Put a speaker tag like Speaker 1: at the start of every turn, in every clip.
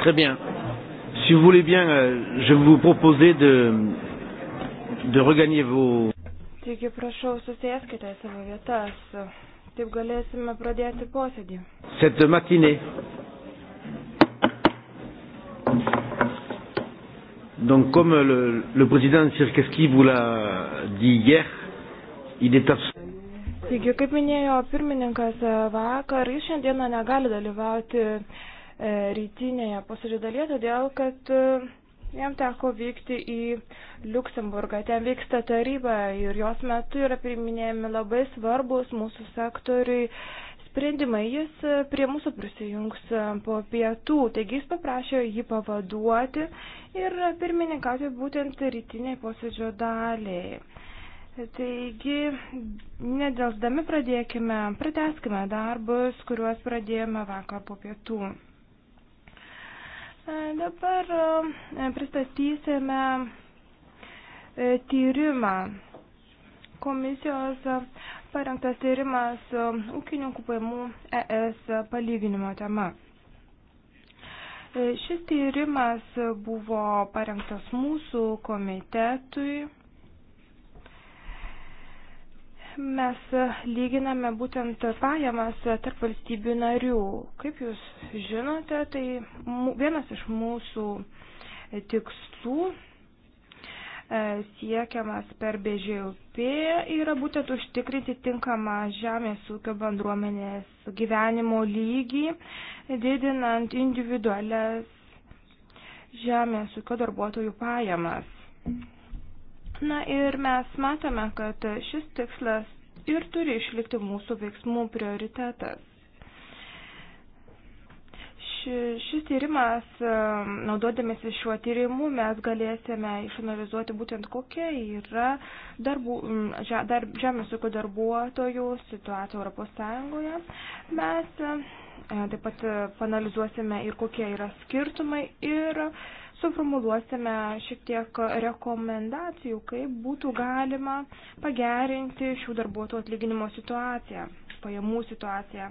Speaker 1: Très bien. Si vous voulez bien, euh, je vais vous proposer de, de regagner vos.
Speaker 2: Taigi prašau, susėskite į savo vietas. Taip galėsime pradėti posėdį.
Speaker 1: Cette matinée. Donc, comme le, le président Sirkeski vous l'a dit hier, il est absent.
Speaker 2: Taigi, kaip minėjo pirmininkas vakar, jis šiandieną negali dalyvauti uh, E, rytinėje posėdžio dalyje, todėl kad e, jam teko vykti į Luksemburgą. Ten vyksta taryba ir jos metu yra priminėjami labai svarbus mūsų sektoriui sprendimai. Jis e, prie mūsų prisijungs po pietų, taigi jis paprašė jį pavaduoti ir pirmininkauti būtent rytiniai posėdžio daliai. Taigi, nedelsdami pradėkime, prateskime darbus, kuriuos pradėjome vakar po pietų. E, dabar e, pristatysime e, tyrimą. Komisijos parengtas tyrimas ūkininkų paimų ES palyginimo tema. Šis tyrimas buvo parengtas mūsų komitetui mes lyginame būtent pajamas tarp valstybių narių. Kaip jūs žinote, tai vienas iš mūsų tikslų e, siekiamas per BŽUP yra būtent užtikrinti tinkamą žemės ūkio bendruomenės gyvenimo lygį, didinant individualias žemės ūkio darbuotojų pajamas. Mm. Na ir mes matome, kad šis tikslas ir turi išlikti mūsų veiksmų prioritetas. Ši, šis tyrimas, um, naudodamėsi šiuo tyrimu, mes galėsime išanalizuoti būtent kokia yra darbų, dar, žemės ūkio darbuotojų situacija Europos Sąjungoje. Mes e, taip pat e, panalizuosime ir kokie yra skirtumai ir uh, suformuluosime šiek tiek rekomendacijų, kaip būtų galima pagerinti šių darbuotojų atlyginimo situaciją, pajamų situaciją.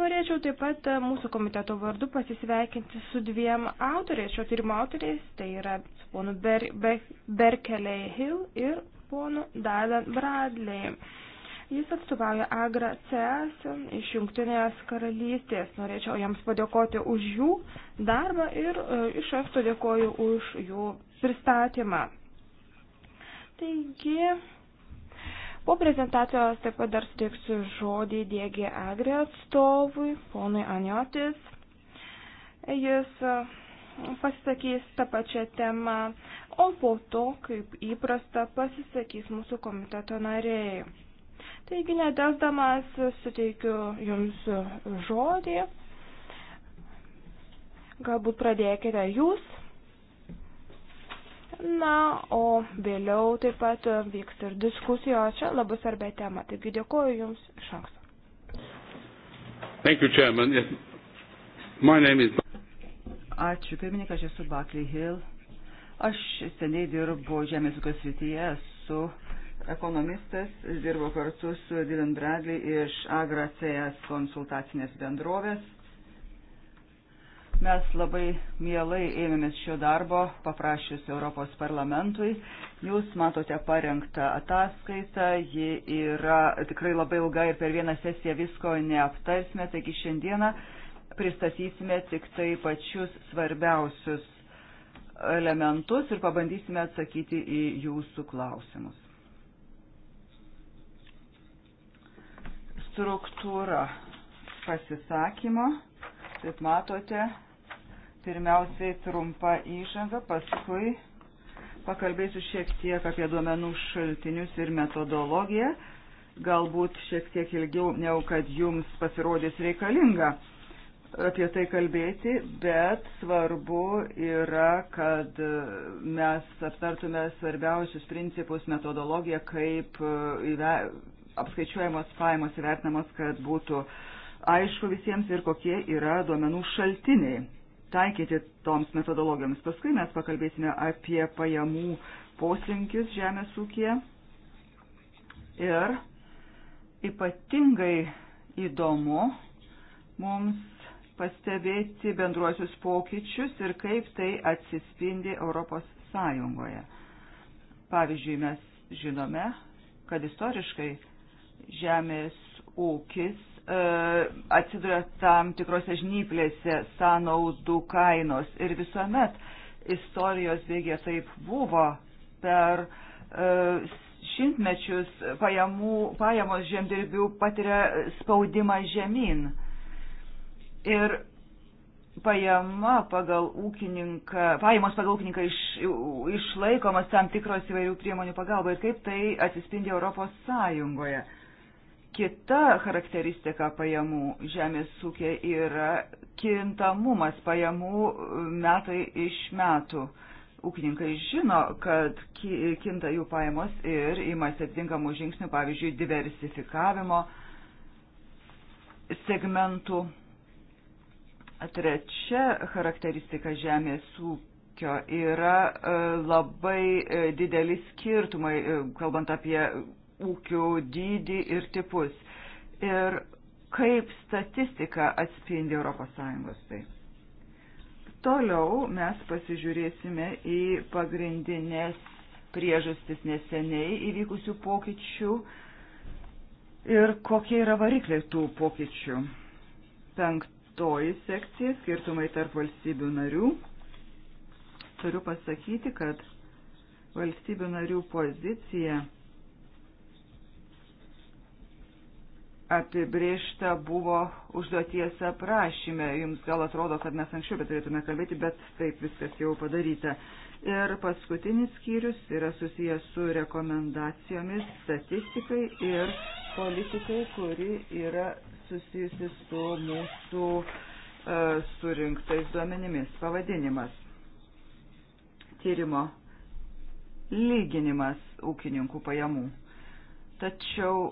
Speaker 2: Norėčiau taip pat mūsų komiteto vardu pasisveikinti su dviem autoriais, šio tyrimo autoriais, tai yra su ponu Ber Ber Berkeley Hill ir ponu Dylan Bradley. Jis atstovauja Agra CS iš Junktinės karalystės. Norėčiau jiems padėkoti už jų darbą ir e, iš anksto dėkoju už jų pristatymą. Taigi, po prezentacijos taip pat dar suteiksiu žodį DG Agri atstovui, ponui Aniotis. Jis e, pasisakys tą pačią temą, o po to, kaip įprasta, pasisakys mūsų komiteto nariai. Taigi, nedelsdamas, suteikiu Jums žodį. Galbūt pradėkite Jūs. Na, o vėliau taip pat vyks ir diskusijos čia labai svarbia tema. Taigi dėkuoju Jums iš anksto.
Speaker 3: Is... Ačiū,
Speaker 4: pirmininkas, aš esu Buckley Hill. Aš seniai dirbu žemės ūkio srityje, esu ekonomistas, dirbo kartu su Dylan Bradley iš AgraCS konsultacinės bendrovės. Mes labai mielai ėmėmės šio darbo, paprašius Europos parlamentui. Jūs matote parengtą ataskaitą, ji yra tikrai labai ilga ir per vieną sesiją visko neaptarsime, taigi šiandieną pristatysime tik tai pačius svarbiausius elementus ir pabandysime atsakyti į jūsų klausimus. struktūra pasisakymo. Taip matote, pirmiausiai trumpa įžanga, paskui pakalbėsiu šiek tiek apie duomenų šaltinius ir metodologiją. Galbūt šiek tiek ilgiau, negu kad jums pasirodys reikalinga apie tai kalbėti, bet svarbu yra, kad mes aptartume svarbiausius principus, metodologiją, kaip apskaičiuojamos pajamos įvertinamos, kad būtų aišku visiems ir kokie yra duomenų šaltiniai taikyti toms metodologijoms. Paskui mes pakalbėsime apie pajamų poslinkius žemės ūkėje. Ir ypatingai įdomu mums pastebėti bendruosius pokyčius ir kaip tai atsispindi Europos Sąjungoje. Pavyzdžiui, mes žinome, kad istoriškai žemės ūkis e, atsiduria tam tikrose žnyplėse sąnaudų kainos ir visuomet istorijos bėgė taip buvo per e, šimtmečius pajamų, pajamos žemdirbių patiria spaudimą žemyn. Ir pajama pagal ūkininką, pajamos pagal ūkininką iš, išlaikomas tam tikros įvairių priemonių pagalba ir kaip tai atsispindi Europos Sąjungoje. Uh, Kita charakteristika pajamų žemės ūkė yra kintamumas pajamų metai iš metų. Ūkininkai žino, kad kinta jų pajamos ir imasi atitinkamų žingsnių, pavyzdžiui, diversifikavimo segmentų. Trečia charakteristika žemės ūkio yra e, labai e, dideli skirtumai, e, kalbant apie ūkių dydį ir tipus. Ir kaip statistika atspindi ES tai. Toliau mes pasižiūrėsime į pagrindinės priežastis neseniai įvykusių pokyčių ir kokie yra varikliai tų pokyčių. Penktoji sekcija - skirtumai tarp valstybių narių. Turiu pasakyti, kad valstybių narių pozicija apibriešta buvo užduoties aprašyme. Jums gal atrodo, kad mes anksčiau bet tai turėtume kalbėti, bet taip viskas jau padaryta. Ir paskutinis skyrius yra susijęs su rekomendacijomis statistikai ir politikai, kuri yra susijusi su mūsų uh, surinktais duomenimis. Pavadinimas. Tyrimo. Lyginimas ūkininkų pajamų. Tačiau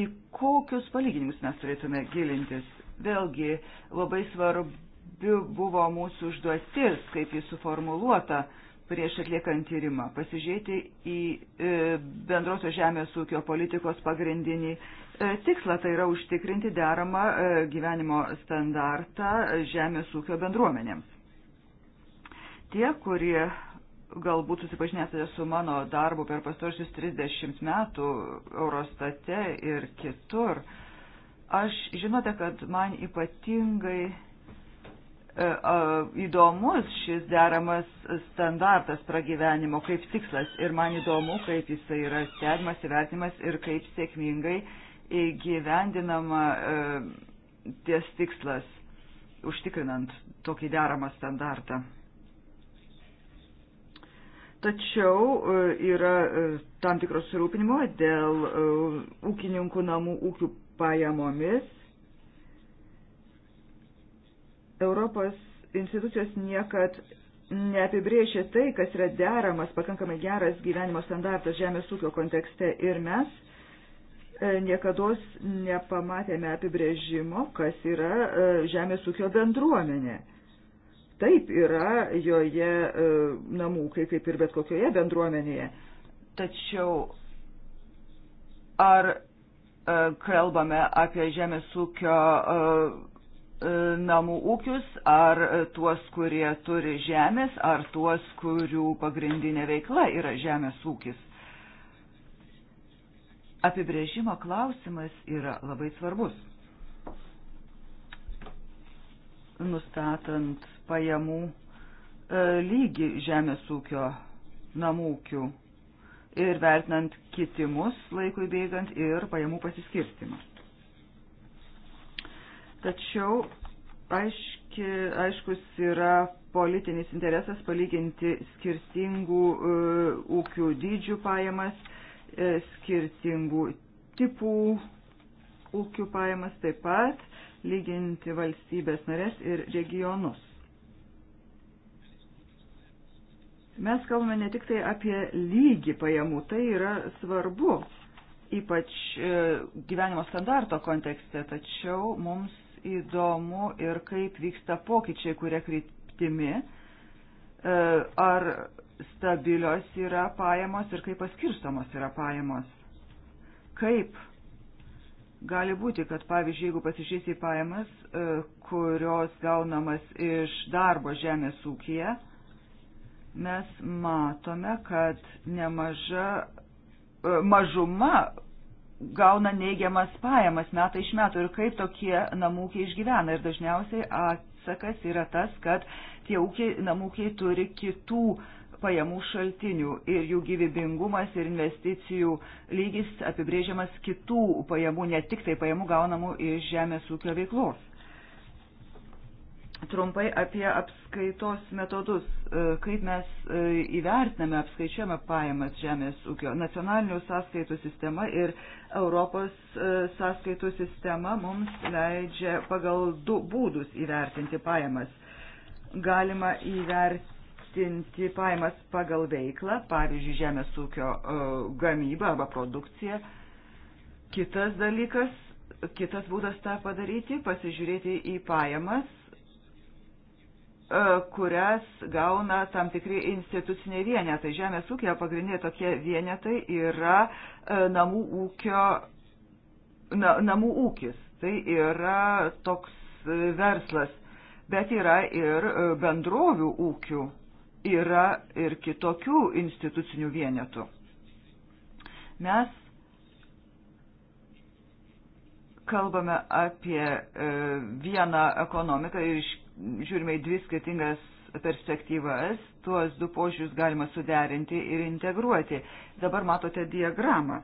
Speaker 4: į kokius palyginimus mes turėtume gilintis. Vėlgi labai svarbi buvo mūsų užduotis, kaip jis suformuluota prieš atliekant tyrimą, pasižiūrėti į e, bendrosios žemės ūkio politikos pagrindinį e, tikslą, tai yra užtikrinti deramą e, gyvenimo standartą žemės ūkio bendruomenėms. Tie, kurie galbūt susipažinęsite su mano darbu per pastaruosius 30 metų Eurostate ir kitur. Aš žinote, kad man ypatingai e, e, įdomus šis deramas standartas pragyvenimo kaip tikslas ir man įdomu, kaip jisai yra stebimas, įvertimas ir kaip sėkmingai įgyvendinama e, ties tikslas, užtikrinant tokį deramą standartą. Tačiau e, yra e, tam tikros rūpinimo dėl e, ūkininkų namų ūkių pajamomis. Europos institucijos niekad neapibrėžė tai, kas yra deramas, pakankamai geras gyvenimo standartas žemės ūkio kontekste ir mes niekada nepamatėme apibrėžimo, kas yra žemės ūkio bendruomenė. Taip yra joje e, namų ūkiai, kaip ir bet kokioje bendruomenėje. Tačiau ar e, kalbame apie žemės ūkio e, namų ūkius, ar tuos, kurie turi žemės, ar tuos, kurių pagrindinė veikla yra žemės ūkis. Apibrėžimo klausimas yra labai svarbus. Nustatant pajamų e, lygį žemės ūkio namūkių ir vertinant kitimus laikui bėgant ir pajamų pasiskirstimą. Tačiau aiški, aiškus yra politinis interesas palyginti skirtingų e, ūkių dydžių pajamas, e, skirtingų tipų ūkių pajamas taip pat, lyginti valstybės narės ir regionus. Mes kalbame ne tik tai apie lygį pajamų, tai yra svarbu, ypač e, gyvenimo standarto kontekste, tačiau mums įdomu ir kaip vyksta pokyčiai, kurie kryptimi, e, ar stabilios yra pajamos ir kaip paskirstomos yra pajamos. Kaip gali būti, kad pavyzdžiui, jeigu pasižiūrėsi į pajamas, e, kurios gaunamas iš darbo žemės ūkija, mes matome, kad nemaža e, mažuma gauna neigiamas pajamas metai iš metų ir kaip tokie namūkiai išgyvena. Ir dažniausiai atsakas yra tas, kad tie ūkiai, namūkiai turi kitų pajamų šaltinių ir jų gyvybingumas ir investicijų lygis apibrėžiamas kitų pajamų, ne tik tai pajamų gaunamų iš žemės ūkio veiklos trumpai apie apskaitos metodus, e, kaip mes e, įvertiname, apskaičiuojame pajamas žemės ūkio. Nacionalinių sąskaitų sistema ir Europos e, sąskaitų sistema mums leidžia pagal du būdus įvertinti pajamas. Galima įvertinti pajamas pagal veiklą, pavyzdžiui, žemės ūkio gamybą arba produkciją. Kitas dalykas, kitas būdas tą padaryti, pasižiūrėti į pajamas E, kurias gauna tam tikri instituciniai vienetai. Žemės ūkio pagrindiniai tokie vienetai yra e, namų, ūkio, na, namų ūkis. Tai yra toks e, verslas. Bet yra ir bendrovių ūkių, yra ir kitokių institucinių vienetų. Mes kalbame apie vieną ekonomiką ir iš žiūrime į dvi skirtingas perspektyvas, tuos du požiūrius galima suderinti ir integruoti. Dabar matote diagramą,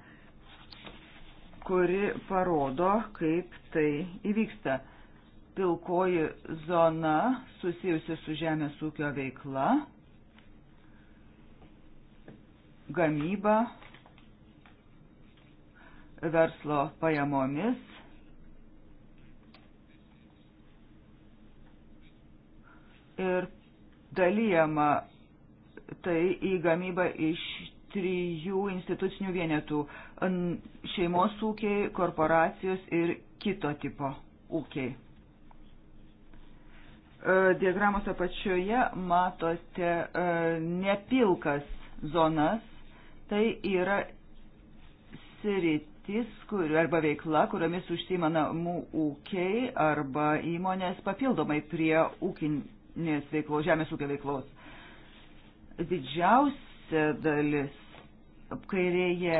Speaker 4: kuri parodo, kaip tai įvyksta. Pilkoji zona susijusi su žemės ūkio veikla, gamyba, verslo pajamomis ir dalyjama tai į gamybą iš trijų institucinių vienetų - šeimos ūkiai, korporacijos ir kito tipo ūkiai. E, diagramos apačioje matote e, nepilkas zonas, tai yra sritis kur, arba veikla, kuriomis užsima namų ūkiai arba įmonės papildomai prie ūkininkų nes veiklos, žemės ūkio veiklos. Didžiausia dalis kairėje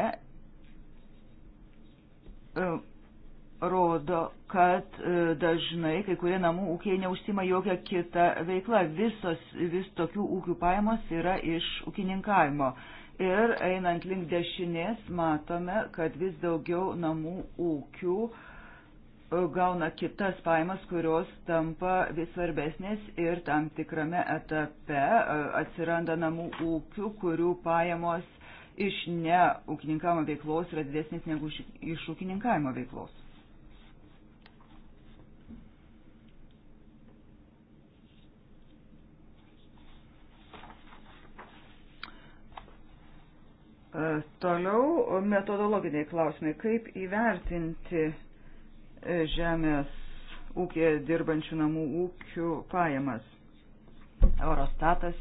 Speaker 4: e, rodo, kad e, dažnai kai kurie namų ūkiai neužsima jokią kitą veiklą. Visos, vis tokių ūkių pajamos yra iš ūkininkavimo. Ir einant link dešinės matome, kad vis daugiau namų ūkių uh, gauna kitas paimas, kurios tampa vis svarbesnės ir tam tikrame etape e, atsiranda namų ūkių, kurių pajamos iš ne ūkininkavimo veiklos yra didesnės negu iš ūkininkavimo veiklos. E, toliau metodologiniai klausimai. Kaip įvertinti žemės ūkėje dirbančių namų ūkių pajamas. Eurostatas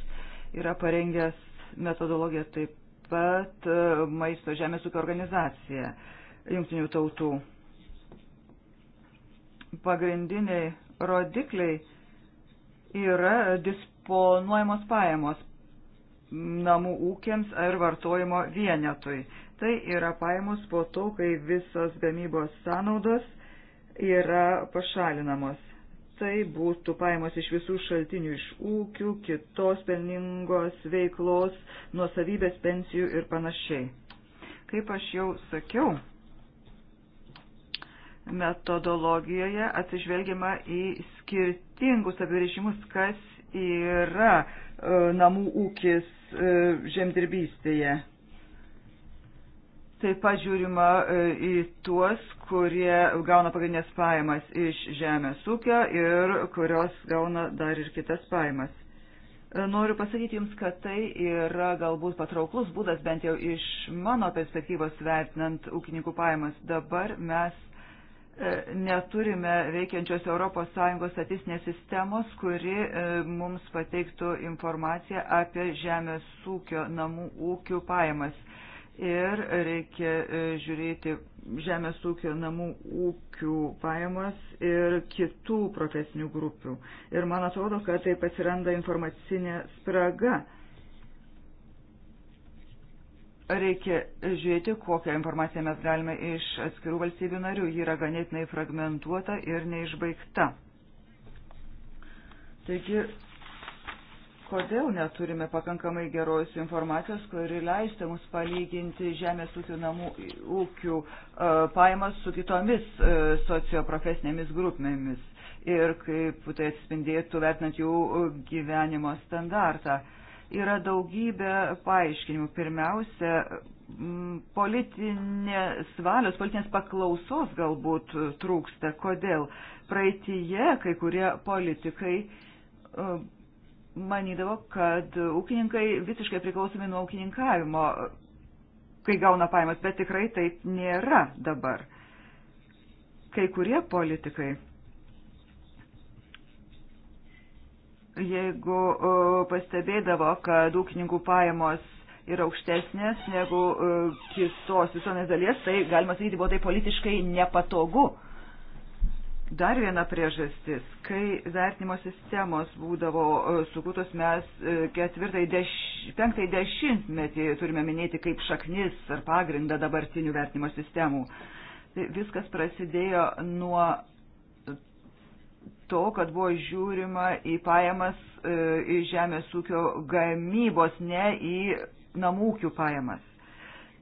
Speaker 4: yra parengęs metodologiją taip pat e, Maisto žemės ūkio organizacija Jungtinių tautų. Pagrindiniai rodikliai yra disponuojamos pajamos namų ūkiams ar vartojimo vienetui. Tai yra pajamos po to, kai visos gamybos sąnaudos yra pašalinamos. Tai būtų pajamos iš visų šaltinių, iš ūkių, kitos pelningos veiklos, nuosavybės pensijų ir panašiai. Kaip aš jau sakiau, metodologijoje atsižvelgiama į skirtingus apibrėžimus, kas yra e, namų ūkis e, žemdirbystėje. Taip pat žiūrima e, į tuos, kurie gauna pagrindinės pajamas iš žemės ūkio ir kurios gauna dar ir kitas pajamas. E, noriu pasakyti Jums, kad tai yra galbūt patrauklus būdas, bent jau iš mano perspektyvos vertinant ūkininkų pajamas. Dabar mes e, neturime veikiančios ES statistinės sistemos, kuri mums pateiktų informaciją apie žemės ūkio namų ūkių pajamas ir reikia e, žiūrėti žemės ūkio namų ūkių pajamas ir kitų profesinių grupių. Ir man atrodo, kad taip atsiranda informacinė spraga. Reikia žiūrėti, kokią informaciją mes galime iš atskirų valstybių narių. Ji yra ganėtinai fragmentuota ir neišbaigta. Taigi kodėl neturime pakankamai geros informacijos, kuri leistų mums palyginti žemės ūkių namų ūkių e, pajamas su kitomis e, socioprofesinėmis grupėmis ir kaip tai atspindėtų vertinant jų gyvenimo standartą. Yra daugybė paaiškinimų. Pirmiausia, politinės valios, politinės paklausos galbūt trūksta. Kodėl? Praeitie kai kurie politikai e, manydavo, kad ūkininkai visiškai priklausomi nuo ūkininkavimo, kai gauna pajamas, bet tikrai taip nėra dabar. Kai kurie politikai, jeigu pastebėdavo, kad ūkininkų pajamos yra aukštesnės negu e, kitos visuomenės dalies, tai galima sakyti, buvo tai politiškai nepatogu Dar viena priežastis, kai vertinimo sistemos būdavo e, sukurtos, mes e, ketvirtai, deš, penktai dešimtmetį turime minėti kaip šaknis ar pagrindą dabartinių vertinimo sistemų. Tai viskas prasidėjo nuo to, kad buvo žiūrima į pajamas iš e, žemės ūkio gamybos, ne į namūkių pajamas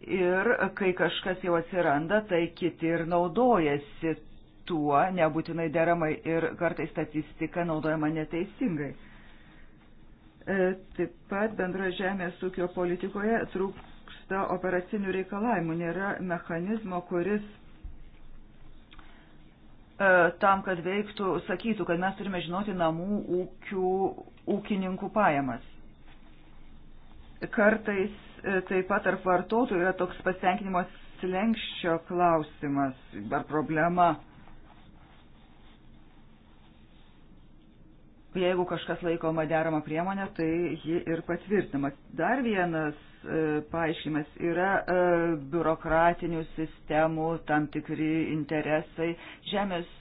Speaker 4: ir kai kažkas jau atsiranda, tai kiti ir naudojasi tuo, nebūtinai deramai ir kartais statistika naudojama neteisingai. E, taip pat bendro žemės ūkio politikoje trūksta operacinių reikalavimų, nėra mechanizmo, kuris e, tam, kad veiktų, sakytų, kad mes turime žinoti namų ūkių, ūkininkų pajamas. Kartais e, taip pat tarp vartotojų yra toks pasitenkinimo slengščio klausimas ar problema jeigu kažkas laikoma derama priemonė, tai ji ir patvirtinama. Dar vienas e, paaiškimas yra e, biurokratinių sistemų tam tikri interesai. Žemės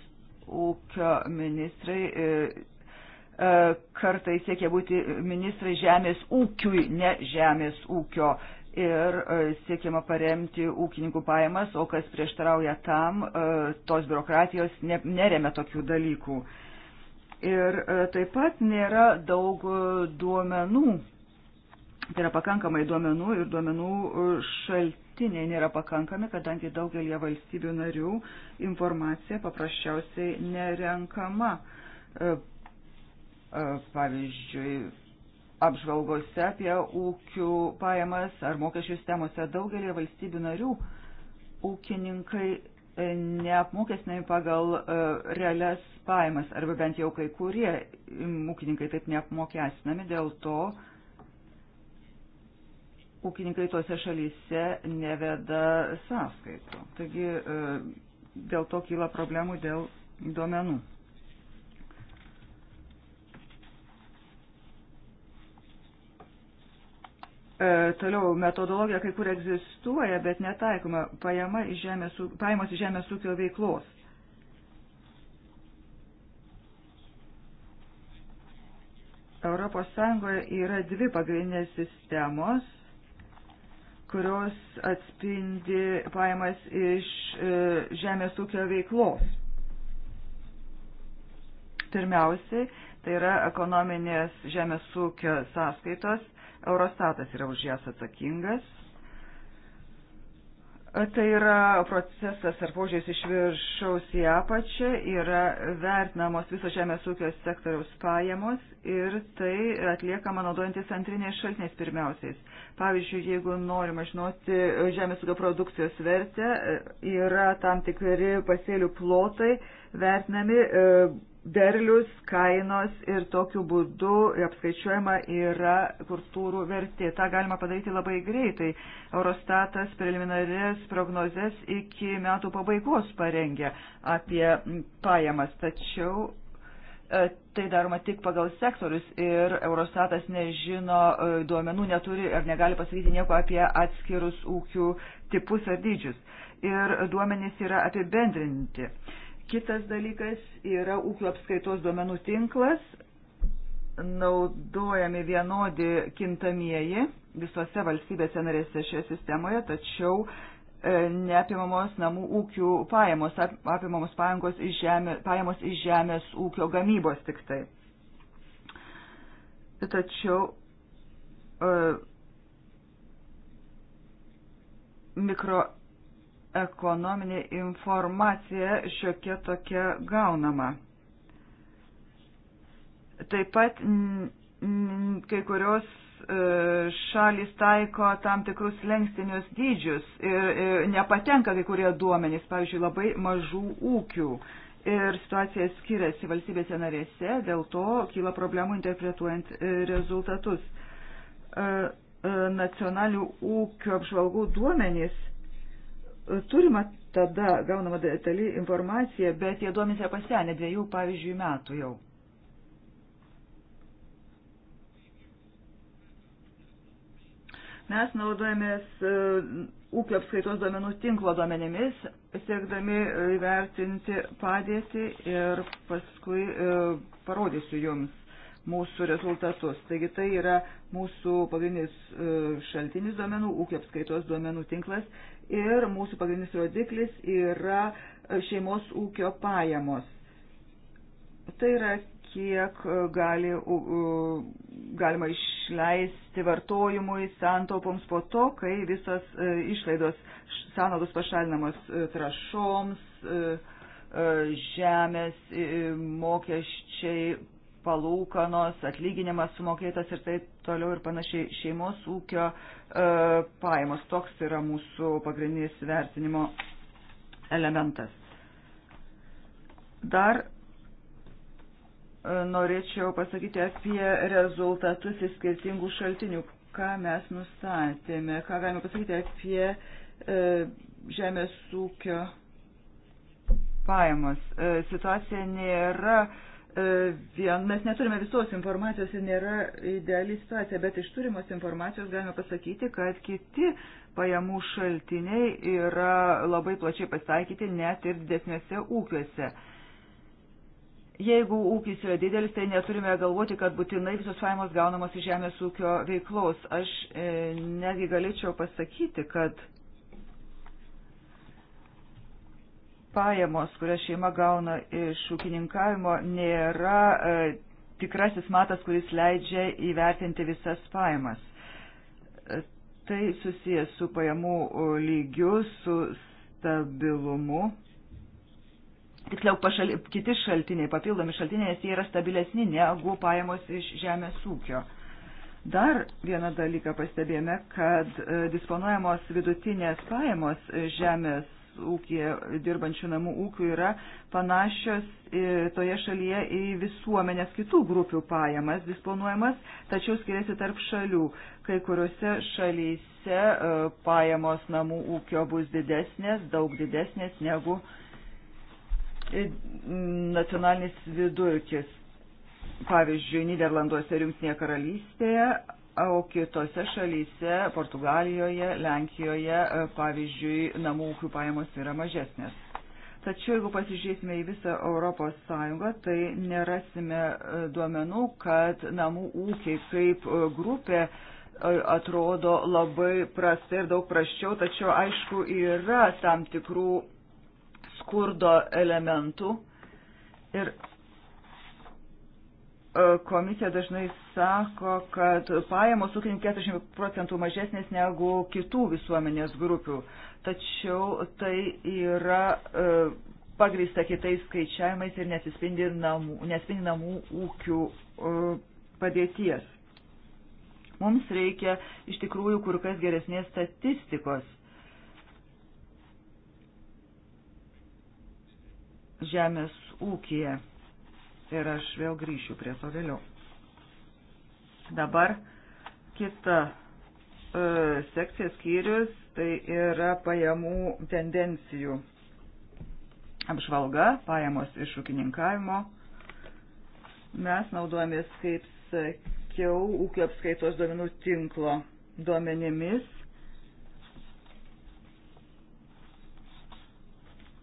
Speaker 4: ūkio ministrai e, e, kartais siekia būti ministrai žemės ūkiui, ne žemės ūkio. Ir e, siekiama paremti ūkininkų pajamas, o kas prieštarauja tam, e, tos biurokratijos ne, neremia tokių dalykų. E, Ir e, taip pat nėra daug e, duomenų, tai yra pakankamai duomenų ir duomenų e, šaltiniai nėra pakankami, kadangi daugelie valstybių narių informacija paprasčiausiai nerenkama. Pavyzdžiui, apžvalgose apie ūkių pajamas ar mokesčių sistemose daugelie valstybių narių ūkininkai neapmokestinami pagal e, realias pajamas, arba bent jau kai kurie ūkininkai taip neapmokestinami, dėl to ūkininkai tose šalyse neveda sąskaitų. Taigi e, dėl to kyla problemų dėl duomenų. E, toliau metodologija kai kur egzistuoja, bet netaikoma pajama iš žemės, pajamos iš žemės ūkio veiklos. Europos Sąjungoje yra dvi pagrindinės sistemos, kurios atspindi pajamas iš e, žemės ūkio veiklos. Pirmiausiai, tai yra ekonominės žemės ūkio sąskaitos Eurostatas yra už jas atsakingas. Tai yra procesas ar požiūris iš viršaus į apačią, yra vertinamos viso žemės ūkio sektoriaus pajamos ir tai atliekama naudojantis antriniais šaltiniais pirmiausiais. Pavyzdžiui, jeigu norima žinoti žemės ūkio produkcijos vertę, yra tam tikri pasėlių plotai vertinami derlius, kainos ir tokiu būdu apskaičiuojama yra kultūrų vertė. Ta galima padaryti labai greitai. Eurostatas preliminarės prognozes iki metų pabaigos parengė apie pajamas, tačiau e, tai daroma tik pagal sektorius ir Eurostatas nežino e, duomenų, neturi ar negali pasakyti nieko apie atskirus ūkių tipus ar dydžius. Ir duomenys yra apibendrinti. Kitas dalykas yra ūkio apskaitos duomenų tinklas, naudojami vienodi kintamieji visose valstybėse narėse šioje sistemoje, tačiau e, neapimamos namų ūkių pajamos, apimamos pajamos iš, žemė, pajamos iš žemės ūkio gamybos tik tai. Tačiau e, mikro ekonominė informacija šiokia tokia gaunama. Taip pat kai kurios e, šalis taiko tam tikrus lenkstinius dydžius ir e, nepatenka kai kurie duomenys, pavyzdžiui, labai mažų ūkių. Ir situacija skiriasi valstybėse narėse, dėl to kyla problemų interpretuojant e, rezultatus. Nacionalių ūkio apžvalgų duomenys turima tada gaunama detali informacija, bet tie duomenys yra pasenę dviejų, pavyzdžiui, metų jau. Mes naudojamės e, ūkio apskaitos duomenų tinklo duomenimis, siekdami e, įvertinti padėtį ir paskui e, parodysiu jums mūsų rezultatus. Taigi tai yra mūsų pagrindinis šaltinis duomenų, ūkio apskaitos duomenų tinklas ir mūsų pagrindinis rodiklis yra e, šeimos ūkio pajamos. Tai yra, kiek e, gali, galima išleisti vartojimui, santaupoms po to, kai visos e, išlaidos sąnaudos pašalinamos trašoms, žemės mokesčiai, palūkanos, atlyginimas sumokėtas ir taip toliau ir panašiai šeimos ūkio e, pajamos. Toks yra mūsų pagrindinis vertinimo elementas. Dar e, norėčiau pasakyti apie rezultatus iš skirtingų šaltinių, ką mes nustatėme, ką galime pasakyti apie e, žemės ūkio pajamas. E, situacija nėra e, E, vien mes neturime visos informacijos ir nėra ideali situacija, bet iš turimos informacijos galime pasakyti, kad kiti pajamų šaltiniai yra labai plačiai pasakyti net ir didesnėse ūkiuose. Jeigu ūkis yra didelis, tai neturime galvoti, kad būtinai visos pajamos gaunamos iš žemės ūkio veiklos. Aš e, negi galėčiau pasakyti, kad e, pajamos, kurias šeima gauna iš ūkininkavimo, nėra e, tikrasis matas, kuris leidžia įvertinti visas pajamas. E, tai susijęs su pajamų lygiu, su stabilumu. Tiksliau, pašali, kiti šaltiniai, papildomi šaltiniai, nes jie yra stabilesni negu pajamos iš žemės ūkio. Dar vieną dalyką pastebėjome, kad e, disponuojamos vidutinės pajamos e, žemės ūkija dirbančių namų ūkių yra panašios e, toje šalyje į visuomenės kitų grupių pajamas disponuojamas, tačiau skiriasi tarp šalių. Kai kuriuose šalyse e, pajamos namų ūkio bus didesnės, daug didesnės negu e, nacionalinis vidurkis. Pavyzdžiui, Niderlanduose ir Jungtinėje karalystėje O kitose šalyse, Portugalijoje, Lenkijoje, e, pavyzdžiui, namų ūkių pajamos yra mažesnės. Tačiau jeigu pasižiūrėsime į visą Europos Sąjungą, tai nerasime e, duomenų, kad namų ūkiai kaip e, grupė atrodo labai prastai ir daug praščiau, tačiau aišku yra tam tikrų skurdo elementų. Ir Komisija dažnai sako, kad pajamos ūkininkų 40 procentų mažesnės negu kitų visuomenės grupių. Tačiau tai yra e, pagrįsta kitais skaičiavimais ir nesispindi namų, nesispindi namų ūkių e, padėties. Mums reikia iš tikrųjų kur kas geresnės statistikos. Žemės ūkija ir aš vėl grįšiu prie to vėliau. Dabar kita e, sekcija skyrius, tai yra pajamų tendencijų apžvalga, pajamos iš ūkininkavimo. Mes naudojamės, kaip sakiau, ūkio apskaitos duomenų tinklo duomenimis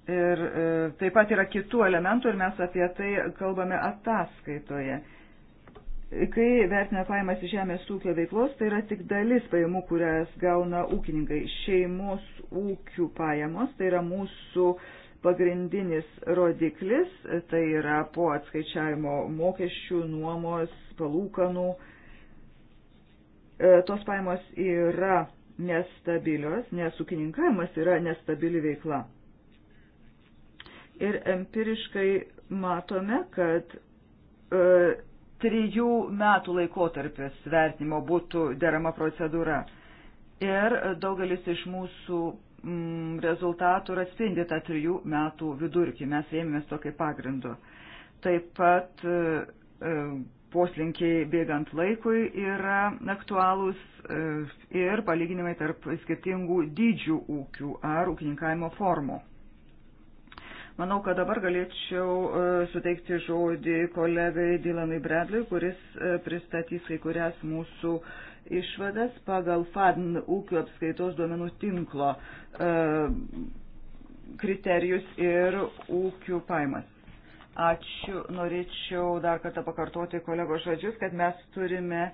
Speaker 4: Ir e, taip pat yra kitų elementų ir mes apie tai kalbame ataskaitoje. Kai vertina pajamas iš žemės ūkio veiklos, tai yra tik dalis pajamų, kurias gauna ūkininkai. Šeimos ūkių pajamos, tai yra mūsų pagrindinis rodiklis, tai yra po atskaičiavimo mokesčių, nuomos, palūkanų. E, tos pajamos yra nestabilios, nes ūkininkavimas yra nestabili veikla ir empiriškai matome, kad e, trijų metų laikotarpis vertinimo būtų derama procedūra. Ir daugelis iš mūsų mm, rezultatų yra atspindi tą trijų metų vidurkį. Mes ėmėmės tokį pagrindu. Taip pat e, e, poslinkiai bėgant laikui yra aktualūs e, ir palyginimai tarp skirtingų dydžių ūkių ar ūkininkavimo formų. Manau, kad dabar galėčiau e, suteikti žodį kolegai Dylanui Bredliui, kuris e, pristatys kai kurias mūsų išvadas pagal FADN ūkio apskaitos duomenų tinklo e, kriterijus ir ūkių paimas. Ačiū. Norėčiau dar kartą pakartoti kolegos žodžius, kad mes turime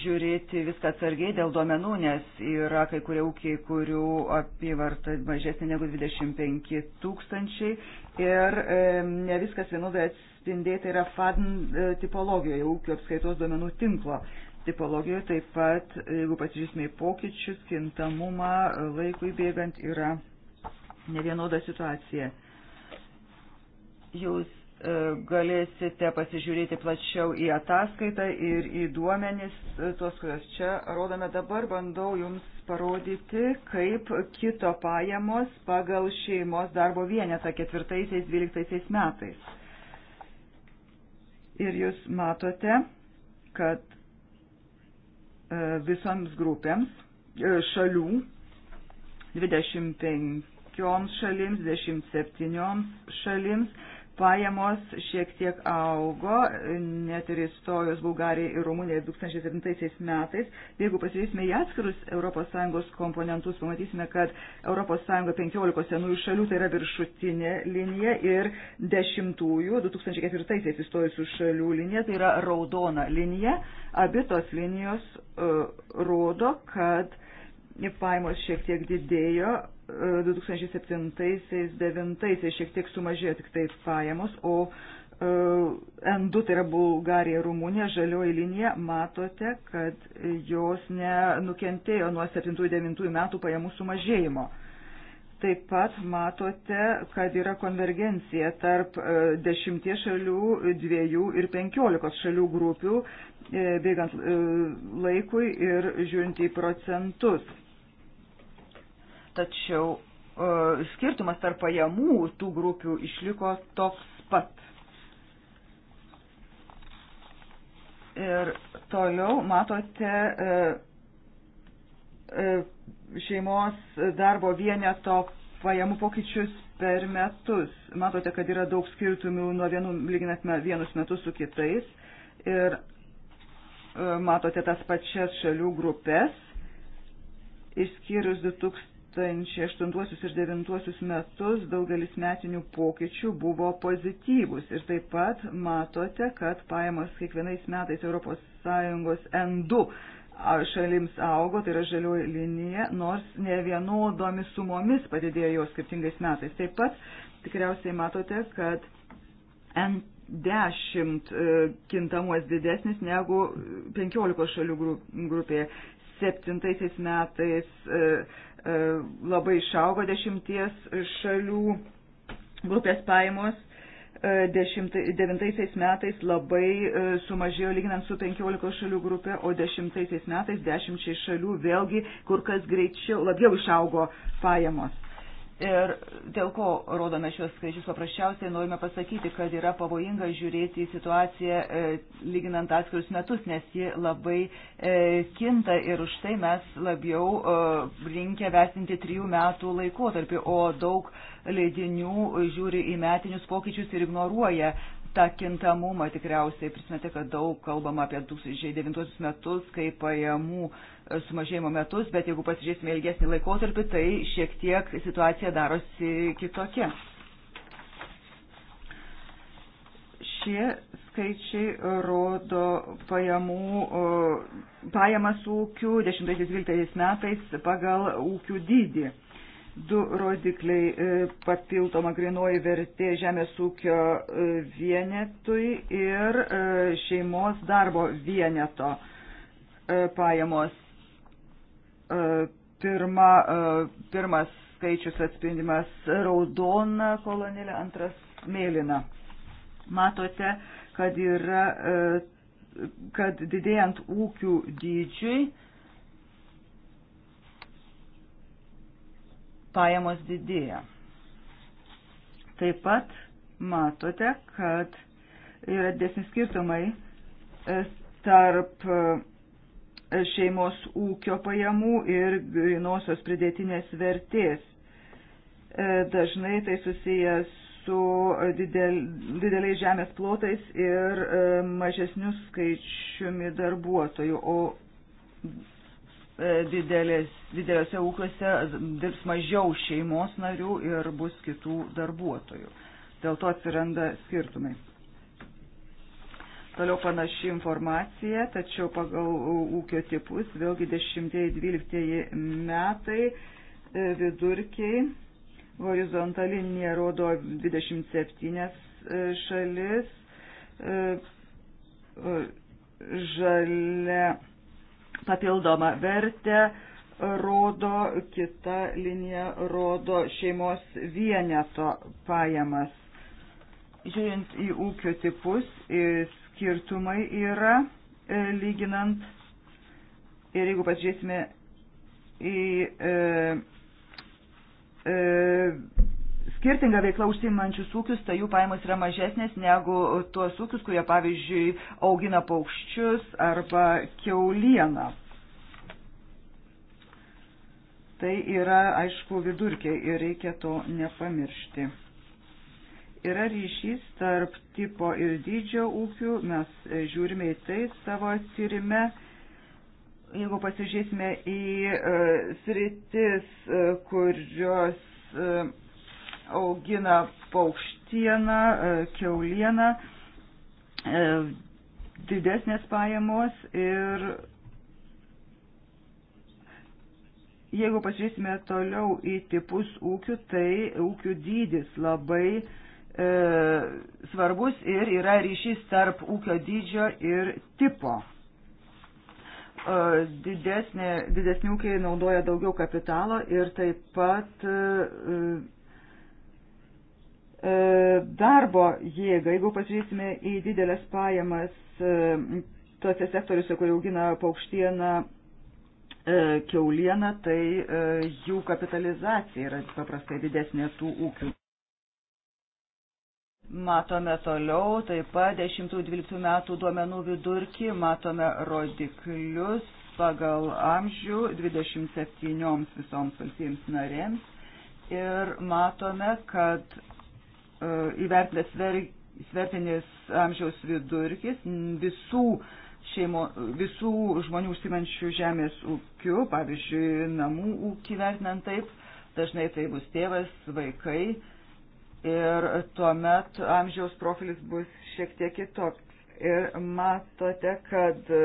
Speaker 4: žiūrėti viską atsargiai dėl duomenų, nes yra kai kurie ūkiai, kurių apyvarta mažesnė negu 25 tūkstančiai ir e, ne viskas vienodai atspindėta yra FADN e, tipologijoje, ūkio apskaitos duomenų tinklo tipologijoje. Taip pat, jeigu pasižiūrėsime į pokyčius, kintamumą e, laikui bėgant yra nevienoda situacija. Jūs E, galėsite pasižiūrėti plačiau į ataskaitą ir į duomenis, e, tuos, kuriuos čia rodome dabar, bandau jums parodyti, kaip kito pajamos pagal šeimos darbo vienetą ketvirtaisiais, dvyliktaisiais metais. Ir jūs matote, kad e, visoms grupėms šalių 25 šalims, 27 šalims Pajamos šiek tiek augo, net ir įstojus Bulgarijai ir Rumunijai 2007 metais. Jeigu pasižiūrėsime į atskirus ES komponentus, pamatysime, kad ES 15 senųjų šalių tai yra viršutinė linija ir dešimtųjų 2004 įstojusių šalių linija tai yra raudona linija. Abi tos linijos uh, rodo, kad uh, pajamos šiek tiek didėjo, 2007-2009 e, šiek tiek sumažėjo tik tai pajamos, o e, N2 tai yra Bulgarija, Rumunija, žalioji linija, matote, kad jos nenukentėjo nuo 7-9 metų pajamų sumažėjimo. Taip pat matote, kad yra konvergencija tarp 10 e, šalių, 2 ir 15 šalių grupių bėgant laikui ir žiūrint į procentus tačiau e, skirtumas tarp pajamų tų grupių išliko toks pat. Ir toliau matote e, e, šeimos darbo vieneto pajamų pokyčius per metus. Matote, kad yra daug skirtumų nuo vienų, lyginant vienus metus su kitais. Ir e, matote tas pačias šalių grupės, išskyrus 2000. 2008 ir 2009 metus daugelis metinių pokyčių buvo pozityvus ir taip pat matote, kad pajamos kiekvienais metais ES N2 šalims augo, tai yra žalioji linija, nors ne vienodomis sumomis padidėjo jos skirtingais metais. Taip pat tikriausiai matote, kad N10 e, kintamuos didesnis negu 15 šalių grupėje. Septintaisiais metais e, E, labai išaugo dešimties šalių grupės pajamos. 2009 e, metais labai e, sumažėjo lyginant su 15 šalių grupė, o 10 metais 10 šalių vėlgi kur kas greičiau, labiau išaugo pajamos. Ir dėl ko rodome šios skaičius, paprasčiausiai norime pasakyti, kad yra pavojinga žiūrėti į situaciją e, lyginant atskirius metus, nes ji labai e, kinta ir už tai mes labiau e, linkę vertinti trijų metų laikotarpį, o daug leidinių žiūri į metinius pokyčius ir ignoruoja tą kintamumą tikriausiai prisimete, kad daug kalbama apie 2009 metus kaip pajamų e, sumažėjimo metus, bet jeigu pasižiūrėsime ilgesnį laikotarpį, tai šiek tiek situacija darosi kitokia. Šie skaičiai rodo pajamų, pajamas ūkių 10-12 metais pagal ūkių dydį du rodikliai e, - papildoma grinoji vertė žemės ūkio e, vienetui ir e, šeimos darbo vieneto pajamos. Pirma, pirmas skaičius atspindimas raudona kolonėlė, antras mėlyna. Matote, kad yra, kad didėjant ūkių dydžiui, pajamos didėja. Taip pat matote, kad yra desni skirtumai e, tarp e, šeimos ūkio pajamų ir grinosios pridėtinės vertės. E, dažnai tai susijęs su didel, dideliais žemės plotais ir mažesniu skaičiumi darbuotojų, o E, didelės, didelėse ūkiuose dirbs mažiau šeimos narių ir bus kitų darbuotojų. Dėl to atsiranda skirtumai. Toliau panaši informacija, tačiau pagal ūkio tipus, vėlgi 10-12 metai e, vidurkiai, horizontalinė rodo 27 e, šalis, žalia papildomą vertę rodo, kita linija rodo šeimos vieneto pajamas. Žiūrint į ūkio tipus, skirtumai yra e, lyginant ir jeigu pažiūrėsime į e, e, skirtingą veiklą užsimančius ūkius, tai jų pajamos yra mažesnės negu tuos ūkius, kurie, pavyzdžiui, augina paukščius arba keulieną. Tai yra, aišku, vidurkiai ir reikia to nepamiršti. Yra ryšys tarp tipo ir dydžio ūkių, mes žiūrime į tai savo tyrime. Jeigu pasižiūrėsime į uh, sritis, uh, kurios uh, augina paukštieną, e, keulieną, e, didesnės pajamos ir jeigu pažiūrėsime toliau į tipus ūkių, tai ūkių dydis labai e, svarbus ir yra ryšys tarp ūkio dydžio ir tipo e, didesnė, didesnių ūkiai naudoja daugiau kapitalo ir taip pat E, darbo jėgą. Jeigu pasižiūrėsime į didelės pajamas e, tose sektoriuose, kur augina paukštieną, e, keulieną, tai jų kapitalizacija yra paprastai didesnė tų ūkių. Matome toliau, taip pat 10-12 metų duomenų vidurkį, matome rodiklius pagal amžių 27 visoms valstybėms narėms ir matome, kad E, įvertintas svertinis amžiaus vidurkis visų šeimo, visų žmonių užsimančių žemės ūkių, pavyzdžiui, namų ūkį vertinant taip, dažnai tai bus tėvas, vaikai ir tuomet amžiaus profilis bus šiek tiek kitoks. Ir matote, kad e,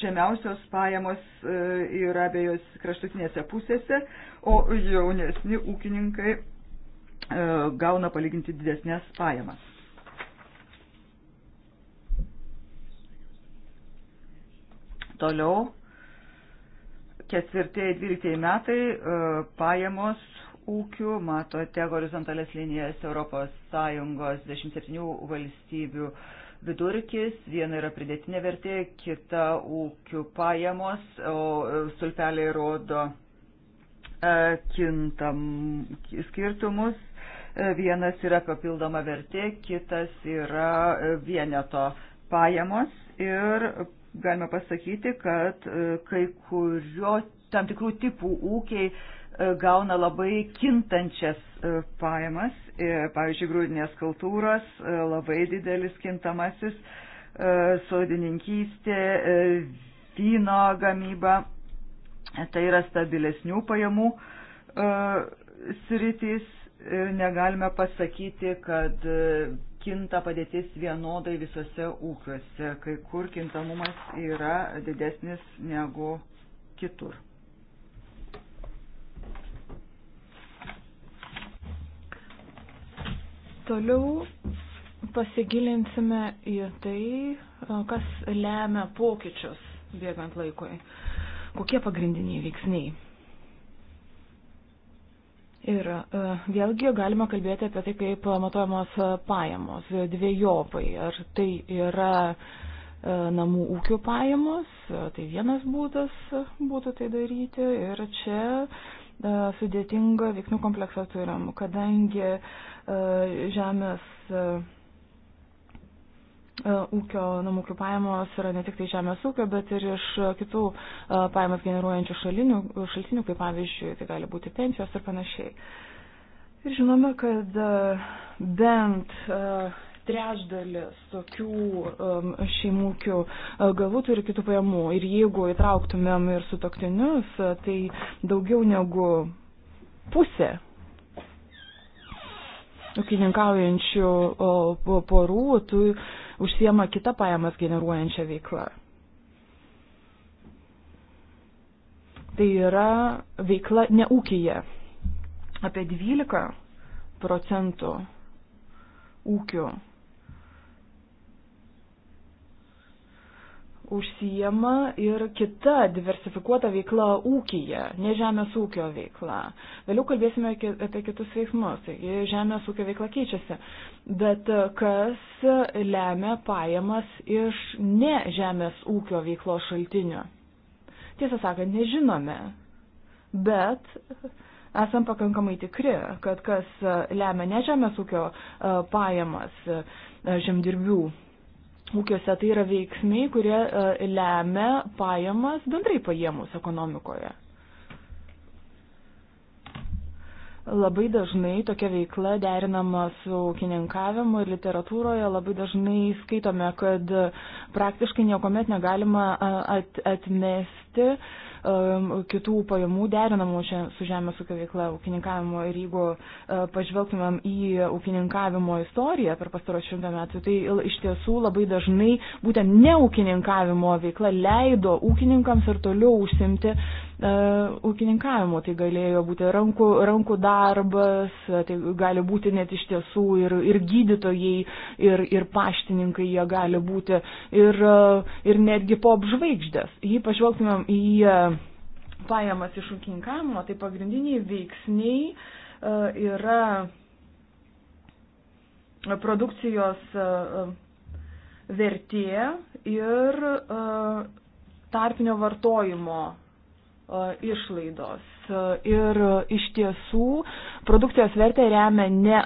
Speaker 4: žemiausios pajamos e, yra abiejose kraštutinėse pusėse, o jaunesni ūkininkai E, gauna palyginti didesnės pajamas. Toliau, ketvirtieji, dvyliktieji metai e, pajamos ūkių, matote horizontalės linijas Europos Sąjungos 27 valstybių vidurkis, viena yra pridėtinė vertė, kita ūkių pajamos, o e, stulpeliai rodo E, kintam skirtumus. E, vienas yra papildoma vertė, kitas yra e, vieneto pajamos ir galime pasakyti, kad kai kurio tam tikrų tipų ūkiai gauna labai kintančias pajamas, pavyzdžiui, grūdinės kultūros, labai didelis kintamasis, sodininkystė, vyno gamyba Tai yra stabilesnių pajamų e, sritys ir e, negalime pasakyti, kad e, kinta padėtis vienodai visose ūkiuose, kai kur kintamumas yra didesnis negu
Speaker 2: kitur. Toliau pasigilinsime į tai, kas lemia pokyčius bėgant laikui kokie pagrindiniai veiksniai. Ir e, vėlgi galima kalbėti apie tai, kaip matuojamos e, pajamos e, dviejopai. Ar tai yra namų ūkių pajamos, tai vienas būdas būtų tai daryti. Ir čia sudėtingą veiksnių kompleksą turim, kadangi žemės E, ūkio namų ūkių pajamos yra ne tik tai žemės ūkio, bet ir iš kitų e, pajamas generuojančių šalinių, šaltinių, kaip pavyzdžiui, tai gali būti pensijos ir panašiai. Ir žinome, kad e, bent trečdalis tokių šeimūkių galų turi kitų pajamų. Ir jeigu įtrauktumėm ir sutoktinius, tai daugiau negu pusė ūkininkaujančių porų tu, užsiema kitą pajamas generuojančią veiklą. Tai yra veikla ne ūkija. Apie 12 procentų ūkių užsijama ir kita diversifikuota veikla ūkija, ne žemės ūkio veikla. Vėliau kalbėsime apie kitus veiksmus. Taigi žemės ūkio veikla keičiasi. Bet kas lemia pajamas iš ne žemės ūkio veiklos šaltinių? Tiesą sakant, nežinome. Bet esam pakankamai tikri, kad kas lemia ne žemės ūkio pajamas žemdirbių ūkiuose tai yra veiksmiai, kurie e, lemia pajamas bendrai paėmus ekonomikoje. Labai dažnai tokia veikla derinama su ūkininkavimu ir literatūroje labai dažnai skaitome, kad praktiškai niekuomet negalima e, atmesti uh, Um, kitų pajamų derinamų su žemės ūkio veikla ūkininkavimo. Ir jeigu uh, pažvelgtumėm į ūkininkavimo istoriją per pastaros šimtą metų, tai iš tiesų labai dažnai būtent neūkininkavimo veikla leido ūkininkams ir toliau užsimti E, ūkininkavimu. Tai galėjo būti rankų, rankų darbas, tai gali būti net iš tiesų ir, ir gydytojai, ir, ir paštininkai jie gali būti, ir, e, ir netgi pop žvaigždės. Jei pažvelgtumėm į e, pajamas iš ūkininkavimo, tai pagrindiniai veiksniai yra produkcijos vertė ir tarpinio vartojimo išlaidos. Ir iš tiesų produkcijos vertę remia ne,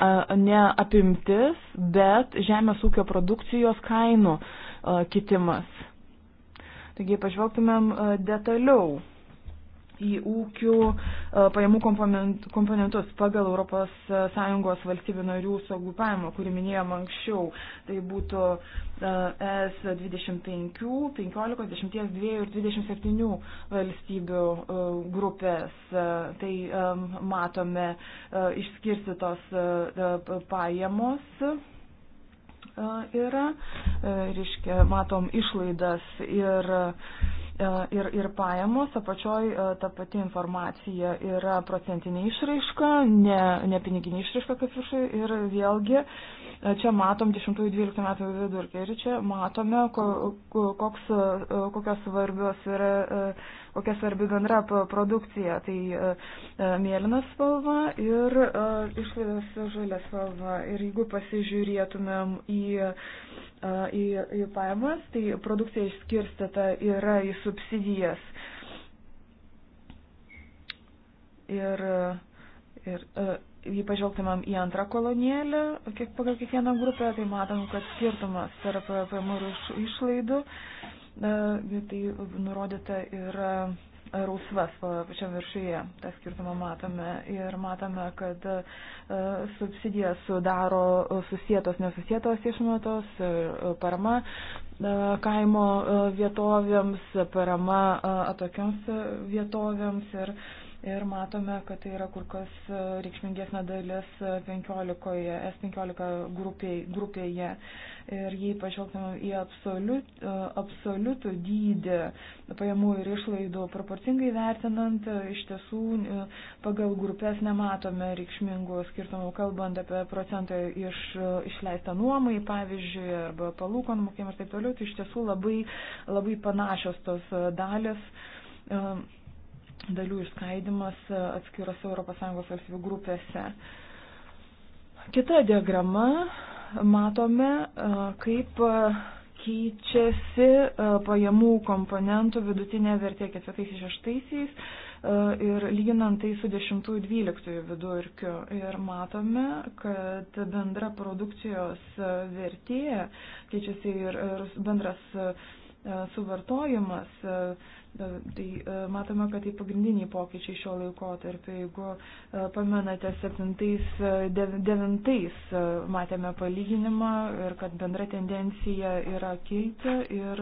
Speaker 2: ne apimtis, bet žemės ūkio produkcijos kainų kitimas. Taigi pažvelgtumėm detaliau į ūkių e, pajamų komponentus pagal ES e, valstybių narių saugupavimą, kurį minėjom anksčiau. Tai būtų ES 25, 15, 10, 2 ir 27 valstybių e, grupės. Tai matome išskirstytos pajamos yra, reiškia, matom išlaidas ir uh, E, ir, ir pajamos, apačioj e, ta pati informacija yra procentinė išraiška, ne, ne piniginė išraiška kaip viršai ir vėlgi e, čia matom 10-12 metų vidurkį ir čia matome, koks, kokios svarbios yra kokia svarbi bendra produkcija. Tai e, e, mėlyna spalva ir e, išlaidos žalia spalva. Ir jeigu pasižiūrėtumėm į, į, į pajamas, tai produkcija išskirstata yra į subsidijas. Ir, ir jei pažvelgtumėm į antrą kolonėlį, kiek pagal kiekvieną grupę, tai matom, kad skirtumas tarp pajamų ir išlaidų E, tai nurodyta ir e, rausva spalva pačiam viršuje. Tą skirtumą matome ir matome, kad e, subsidijas sudaro susietos, nesusietos išmatos, parama kaimo vietovėms, parama atokioms vietovėms ir Ir matome, kad tai yra kur kas e, reikšmingesnė dalis 15, S15 grupėje. grupėje. Ir jei pažvelgtume į absoliut, e, absoliutų dydį pajamų ir išlaidų proporcingai vertinant, e, iš tiesų pagal grupės nematome reikšmingų skirtumų, kalbant apie procentą iš, išleistą nuomai, pavyzdžiui, arba palūkonų mokėjimą ir taip toliau, tai iš tiesų labai, labai panašios tos dalis. Um, dalių išskaidimas atskirose ES valstybių grupėse. Kita diagrama matome, e, kaip e, keičiasi e, pajamų komponentų vidutinė vertė ketvirtais šeštaisiais ir lyginant tai su 10-12 vidurkiu. Ir matome, kad bendra produkcijos vertė keičiasi ir, ir bendras suvartojimas Tai e, matome, kad tai pagrindiniai pokyčiai šio laiko tarp, jeigu e, pamenate, septintais, e, devintais matėme palyginimą ir kad bendra tendencija yra kilti ir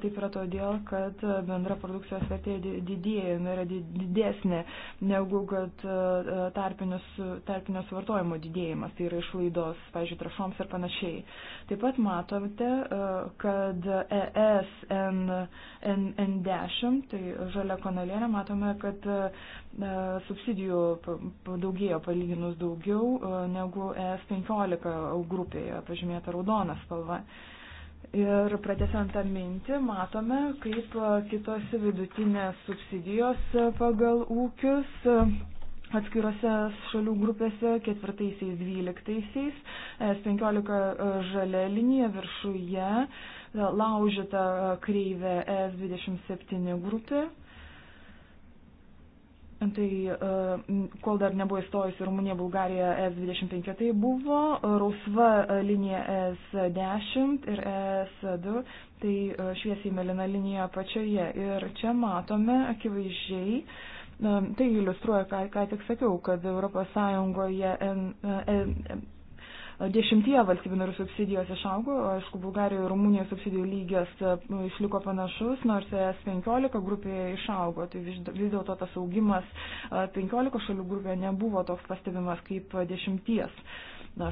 Speaker 2: taip yra todėl, kad bendra produkcijos vertė didėja, yra didesnė negu kad tarpinius, tarpinius vartojimo didėjimas, tai yra išlaidos, pavyzdžiui, trašoms ir panašiai. Taip pat matote, kad ES N, N, N10 10, tai žalia kanalėlė matome, kad e, e, subsidijų padaugėjo palyginus daugiau e, negu ES15 grupėje pažymėta raudona spalva. Ir pratesant tą mintį, matome, kaip kitos vidutinės subsidijos pagal ūkius atskirose šalių grupėse ketvirtaisiais, dvyliktaisiais, S15 žalia linija viršuje laužyta kreivė e S27 grupė. Tai e, kol dar nebuvo įstojusi Rumunija, Bulgarija S25 e tai buvo, rausva linija S10 ir S2, tai šviesiai melina linija apačioje. Ir čia matome akivaizdžiai, tai iliustruoja, ką, ką tik sakiau, kad ES Dešimtyje valstybių narių subsidijos išaugo, aišku, Bulgarijoje ir Rumunijoje subsidijų lygis e, išliko panašus, nors e S15 grupėje išaugo. Tai vis, vis dėlto tas augimas 15 e, šalių grupėje nebuvo toks pastebimas kaip 10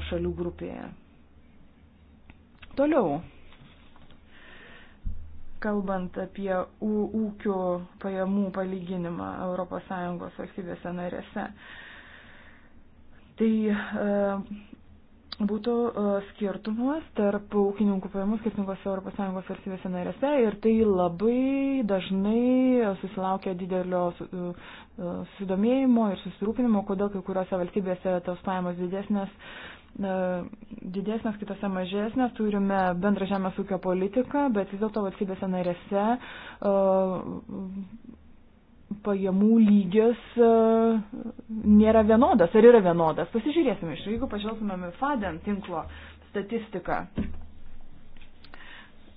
Speaker 2: šalių grupėje. Toliau. Kalbant apie ūkių pajamų palyginimą ES valstybėse narėse. Tai e, būtų e, skirtumas tarp ūkininkų pajamų skirtingose ES valstybėse narėse ir tai labai dažnai susilaukia didelio e, e, susidomėjimo ir susirūpinimo, kodėl kai kuriuose valstybėse tos pajamos didesnės. Didesnės, kitose mažesnės, turime bendrą žemės ūkio politiką, bet vis dėlto valstybėse narėse pajamų lygis e, nėra vienodas. Ar yra vienodas? Pasižiūrėsime iš, jeigu pažvelgtumėm į FADEN tinklo statistiką.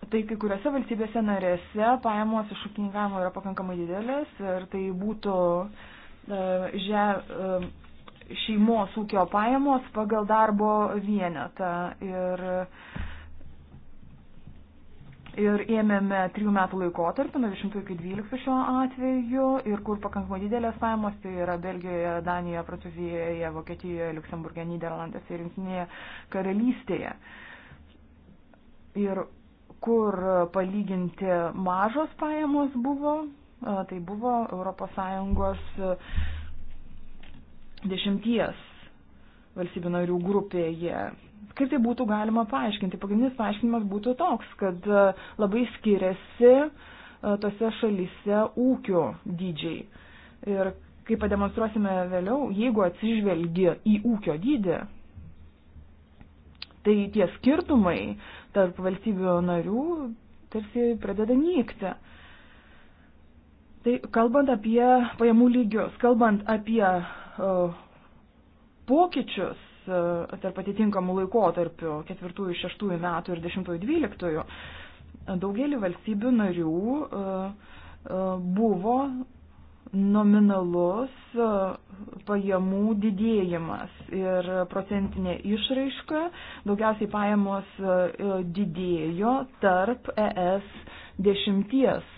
Speaker 2: Tai kai kuriuose valstybėse narėse pajamos iš ūkininkavimo yra pakankamai didelės ir tai būtų že, e, šeimos ūkio pajamos pagal darbo vienetą. Ir ir ėmėme trijų metų laikotarpį, nuo 10 iki 12 šiuo atveju, ir kur pakankamai didelės pajamos, tai yra Belgijoje, Danijoje, Prancūzijoje, Vokietijoje, Luksemburgė, Niderlandėse ir Junktinėje karalystėje. Ir kur palyginti mažos pajamos buvo, tai buvo ES dešimties valstybių narių grupėje kaip tai būtų galima paaiškinti? Pagrindinis paaiškinimas būtų toks, kad e, labai skiriasi e, tose šalyse ūkio dydžiai. Ir kaip pademonstruosime vėliau, jeigu atsižvelgi į ūkio dydį, tai tie skirtumai tarp valstybių narių tarsi pradeda nykti. Tai kalbant apie pajamų lygius, kalbant apie uh, pokyčius, E, tarp atitinkamų laikotarpių 4-6 metų ir 10-12, daugelį valstybių narių e, e, buvo nominalus pajamų didėjimas ir procentinė išraiška, daugiausiai pajamos didėjo tarp ES dešimties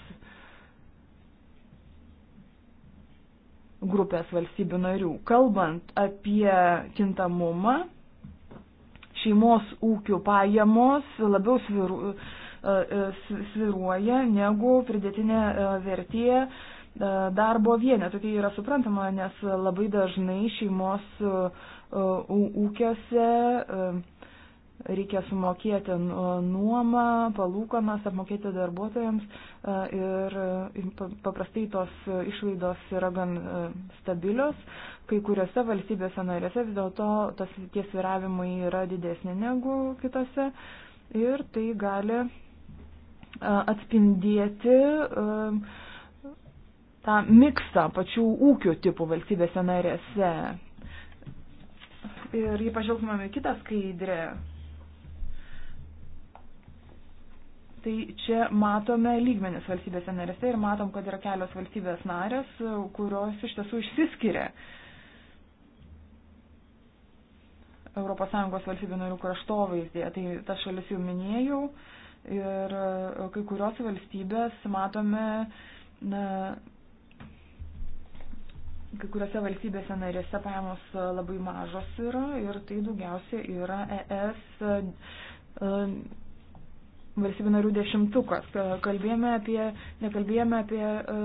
Speaker 2: grupės valstybių narių. Kalbant apie kintamumą, šeimos ūkių pajamos labiau sviru, e, e, sviruoja negu pridėtinė e, vertė darbo vienė. Tokia yra suprantama, nes labai dažnai šeimos ūkiuose reikia sumokėti nu, nuomą, palūkanas, apmokėti darbuotojams e, ir paprastai tos išlaidos yra gan e, stabilios. Kai kuriuose valstybėse narėse vis dėlto tie sviravimai yra didesnė negu kitose ir tai gali e, atspindėti tą miksą pačių ūkio tipų valstybėse narėse. Ir jei pažvelgtumėme kitą skaidrę, Tai čia matome lygmenis valstybėse narėse ir matom, kad yra kelios valstybės narės, kurios iš tiesų išsiskiria. ES valstybių narių kraštovaizdėje. Tai tas šalis jau minėjau ir kai kurios valstybės matome, na, kai kuriuose valstybėse narėse pajamos labai mažos yra ir tai daugiausia yra ES valstybių narių dešimtukas. E, kalbėjome apie, nekalbėjome apie e,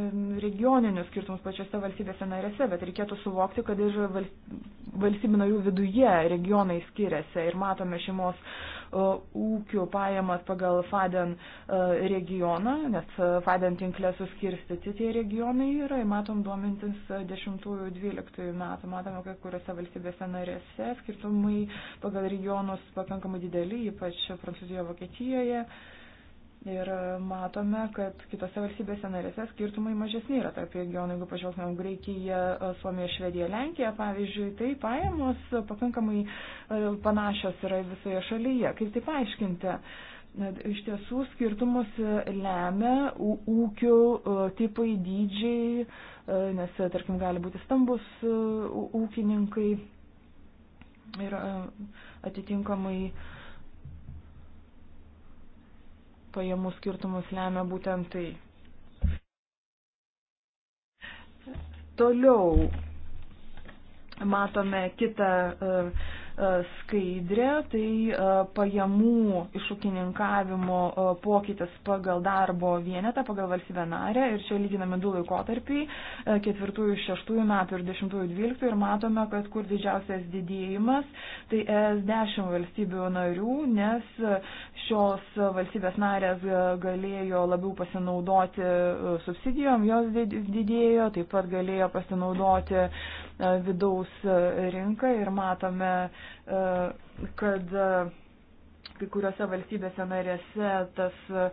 Speaker 2: e, regioninius skirtumus pačiose valstybėse narėse, bet reikėtų suvokti, kad ir valstybių narių viduje regionai skiriasi ir matome šeimos E, ūkių pajamas pagal Faden e, regioną, nes Faden tinklė suskirstyti tie regionai yra, matom duomintis 10-12 metų, matome, kai kuriuose valstybėse narėse skirtumai pagal regionus pakankamai dideli, ypač Prancūzijoje, Vokietijoje. Uh, Ir e, matome, kad kitose valstybėse narėse skirtumai mažesni yra tarp regionų. Jeigu pažvelgtumėm Graikiją, e, Suomiją, Švediją, Lenkiją, pavyzdžiui, tai pajamos pakankamai e, panašios yra visoje šalyje. Kaip tai paaiškinti? Iš tiesų skirtumus lemia ūkių tipai dydžiai, nes, tarkim, gali būti stambus ūkininkai ir atitinkamai uh, pajamų skirtumus lemia būtent tai. Toliau matome kitą uh, E, skaidrė, tai e, pajamų iššūkininkavimo e, pokytis pagal darbo vienetą, pagal valstybę narę ir čia lyginami du laikotarpiai - ketvirtųjų šeštųjų metų ir dešimtųjų dvyliktųjų ir matome, kad kur didžiausias didėjimas, tai es dešimt valstybių narių, nes šios valstybės narės galėjo labiau pasinaudoti subsidijom, jos didėjo, taip pat galėjo pasinaudoti vidaus rinką ir matome, e, kad kai kuriuose valstybėse narėse tas e,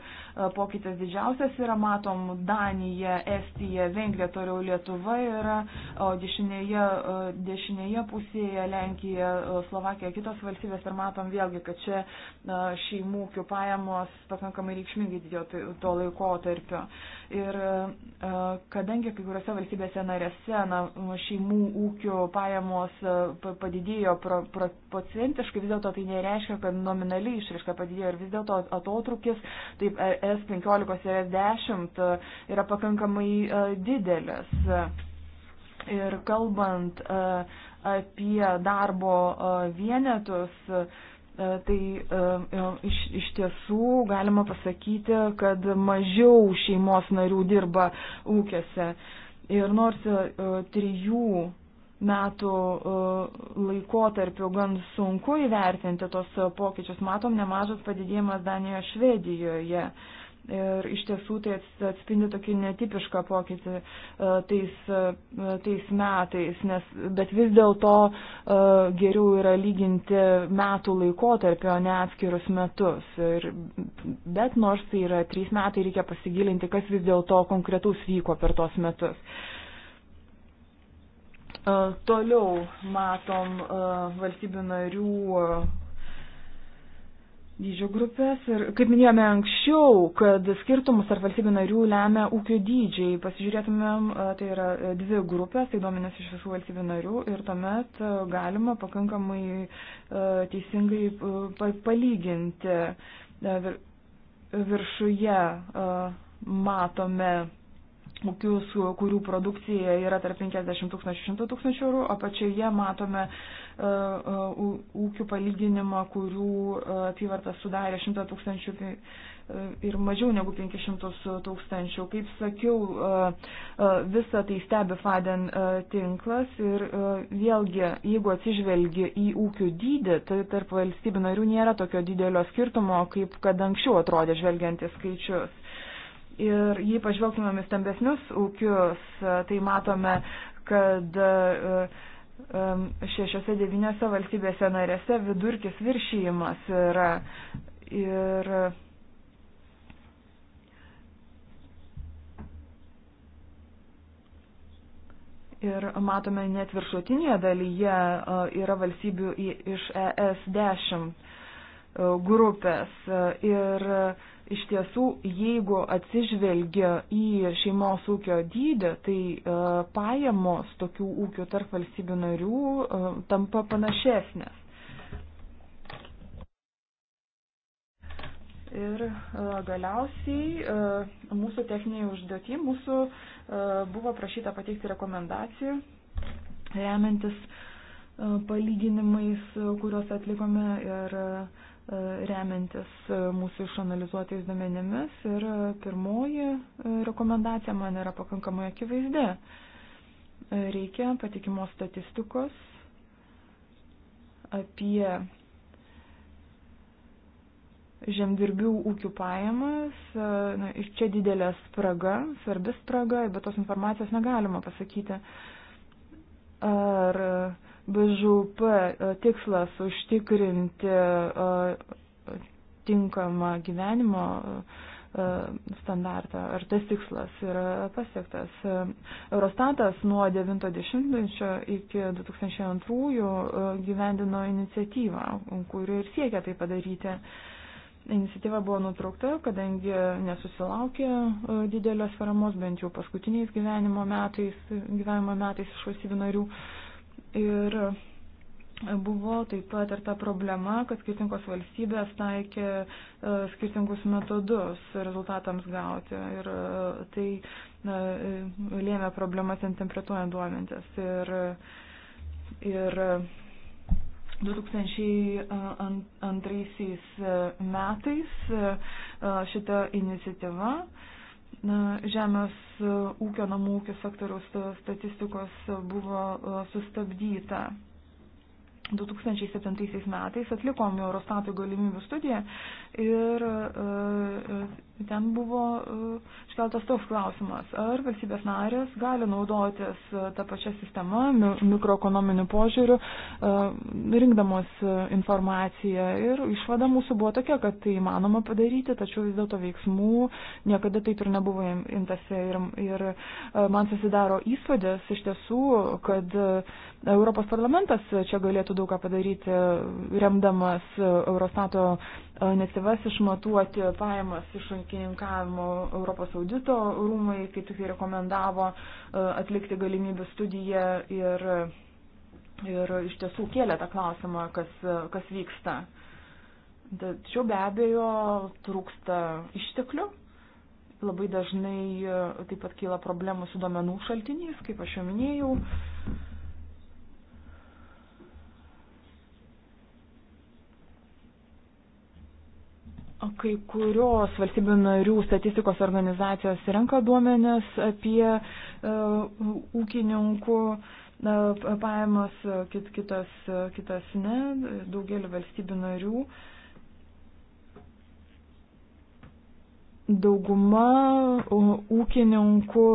Speaker 2: pokytis didžiausias yra, matom, Danija, Estija, Vengrija, toliau Lietuva yra, o dešinėje, e, dešinėje pusėje Lenkija, e, Slovakija, kitos valstybės ir matom vėlgi, kad čia šeimų ūkių pajamos pakankamai reikšmingai didėjo tuo laikotarpiu. Ir kadangi kai kuriuose valstybėse narėse na, šeimų ūkių pajamos padidėjo procentiškai, vis dėlto tai nereiškia, kad nominaliai išriška padidėjo ir vis dėlto atotrukis, taip S15 ir S10 e, yra pakankamai e, didelis. Ir kalbant e, apie darbo vienetus, tai iš, iš tiesų galima pasakyti, kad mažiau šeimos narių dirba ūkiuose. Ir nors trijų metų e, laikotarpiu gan sunku įvertinti tos pokyčius. Matom nemažas padidėjimas Danijoje, Švedijoje. Ir iš tiesų tai atspindi tokį netipišką pokytį e, tais, e, tais metais, nes, bet vis dėlto geriau yra lyginti metų laikotarpį, o ne atskirus metus. Ir, bet nors tai yra trys metai, reikia pasigilinti, kas vis dėlto konkretaus vyko per tos metus. E, toliau matom e, valstybių narių e, dydžio grupės ir, kaip minėjome anksčiau, kad skirtumus tarp valstybių narių lemia ūkio dydžiai. Pasižiūrėtumėm, tai yra dvi grupės, tai duomenės iš visų valstybių narių ir tuomet galima pakankamai teisingai palyginti. Viršuje matome ūkius, kurių produkcija yra tarp 50 tūkstančių 100 tūkstančių eurų, apačioje matome e, e, ūkių palyginimą, kurių e, apyvartas sudarė 100 tūkstančių ir mažiau negu 500 tūkstančių. Kaip sakiau, visą tai stebi Faden tinklas ir vėlgi, jeigu atsižvelgi į ūkių dydį, tai tarp valstybių narių nėra tokio didelio skirtumo, kaip kad anksčiau atrodė žvelgiantis skaičius. Ir jei pažvelgtumėm į stambesnius ūkius, tai matome, kad e, e, šešiose devynėse valstybėse narėse vidurkis viršijimas yra. Ir Ir matome net viršutinėje dalyje e, yra valstybių iš ES 10 grupės. Ir Iš tiesų, jeigu atsižvelgia į šeimos ūkio dydį, tai e, pajamos tokių ūkių tarp valstybių narių e, tampa panašesnės. Ir e, galiausiai e, mūsų techniniai užduoti, mūsų e, buvo prašyta pateikti rekomendacijų, remiantis e, palyginimais, kuriuos atlikome ir e, E, remiantis e, mūsų išanalizuotais duomenimis. Ir e, pirmoji rekomendacija man yra pakankamai akivaizdi. Reikia patikimos statistikos apie žemdirbių ūkių pajamas. Na, ir čia didelė spraga, svarbi spraga, bet tos informacijos negalima pasakyti. Ar BŽUP e, tikslas užtikrinti e, tinkamą gyvenimo e, standartą, ar tas tikslas yra pasiektas. Eurostatas nuo 90-mečio iki 2002 gyvendino iniciatyvą, kuri ir siekia tai padaryti. Iniciatyva buvo nutraukta, kadangi nesusilaukė didelės paramos, bent jau paskutiniais gyvenimo metais, gyvenimo metais iš valstybių narių. Uh, Ir buvo taip pat ir ta problema, kad skirtingos valstybės taikė e, skirtingus metodus rezultatams gauti. Ir e, tai na, e, lėmė problemas interpretuojant duomentis. Ir, ir 2002 metais šita iniciatyva žemės e, ūkio namų ūkio sektoriaus e, statistikos e, buvo sustabdyta. 2007 metais atlikom Eurostato galimybių studiją ir Ten buvo e, iškeltas toks klausimas, ar valstybės narės gali naudotis e, tą pačią sistemą mikroekonominiu požiūriu, e, rinkdamos informaciją. Ir išvada mūsų buvo tokia, kad tai įmanoma padaryti, tačiau vis dėlto veiksmų niekada taip ir nebuvo imtasi. Ir, ir man susidaro įspūdis iš tiesų, kad Europos parlamentas čia galėtų daug ką padaryti, remdamas Eurostato iniciatyvas išmatuoti pajamas iš ūkininkavimo Europos audito rūmai, kaip tik tai rekomendavo e, atlikti galimybių studiją ir, ir iš tiesų kėlė tą klausimą, kas, kas vyksta. Tačiau be abejo trūksta išteklių. Labai dažnai e, taip pat kyla problemų su duomenų šaltiniais, kaip aš jau minėjau. Uh, O kai kurios valstybių narių statistikos organizacijos renka duomenis apie uh, ūkininkų uh, pajamas, kit, kitas, uh, kitas ne, daugelį valstybių narių. Dauguma ūkininkų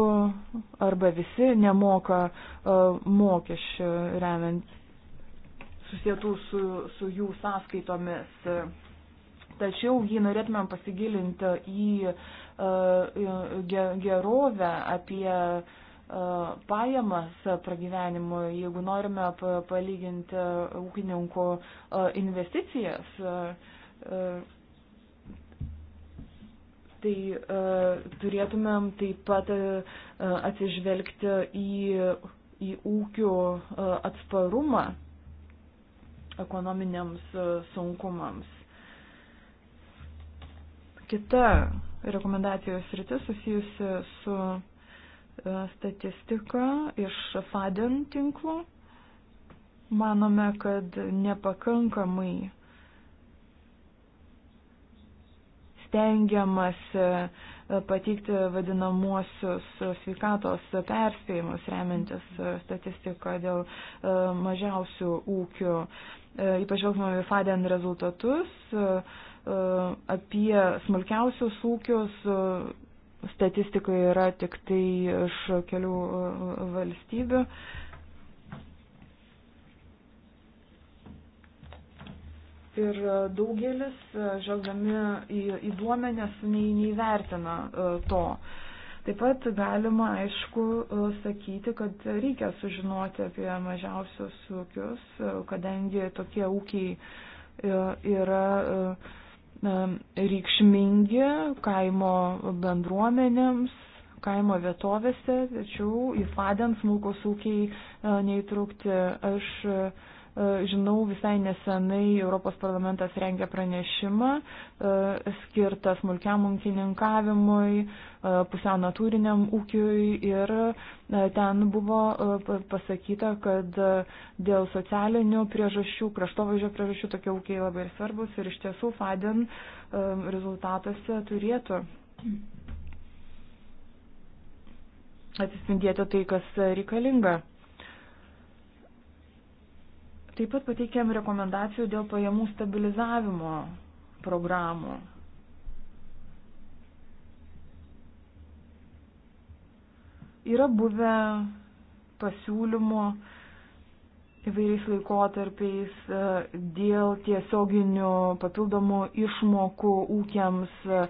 Speaker 2: arba visi nemoka uh, mokesčių remiant susietų su, su jų sąskaitomis. Uh, tačiau jei norėtumėm pasigilinti į e, gerovę, apie e, pajamas pragyvenimui, jeigu norime palyginti ūkininkų e, investicijas, tai turėtumėm taip pat atsižvelgti į, į ūkių atsparumą ekonominiams sunkumams. Kita rekomendacijos rytis susijusi su e, statistika iš FADEN tinklų. Manome, kad nepakankamai stengiamasi e, pateikti vadinamuosius sveikatos perspėjimus remiantis e, statistiką dėl mažiausių ūkių. Ypač žvelgtume į FADEN rezultatus, E, apie smulkiausius ūkius e, statistika yra tik tai iš kelių e, valstybių. Ir daugelis, žvelgdami į, į duomenės, nei, neįvertina to. Taip pat galima, aišku, sakyti, kad reikia sužinoti apie mažiausius ūkius, kadangi tokie ūkiai yra. yra reikšmingi kaimo bendruomenėms, kaimo vietovėse, tačiau į faden smulkos ūkiai neįtraukti. Aš E, žinau, visai nesenai Europos parlamentas rengia pranešimą e, skirtą smulkiam ūkininkavimui, e, pusiau natūriniam ūkiui ir ten buvo pasakyta, kad dėl socialinių priežasčių, kraštovaizdžio priežasčių tokie ūkiai labai ir svarbus ir iš tiesų FADEN rezultatuose turėtų atsispindėti tai, kas reikalinga. Taip pat pateikėm rekomendacijų dėl pajamų stabilizavimo programų. Yra buvę pasiūlymų įvairiais laikotarpiais e, dėl tiesioginių papildomų išmokų ūkiams e,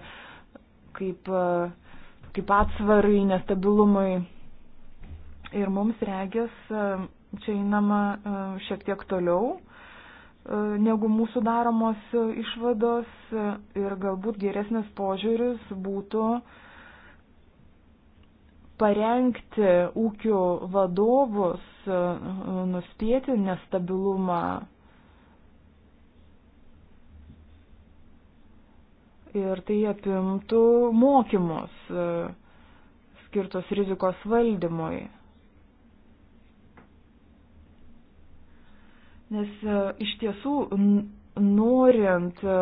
Speaker 2: kaip, e, kaip atsvarai, nestabilumai. Ir mums regės čia einama e, šiek tiek toliau e, negu mūsų daromos e, išvados ir galbūt geresnis požiūris būtų parengti ūkių vadovus, nuspėti nestabilumą ir tai apimtų mokymus skirtus rizikos valdymui. Nes e, iš tiesų, norint e,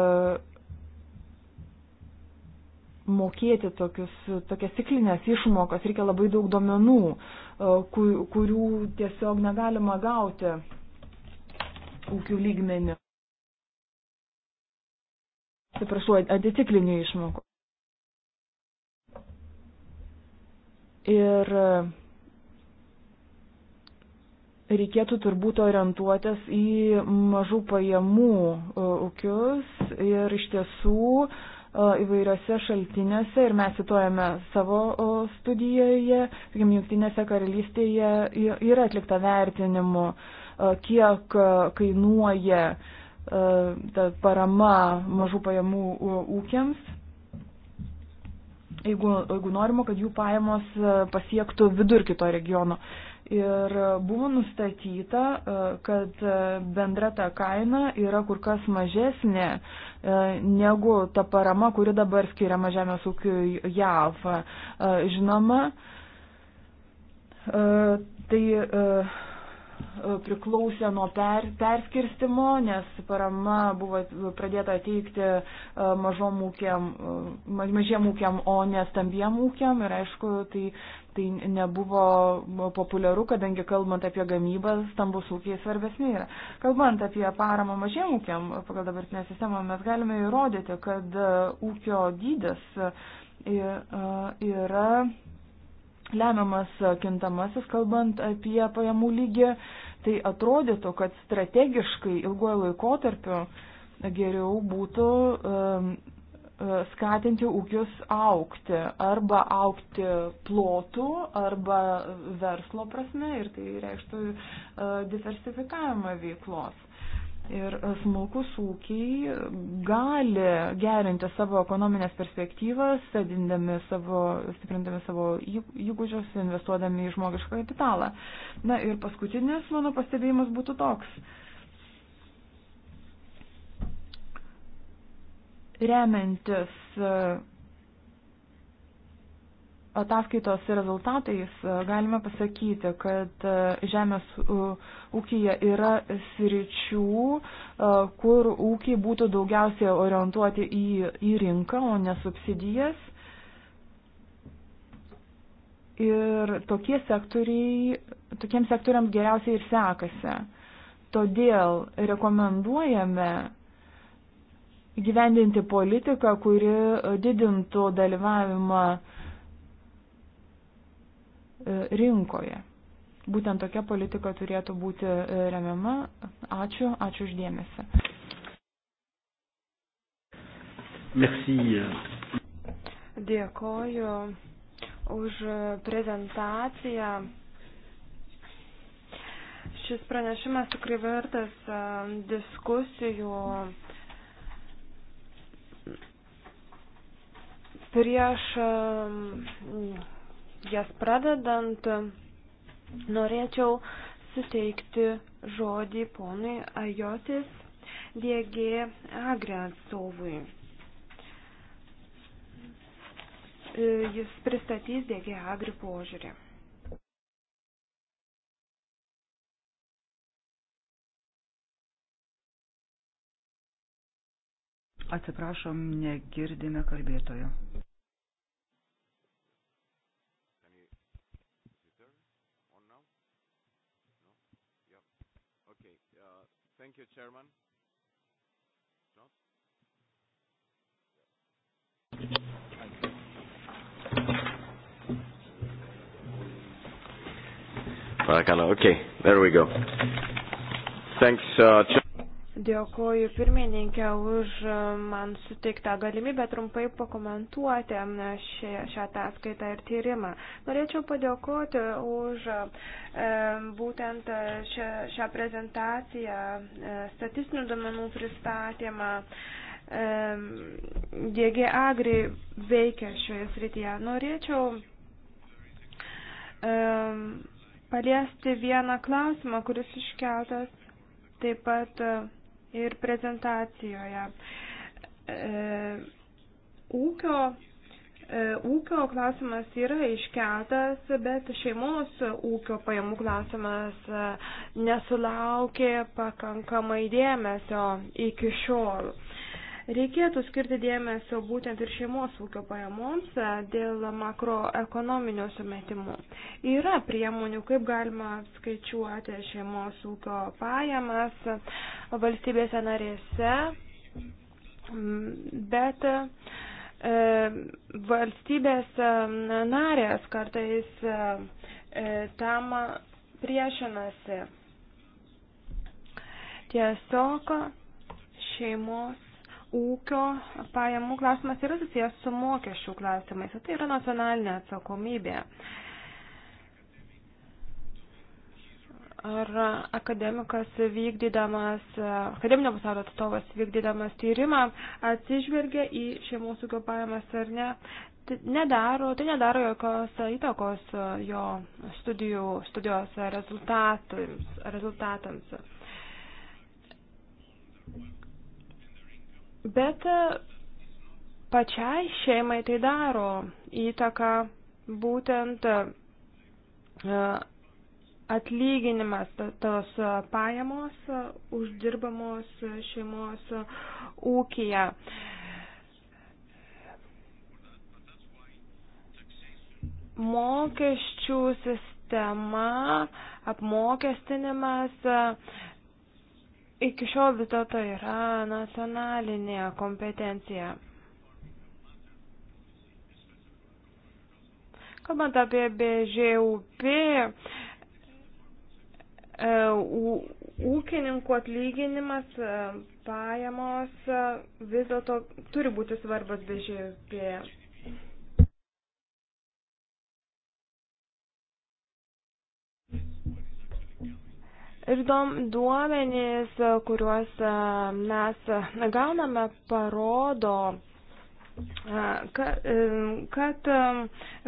Speaker 2: mokėti tokius, tokias ciklinės išmokas, reikia labai daug domenų, e, kurių tiesiog negalima gauti ūkių lygmenį. Atsiprašau, atitiklinių išmokų. Ir reikėtų turbūt orientuotis į mažų pajamų e, ūkius ir iš tiesų e, įvairiose šaltiniuose ir mes situojame savo studijoje, sakykim, Junktinėse karalystėje yra atlikta vertinimu, e, kiek kainuoja ta parama mažų pajamų ūkiams. Jeigu, jeigu norima, kad jų pajamos pasiektų vidurkį to regiono. Uh, Ir buvo nustatyta, e, kad e, bendra ta kaina yra kur kas mažesnė e, negu ta parama, kuri dabar skiriama žemės ūkiui JAV. Žinoma, tai E, priklausė nuo per, perskirstimo, nes parama buvo pradėta teikti e, mažom ūkiam, e, mažiem ūkiam, o ne stambiem ūkiam. Ir aišku, tai, tai nebuvo populiaru, kadangi kalbant apie gamybą, stambus ūkiai svarbesni yra. Kalbant apie paramą mažiem ūkiam, pagal dabartinę sistemą mes galime įrodyti, kad ūkio dydis yra lemiamas e, kintamasis, kalbant apie pajamų lygį, tai atrodytų, kad strategiškai ilgojo laikotarpiu geriau būtų e, skatinti ūkius aukti arba aukti plotų arba verslo prasme ir tai reikštų e, diversifikavimą veiklos. Ir smulkus ūkiai gali gerinti savo ekonominės perspektyvas, sadindami savo, stiprindami savo įgūdžius, investuodami į žmogišką kapitalą. Na ir paskutinis mano pastebėjimas būtų toks. Remiantis ataskaitos rezultatais e, galime pasakyti, kad e, žemės ūkija yra sričių, e, kur ūkiai būtų daugiausiai orientuoti į, į rinką, o ne subsidijas. Ir tokie sektoriai, tokiems sektoriams geriausiai ir sekasi. Todėl rekomenduojame gyvendinti politiką, kuri didintų dalyvavimą uh, E, rinkoje. Būtent tokia politika turėtų būti e, remiama. Ačiū, ačiū uždėmesi. Merci. Dėkoju už prezentaciją. Šis pranešimas tikrai vertas e, diskusijų prieš jas pradedant, norėčiau suteikti žodį ponui Ajotis DG Agre atstovui. Jis pristatys DG Agri požiūrį.
Speaker 4: Atsiprašom, negirdime kalbėtojo.
Speaker 1: Chairman. No? Παρακαλώ. Okay, there we go. Thanks, uh,
Speaker 2: Dėkoju pirmininkė už e, man suteiktą galimybę trumpai pakomentuoti e, šį, šią ataskaitą ir tyrimą. Norėčiau padėkoti už e, būtent e, šią, šią prezentaciją, e, statistinių duomenų pristatymą. E, DG Agri veikia šioje srityje. Norėčiau paliesti vieną klausimą, kuris iškeltas taip pat ir prezentacijoje. E, ūkio, e, ūkio klausimas yra iškeltas, bet šeimos ūkio pajamų klausimas e, nesulaukė pakankamai dėmesio iki šiol. Reikėtų skirti dėmesio būtent ir šeimos ūkio pajamoms e, dėl makroekonominio sumetimų. Yra priemonių, kaip galima skaičiuoti šeimos ūkio pajamas valstybėse narėse, bet e, valstybės e, narės kartais tam priešinasi. Tiesiog šeimos ūkio pajamų klausimas yra susijęs su mokesčių klausimais, tai yra nacionalinė atsakomybė. Ar akademikas vykdydamas, akademinio pasaulio atstovas vykdydamas tyrimą atsižvelgia į šeimos ūkio pajamas ar ne, tai nedaro, tai nedaro jokios įtakos jo studijų, studijos rezultatams. rezultatams. Bet e, pačiai šeimai tai daro įtaką būtent e, atlyginimas, tos e, pajamos uždirbamos šeimos ūkija. Mokesčių sistema, apmokestinimas iki šiol vis dėlto yra nacionalinė kompetencija. Kalbant apie BŽUP, e, ūkininkų atlyginimas, e, pajamos e, vis dėlto turi būti svarbus BŽUP. Ir duomenys, kuriuos mes gauname, parodo, e, kad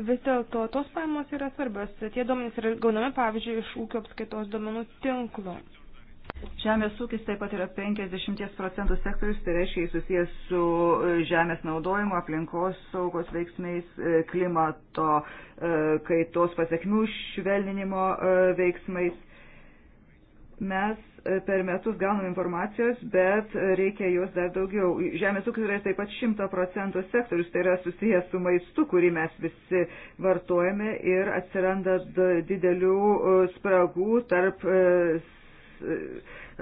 Speaker 2: vis dėlto tos pajamos yra svarbios. Tie duomenys yra gaunami, pavyzdžiui, iš ūkio apskaitos duomenų tinklo. Žemės ūkis taip pat
Speaker 4: yra 50 procentų sektorius, tai reiškia jis susijęs su e, žemės naudojimu, aplinkos saugos veiksmais, e, klimato kaitos pasiekmių švelninimo veiksmais. Mes e, per metus gaunam informacijos, bet reikia jos dar daugiau. Žemės ūkis yra taip pat 100 procentų sektorius, tai yra susijęs su maistu, kurį mes visi vartojame ir atsiranda didelių e, spragų tarp e,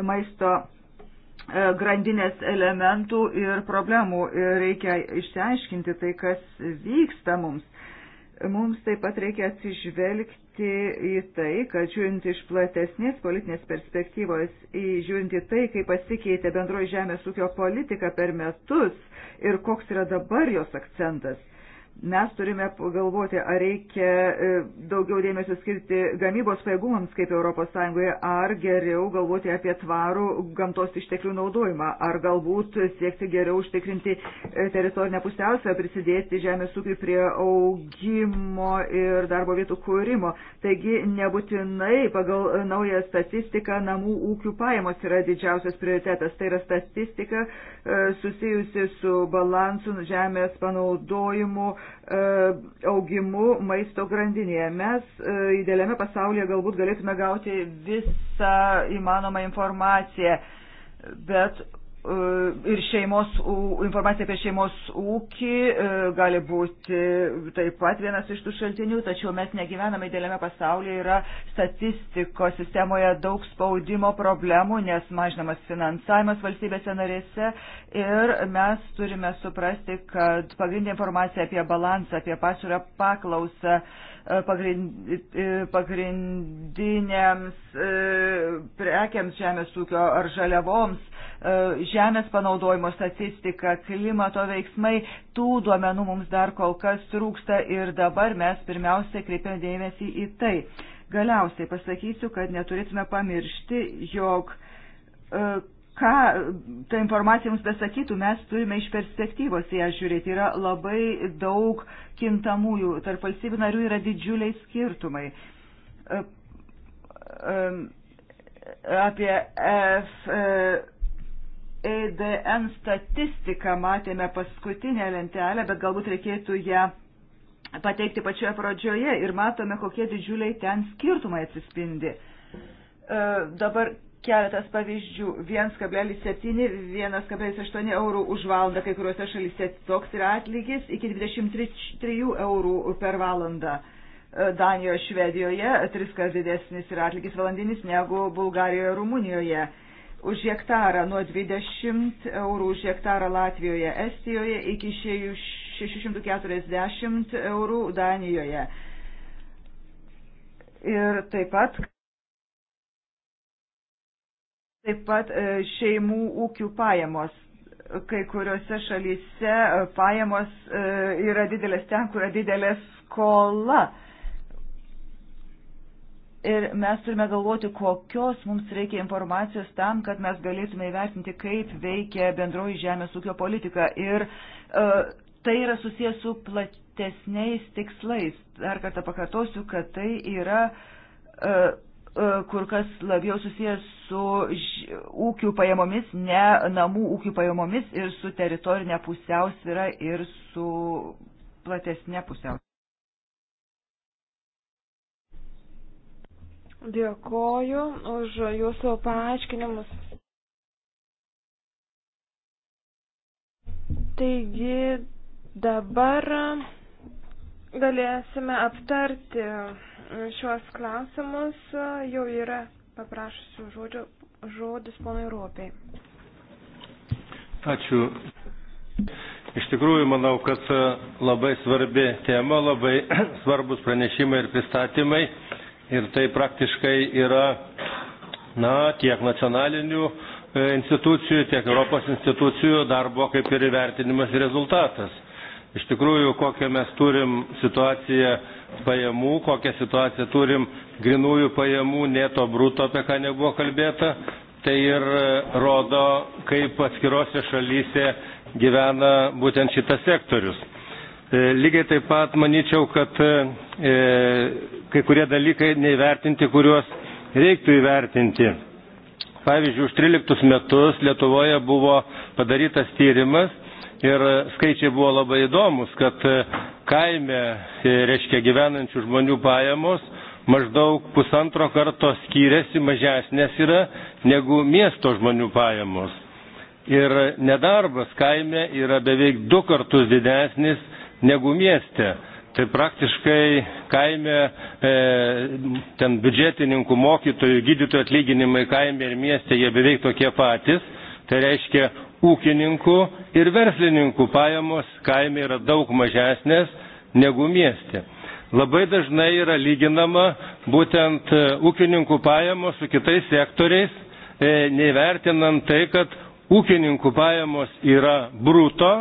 Speaker 4: maisto grandinės elementų ir problemų. Ir reikia išsiaiškinti tai, kas vyksta mums Mums taip pat reikia atsižvelgti į tai, kad žiūrint iš platesnės politinės perspektyvos, į žiūrint į tai, kaip pasikeitė bendroji žemės ūkio politika per metus ir koks yra dabar jos akcentas mes turime galvoti, ar reikia e, daugiau dėmesio skirti gamybos pajėgumams kaip ES, ar geriau galvoti apie tvarų gamtos išteklių naudojimą, ar galbūt siekti geriau užtikrinti e, teritorinę pusiausvę, prisidėti žemės ūkiui prie augimo ir darbo vietų kūrimo. Taigi nebūtinai pagal e, naują statistiką namų ūkių pajamos yra didžiausias prioritetas. Tai yra statistika susijusi su balansu žemės panaudojimu, E, augimu maisto grandinėje. Mes e, idealiame pasaulyje galbūt galėtume gauti visą įmanomą informaciją, bet E, ir šeimos, informacija apie šeimos ūkį e, gali būti taip pat vienas iš tų šaltinių, tačiau mes negyvename dėlėme pasaulyje, yra statistikos sistemoje daug spaudimo problemų, nes mažinamas finansavimas valstybėse narėse ir mes turime suprasti, kad pagrindinė informacija apie balansą, apie pasiūlę paklausą e, pagrindiniams prekiams žemės ūkio ar žaliavoms, E, žemės panaudojimo statistika, klimato veiksmai, tų duomenų mums dar kol kas trūksta ir dabar mes pirmiausia kreipiame dėmesį į tai. Galiausiai pasakysiu, kad neturėtume pamiršti, jog e, ką ta informacija mums besakytų, mes turime iš perspektyvos ją žiūrėti. Yra labai daug kintamųjų, tarp valstybių narių yra didžiuliai skirtumai. E, apie F EDN statistiką matėme paskutinę lentelę, bet galbūt reikėtų ją pateikti pačioje pradžioje ir matome, kokie didžiuliai ten skirtumai atsispindi. E, dabar keletas pavyzdžių. 1,7, 1,8 eurų už valandą kai kuriuose šalyse toks yra atlygis, iki 23 eurų per valandą. E, Danijoje, Švedijoje tris kart didesnis yra atlygis valandinis negu Bulgarijoje, Rumunijoje už hektarą nuo 20 eurų už hektarą Latvijoje, Estijoje iki 640 eurų Danijoje. Ir taip pat, taip pat e, šeimų ūkių pajamos. Kai kuriuose šalyse e, pajamos e, yra didelės ten, kur yra didelė skola. Ir mes turime galvoti, kokios mums reikia informacijos tam, kad mes galėtume įvertinti, kaip veikia bendroji žemės ūkio politika. Ir uh, tai yra susijęs su platesniais tikslais. Dar kartą pakartosiu, kad tai yra uh, uh, kur kas labiau susijęs su ž, ūkių pajamomis, ne namų ūkių pajamomis ir su teritorinė pusiausvyra ir su platesnė pusiausvyra.
Speaker 2: Dėkoju už jūsų paaiškinimus. Taigi dabar galėsime aptarti šiuos klausimus. Jau yra paprašusių žodžių, žodis ponui Ruopiai.
Speaker 3: Ačiū. Iš tikrųjų, manau, kad labai svarbi tema, labai svarbus pranešimai ir pristatymai ir tai praktiškai yra na, tiek nacionalinių e, institucijų, tiek Europos institucijų darbo kaip ir įvertinimas ir rezultatas. Iš tikrųjų, kokią mes turim situaciją pajamų, kokią situaciją turim grinųjų pajamų, neto bruto, apie ką nebuvo kalbėta, tai ir e, rodo, kaip atskirose šalyse gyvena būtent šitas sektorius. E, lygiai taip pat manyčiau, kad e, e, kai kurie dalykai neįvertinti, kuriuos reiktų įvertinti. Pavyzdžiui, už 13 metus Lietuvoje buvo padarytas tyrimas ir skaičiai buvo labai įdomus, kad kaime, reiškia, gyvenančių žmonių pajamos maždaug pusantro karto skiriasi mažesnės yra negu miesto žmonių pajamos. Ir nedarbas kaime yra beveik du kartus didesnis negu mieste. Tai praktiškai kaime e, ten biudžetininkų, mokytojų, gydytojų atlyginimai kaime ir mieste jie beveik tokie patys. Tai reiškia, ūkininkų ir verslininkų pajamos kaime yra daug mažesnės negu mieste. Labai dažnai yra lyginama būtent e, ūkininkų pajamos su kitais sektoriais, e, nevertinant tai, kad ūkininkų pajamos yra bruto,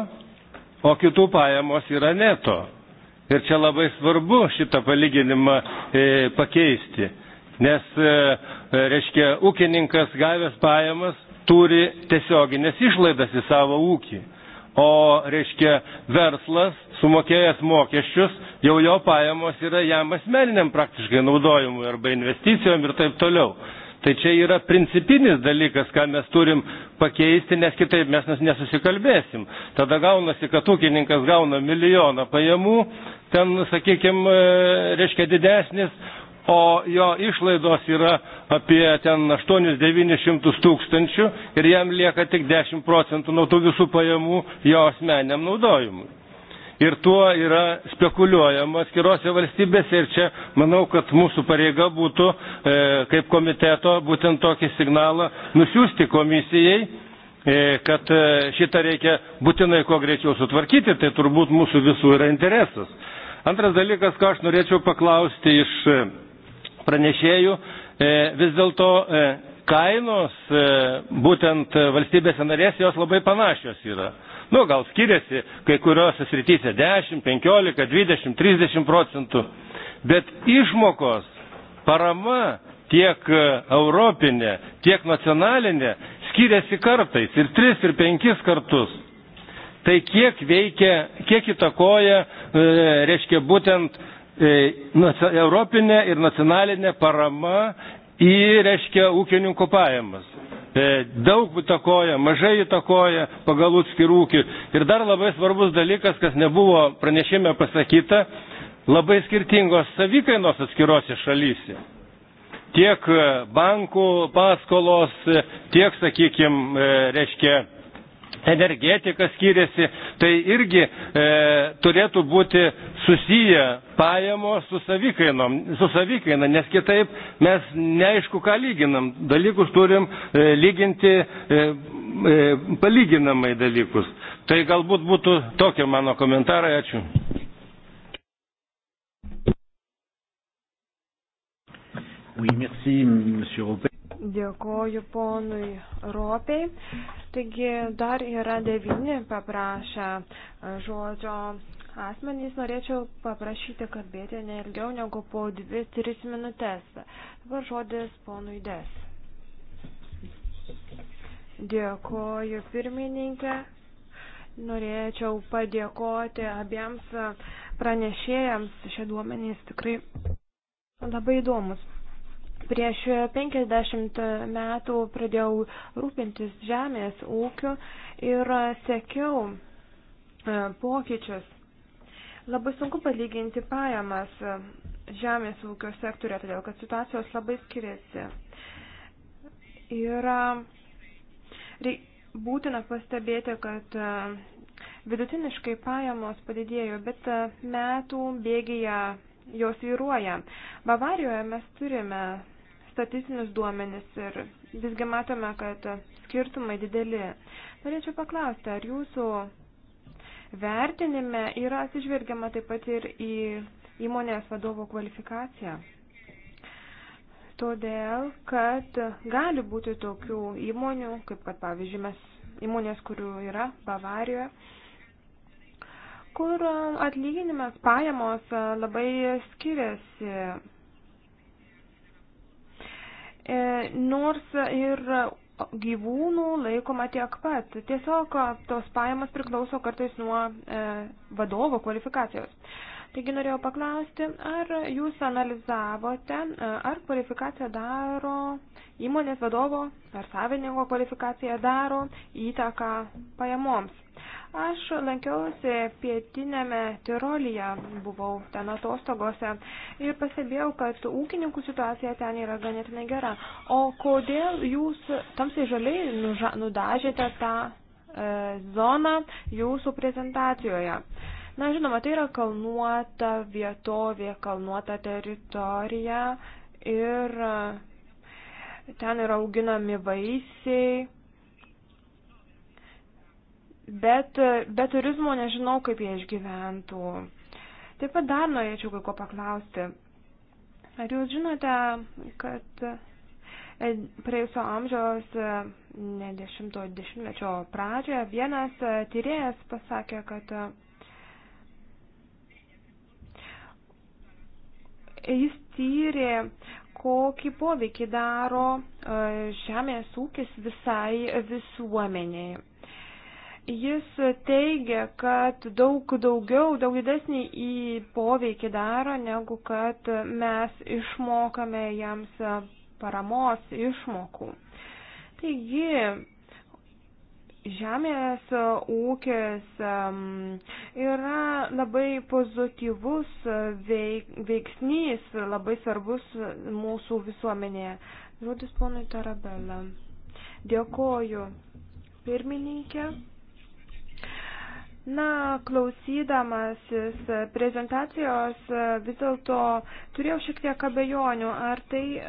Speaker 3: o kitų pajamos yra neto. Ir čia labai svarbu šitą palyginimą e, pakeisti, nes, e, e, reiškia, ūkininkas gavęs pajamas turi tiesioginės išlaidas į savo ūkį, o, reiškia, verslas sumokėjęs mokesčius, jau jo pajamos yra jam asmeniniam praktiškai naudojimui arba investicijom ir taip toliau. Tai čia yra principinis dalykas, ką mes turim pakeisti, nes kitaip mes nesusikalbėsim. Tada gaunasi, kad ūkininkas gauna milijoną pajamų, ten, sakykime, reiškia didesnis, o jo išlaidos yra apie ten 8-900 tūkstančių ir jam lieka tik 10 procentų nuo tų visų pajamų jo asmeniam naudojimui ir tuo yra spekuliuojama atskirose valstybėse ir čia manau, kad mūsų pareiga būtų e, kaip komiteto būtent tokį signalą nusiųsti komisijai e, kad e, šitą reikia būtinai kuo greičiau sutvarkyti, tai turbūt mūsų visų yra interesas. Antras dalykas, ką aš norėčiau paklausti iš e, pranešėjų, vis dėlto kainos būtent valstybėse narės jos labai panašios yra. Nu, gal skiriasi kai kuriuose srityse 10, 15, 20, 30 procentų, bet išmokos, parama tiek e, europinė, tiek nacionalinė skiriasi kartais ir 3, ir 5 kartus. Tai kiek veikia, kiek įtakoja, e, reiškia, būtent e, europinė ir nacionalinė parama į, reiškia, ūkininkų pajamas. E, daug įtakoja, mažai įtakoja pagal atskirūkį. Ir dar labai svarbus dalykas, kas nebuvo pranešime pasakyta, labai skirtingos savikainos atskirose šalyse. Tiek e, bankų paskolos, e, tiek, sakykime, reiškia energetika skiriasi, tai irgi e, turėtų būti susiję pajamos su, su savikaina, nes kitaip mes neaišku, ką lyginam. Dalykus turim e, lyginti e, e, palyginamai dalykus. Tai galbūt būtų tokie mano komentarai. Ačiū.
Speaker 1: Oui, merci,
Speaker 2: Dėkoju ponui Ropiai. Taigi dar yra devyni paprašę e, žodžio asmenys. Norėčiau paprašyti kalbėti ne ilgiau negu po dvi, tris minutės. Dabar žodis ponui Des. Dėkoju pirmininkė. Norėčiau padėkoti abiems pranešėjams. Šie duomenys tikrai labai įdomus. Prieš 50 metų pradėjau rūpintis žemės ūkiu ir sekiau e, pokyčius. Labai sunku palyginti pajamas e, žemės ūkio sektorė, todėl kad situacijos labai skiriasi. Ir e, būtina pastebėti, kad vidutiniškai pajamos padidėjo, bet metų bėgėje jos vyruoja. Bavarijoje mes turime statistinius duomenis ir visgi matome, kad skirtumai dideli. Norėčiau paklausti, ar jūsų vertinime yra atsižvelgiama taip pat ir į įmonės vadovo kvalifikaciją? Todėl, kad gali būti tokių įmonių, kaip kad pavyzdžiui mes įmonės, kurių yra Bavarijoje, kur atlyginimas pajamos labai skiriasi E, nors ir gyvūnų laikoma tiek pat. Tiesiog tos pajamos priklauso kartais nuo e, vadovo kvalifikacijos. Taigi norėjau paklausti, ar jūs analizavote, e, ar kvalifikacija daro, įmonės vadovo ar savininko kvalifikacija daro įtaką pajamoms. Aš lankiausi pietinėme Tirolyje, buvau ten atostogose ir pastebėjau, kad ūkininkų situacija ten yra ganėtinai gera. O kodėl jūs tamsiai žaliai nudažėte tą e, zoną jūsų prezentacijoje? Na, žinoma, tai yra kalnuota vietovė, kalnuota teritorija ir e, ten yra auginami vaisiai bet be turizmo nežinau, kaip jie išgyventų. Taip pat dar norėčiau kai ko paklausti. Ar jūs žinote, kad e, praėjusio amžiaus e, ne dešimto dešimtmečio pradžioje vienas e, tyrėjas pasakė, kad jis tyrė, kokį poveikį daro žemės ūkis visai visuomeniai. Jis teigia, kad daug daugiau, daug didesnį į poveikį daro, negu kad mes išmokame jiems paramos išmokų. Taigi, žemės ūkis um, yra labai pozityvus veiksnys, labai svarbus mūsų visuomenėje. Žodis ponui Tarabelą. Dėkoju pirmininkė. Na, klausydamasis prezentacijos vis dėlto turėjau šiek tiek abejonių, ar tai e,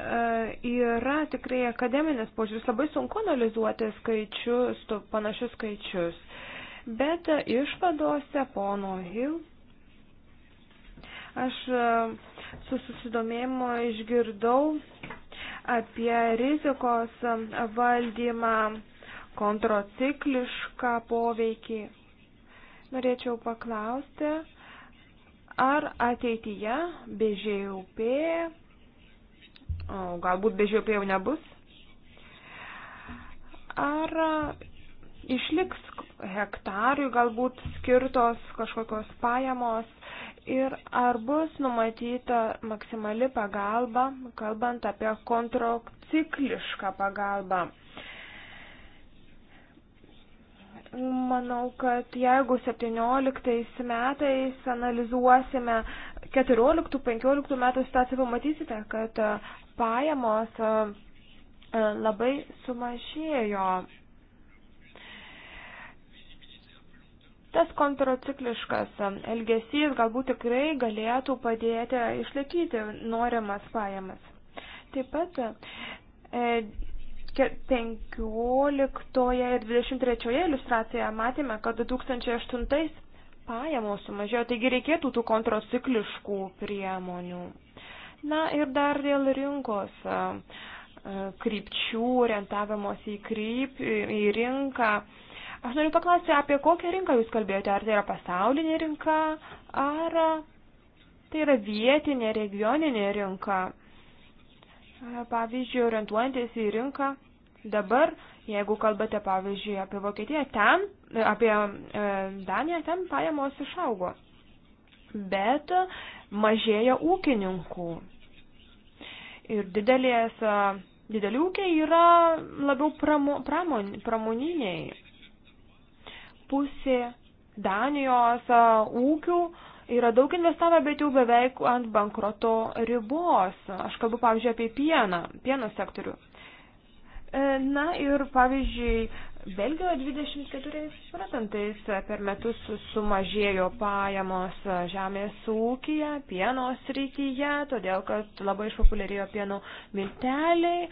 Speaker 2: yra tikrai akademinis požiūris. Labai sunku analizuoti skaičius, panašius skaičius. Bet išvadose pono Hill aš e, su susidomėjimu išgirdau apie rizikos valdymą, kontraciklišką poveikį norėčiau paklausti, ar ateityje BŽUP, galbūt BŽUP jau nebus, ar išliks hektarui galbūt skirtos kažkokios pajamos ir ar bus numatyta maksimali pagalba, kalbant apie kontraciklišką pagalbą. Manau, kad jeigu 17 metais analizuosime 14-15 metų situaciją, pamatysite, kad e, pajamos e, e, labai sumažėjo. Tas kontracikliškas elgesys galbūt tikrai galėtų padėti išlaikyti norimas pajamas. Taip pat 15 ir 23 iliustracijoje matėme, kad 2008 pajamos sumažėjo, taigi reikėtų tų kontracikliškų priemonių. Na ir dar dėl rinkos krypčių, orientavimos į, kryp, į rinką. Aš noriu paklausti, apie kokią rinką jūs kalbėjote, ar tai yra pasaulinė rinka, ar tai yra vietinė, regioninė rinka. Pavyzdžiui, orientuojantis į rinką, Dabar, jeigu kalbate pavyzdžiui apie Vokietiją, ten, apie e, Daniją, ten pajamos išaugo, bet mažėja ūkininkų. Ir didelės, e, dideli ūkiai yra labiau pramo, pramon, pramoniniai. Pusė Danijos e, ūkių yra daug investavę, bet jau beveik ant bankroto ribos. Aš kalbu, pavyzdžiui, apie pieną, pieno sektorių. E, na ir pavyzdžiui, Belgijoje 24 procentais per metus sumažėjo pajamos žemės ūkija, pieno srityje, todėl kad labai išpopuliarėjo pieno milteliai.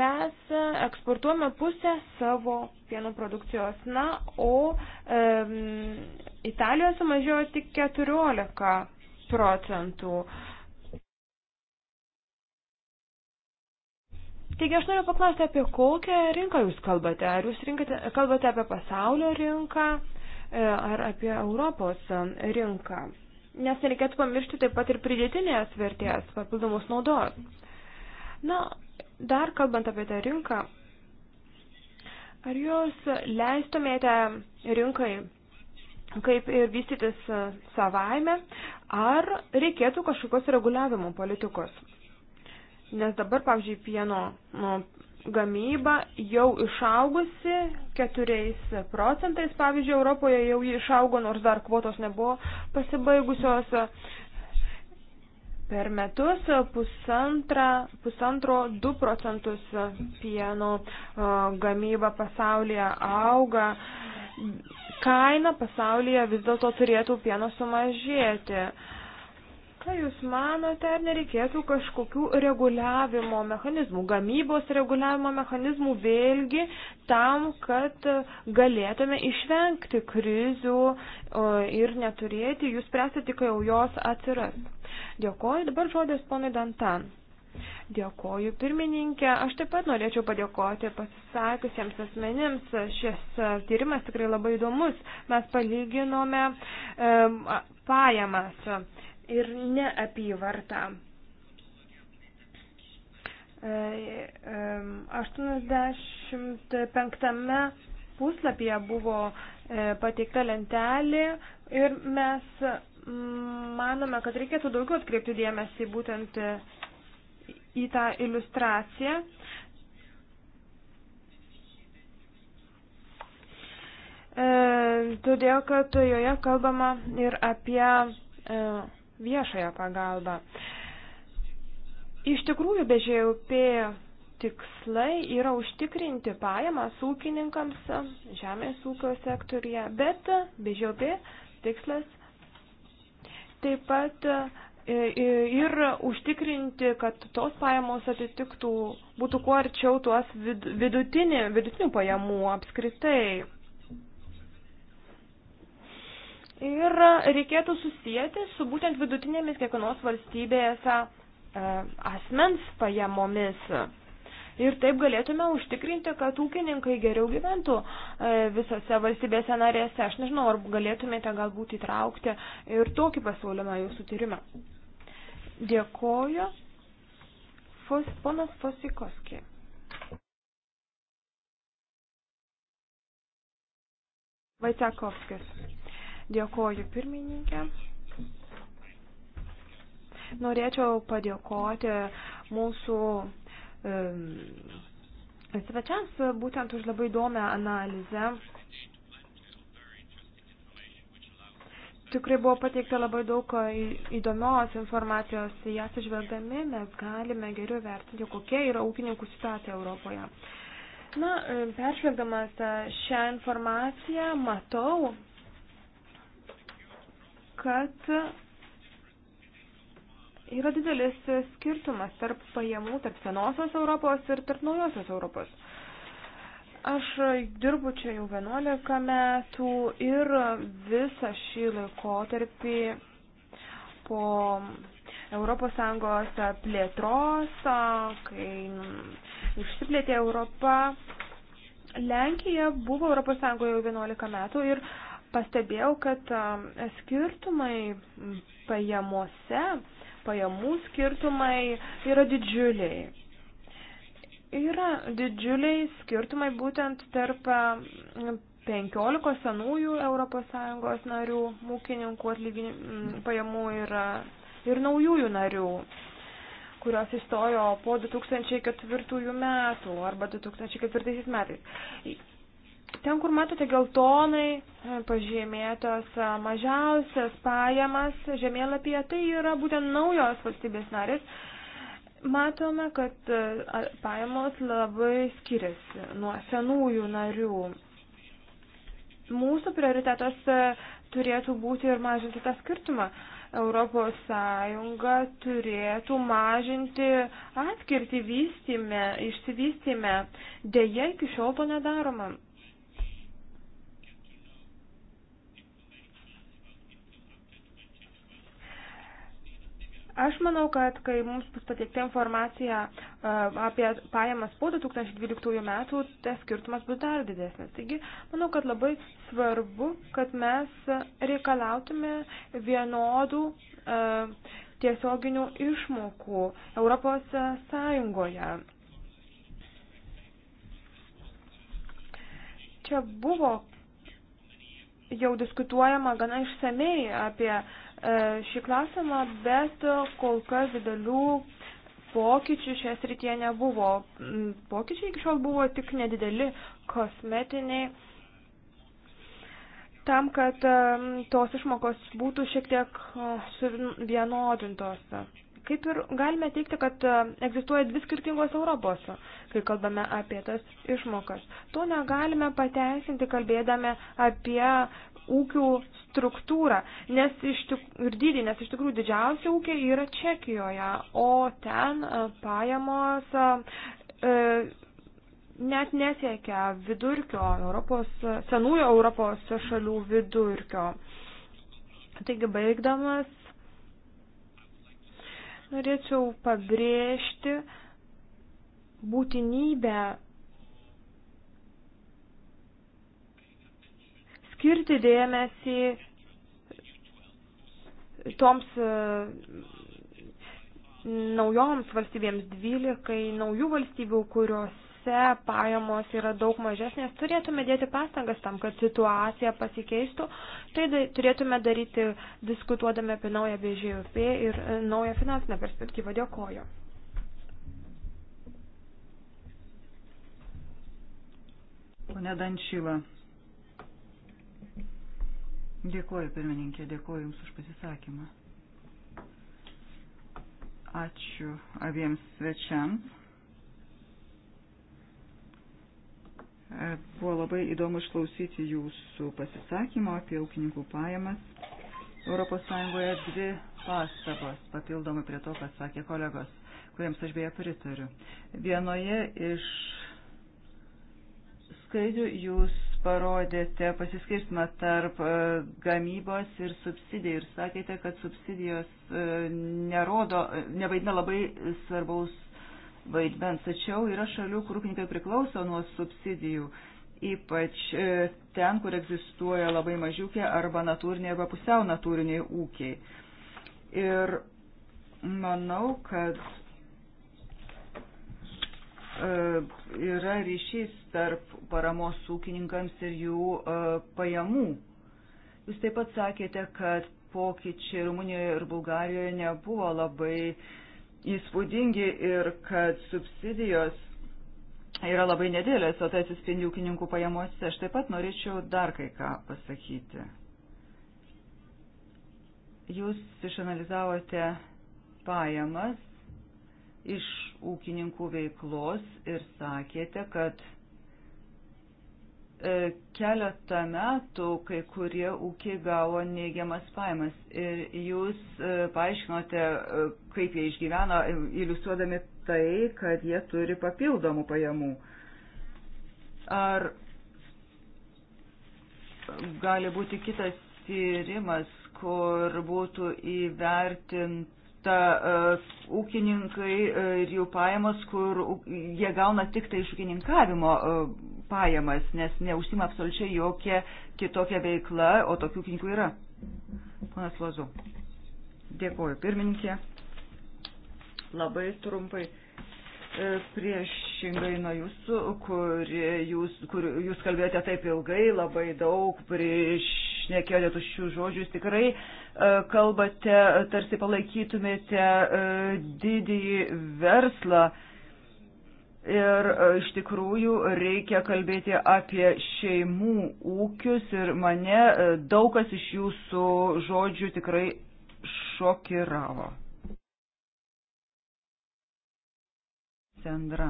Speaker 2: Mes eksportuojame pusę savo pieno produkcijos, na, o e, Italijoje sumažėjo tik 14 procentų. E, Taigi aš noriu paklausti, apie kokią rinką jūs kalbate. Ar jūs rinkate, kalbate apie pasaulio rinką e, ar apie Europos e, rinką? Nes nereikėtų pamiršti taip pat ir pridėtinės vertės, papildomus naudos. Na, dar kalbant apie tą rinką, ar jūs leistumėte rinkai kaip ir vystytis e, savaime, ar reikėtų kažkokios reguliavimo politikos? Nes dabar, pavyzdžiui, pieno nu, gamyba jau išaugusi 4 procentais, pavyzdžiui, Europoje jau jį išaugo, nors dar kvotos nebuvo pasibaigusios. Per metus pusantra, pusantro 2 procentus pieno gamyba pasaulyje auga. Kaina pasaulyje vis dėlto turėtų pieno sumažėti. Uh, Ką Jūs manote, ar nereikėtų kažkokių reguliavimo mechanizmų, gamybos reguliavimo mechanizmų vėlgi tam, kad galėtume išvengti krizių ir neturėti jų spręsti tik, kai jau jos atsiras? Dėkoju, dabar žodis ponai Dantan. Dėkoju pirmininkė. Aš taip pat norėčiau padėkoti pasisakusiems asmenims. Šis e, tyrimas tikrai labai įdomus. Mes palyginome e, pajamas ir neapyvartą. 85 e, e, puslapyje buvo e, pateikta lentelė ir mes mm, manome, kad reikėtų daugiau atkreipti dėmesį būtent į tą iliustraciją. Todėl, kad joje kalbama ir apie viešąją pagalbą. Iš tikrųjų, be ŽUP tikslai yra užtikrinti pajamas ūkininkams žemės ūkio sektorija, bet be ŽUP tikslas taip pat e, e, ir užtikrinti, kad tos pajamos atitiktų, būtų kuo arčiau tuos vidutinį, vidutinių pajamų apskritai ir reikėtų susijęti su būtent vidutinėmis kiekvienos valstybės e, asmens pajamomis. Ir taip galėtume užtikrinti, kad ūkininkai geriau gyventų e, visose valstybėse narėse. Aš nežinau, ar galėtumėte galbūt įtraukti ir tokį pasiūlymą jūsų tyrimą. Dėkoju. Fos, ponas Fosikoski. Vaitsakovskis. Dėkoju pirmininkė. Norėčiau padėkoti mūsų svečiams būtent už labai įdomią analizę. Tikrai buvo pateikta labai daug e, įdomios informacijos, jas išvelgdami mes galime geriau vertinti, kokia yra ūkininkų situacija Europoje. Na, e, peržvelgdamas e, šią informaciją, matau, kad yra didelis skirtumas tarp pajamų, tarp senosios Europos ir tarp naujosios Europos. Aš dirbu čia jau 11 metų ir visą šį laikotarpį po ES plėtros, kai išsiplėtė Europa, Lenkija buvo ES jau 11 metų ir pastebėjau, kad um, skirtumai pajamose, pajamų skirtumai yra didžiuliai. Yra didžiuliai skirtumai būtent tarp 15 senųjų ES narių ūkininkų pajamų yra ir naujųjų narių kurios įstojo po 2004 metų arba 2004 metais Ten, kur matote geltonai e, pažymėtos e, mažiausias pajamas žemėlapyje, tai yra būtent naujos valstybės narės. Matome, kad e, pajamos labai skiriasi nuo senųjų narių. Mūsų prioritetas turėtų būti ir mažinti tą skirtumą. Europos Sąjunga turėtų mažinti atskirti vystime, išsivystime. Deja, iki šiol to nedaroma. Aš manau, kad kai mums bus pateikta informacija e, apie pajamas po 2012 metų, tas skirtumas bus dar didesnis. Taigi, manau, kad labai svarbu, kad mes reikalautume vienodų e, tiesioginių išmokų Europos Sąjungoje. Čia buvo jau diskutuojama gana išsamei apie e, šį klausimą, bet kol kas didelių pokyčių šioje srityje nebuvo. Mm, pokyčiai iki šiol buvo tik nedideli kosmetiniai. Tam, kad tos išmokos būtų šiek tiek e, vienodintos kaip ir galime teikti, kad e, egzistuoja dvi skirtingos Europos, kai kalbame apie tas išmokas. To negalime pateisinti kalbėdami apie ūkių struktūrą nes iš tik, ir dydį, nes iš tikrųjų didžiausia ūkė yra Čekijoje, o ten e, pajamos e, net nesiekia vidurkio Europos, senųjų Europos šalių vidurkio. Taigi, baigdamas, Norėčiau pabrėžti būtinybę skirti dėmesį toms e, naujoms valstybėms 12 naujų valstybių, kurios kuriuose pajamos yra daug mažesnės, turėtume dėti pastangas tam, kad situacija pasikeistų. Tai da, turėtume daryti diskutuodami apie naują BŽUP ir e, naują finansinę perspektyvą. Dėkoju. Pone Dančyla.
Speaker 4: Dėkoju, pirmininkė, dėkoju Jums už pasisakymą. Ačiū abiems svečiams. Buvo labai įdomu išklausyti jūsų pasisakymo apie ūkininkų pajamas. ES dvi pastabos, papildomai prie to, kas sakė kolegos, kuriems aš beje pritariu. Vienoje iš skaidrių jūs parodėte pasiskirstimą tarp e, gamybos ir subsidijų ir sakėte, kad subsidijos e, nerodo, nevaidina labai svarbaus vaidmens. Tačiau yra šalių, kur ūkininkai priklauso nuo subsidijų, ypač e, ten, kur egzistuoja labai mažiukė arba natūriniai arba pusiau natūriniai ūkiai. Ir manau, kad e, yra ryšys tarp paramos ūkininkams ir jų e, pajamų. Jūs taip pat sakėte, kad pokyčiai Rumunijoje ir Bulgarijoje nebuvo labai uh, įspūdingi ir kad subsidijos yra labai nedėlės, o tai atsispindi ūkininkų pajamuose. Aš taip pat norėčiau dar kai ką pasakyti. Jūs išanalizavote pajamas iš ūkininkų veiklos ir sakėte, kad E, keletą metų kai kurie ūkiai gavo neigiamas pajamas ir jūs e, paaiškinote, e, kaip jie išgyveno, iliustruodami tai, kad jie turi papildomų pajamų. Ar gali būti kitas tyrimas, kur būtų įvertinta ūkininkai ir jų pajamos, kur jie gauna tik tai iš ūkininkavimo pajamas, nes neužsima absoliučiai jokia kitokia veikla, o tokių knygų yra. Ponas Lozu. Dėkuoju, pirmininkė. Labai trumpai e, priešingai nuo jūsų, kur jūs, kur jūs kalbėjote taip ilgai, labai daug priešnekėjote tuščių žodžių, jūs tikrai e, kalbate, tarsi palaikytumėte e, didįjį verslą. Ir e, iš tikrųjų reikia kalbėti apie šeimų ūkius ir mane e, daug kas iš jūsų žodžių tikrai šokiravo. Sandra.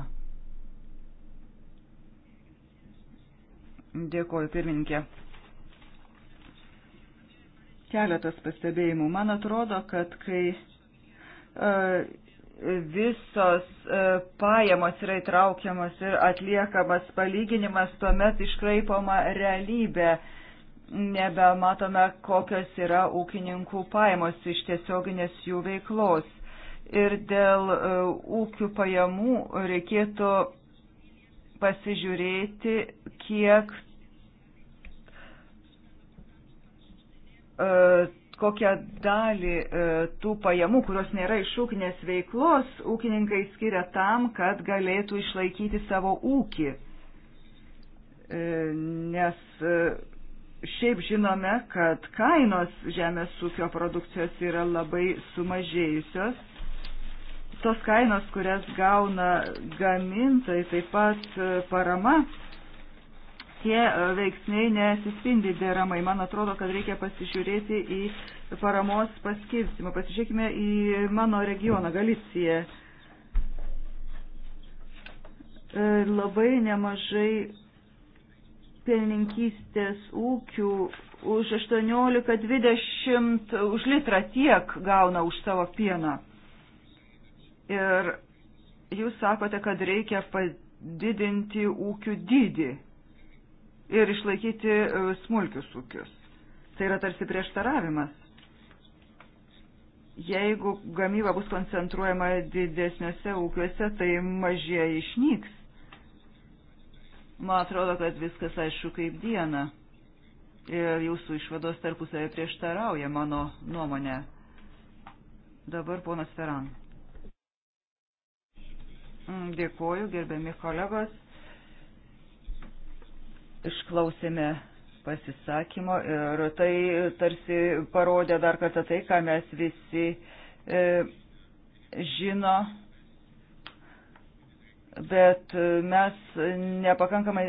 Speaker 4: Dėkoju, pirmininkė. Keletas pastebėjimų. Man atrodo, kad kai uh, visos e, pajamos yra įtraukiamos ir atliekamas palyginimas, tuomet iškraipoma realybė. Nebematome, kokios yra ūkininkų pajamos iš tiesioginės jų veiklos. Ir dėl e, ūkių pajamų reikėtų pasižiūrėti, kiek uh, kokią dalį e, tų pajamų, kurios nėra iš ūkinės veiklos, ūkininkai skiria tam, kad galėtų išlaikyti savo ūkį. E, nes e, šiaip žinome, kad kainos žemės ūkio produkcijos yra labai sumažėjusios. Tos kainos, kurias gauna gamintojai, taip pat e, parama tie e, veiksniai nesispindi deramai. Man atrodo, kad reikia pasižiūrėti į paramos paskirstimą. Pasižiūrėkime į mano regioną Galiciją. E, labai nemažai pelninkystės ūkių už 18-20 e, už litrą tiek gauna už savo pieną. Ir jūs sakote, kad reikia padidinti ūkių dydį ir išlaikyti e, smulkius ūkius. Tai yra tarsi prieštaravimas. Jeigu gamyba bus koncentruojama didesniuose ūkiuose, tai mažie išnyks. Man atrodo, kad viskas aišku kaip diena. Ir jūsų išvados tarpusavė prieštarauja mano nuomonę. Dabar ponas Feran. Dėkuoju, gerbiami kolegos. Išklausėme pasisakymo ir tai tarsi parodė dar kartą tai, ką mes visi e, žino, bet e, mes nepakankamai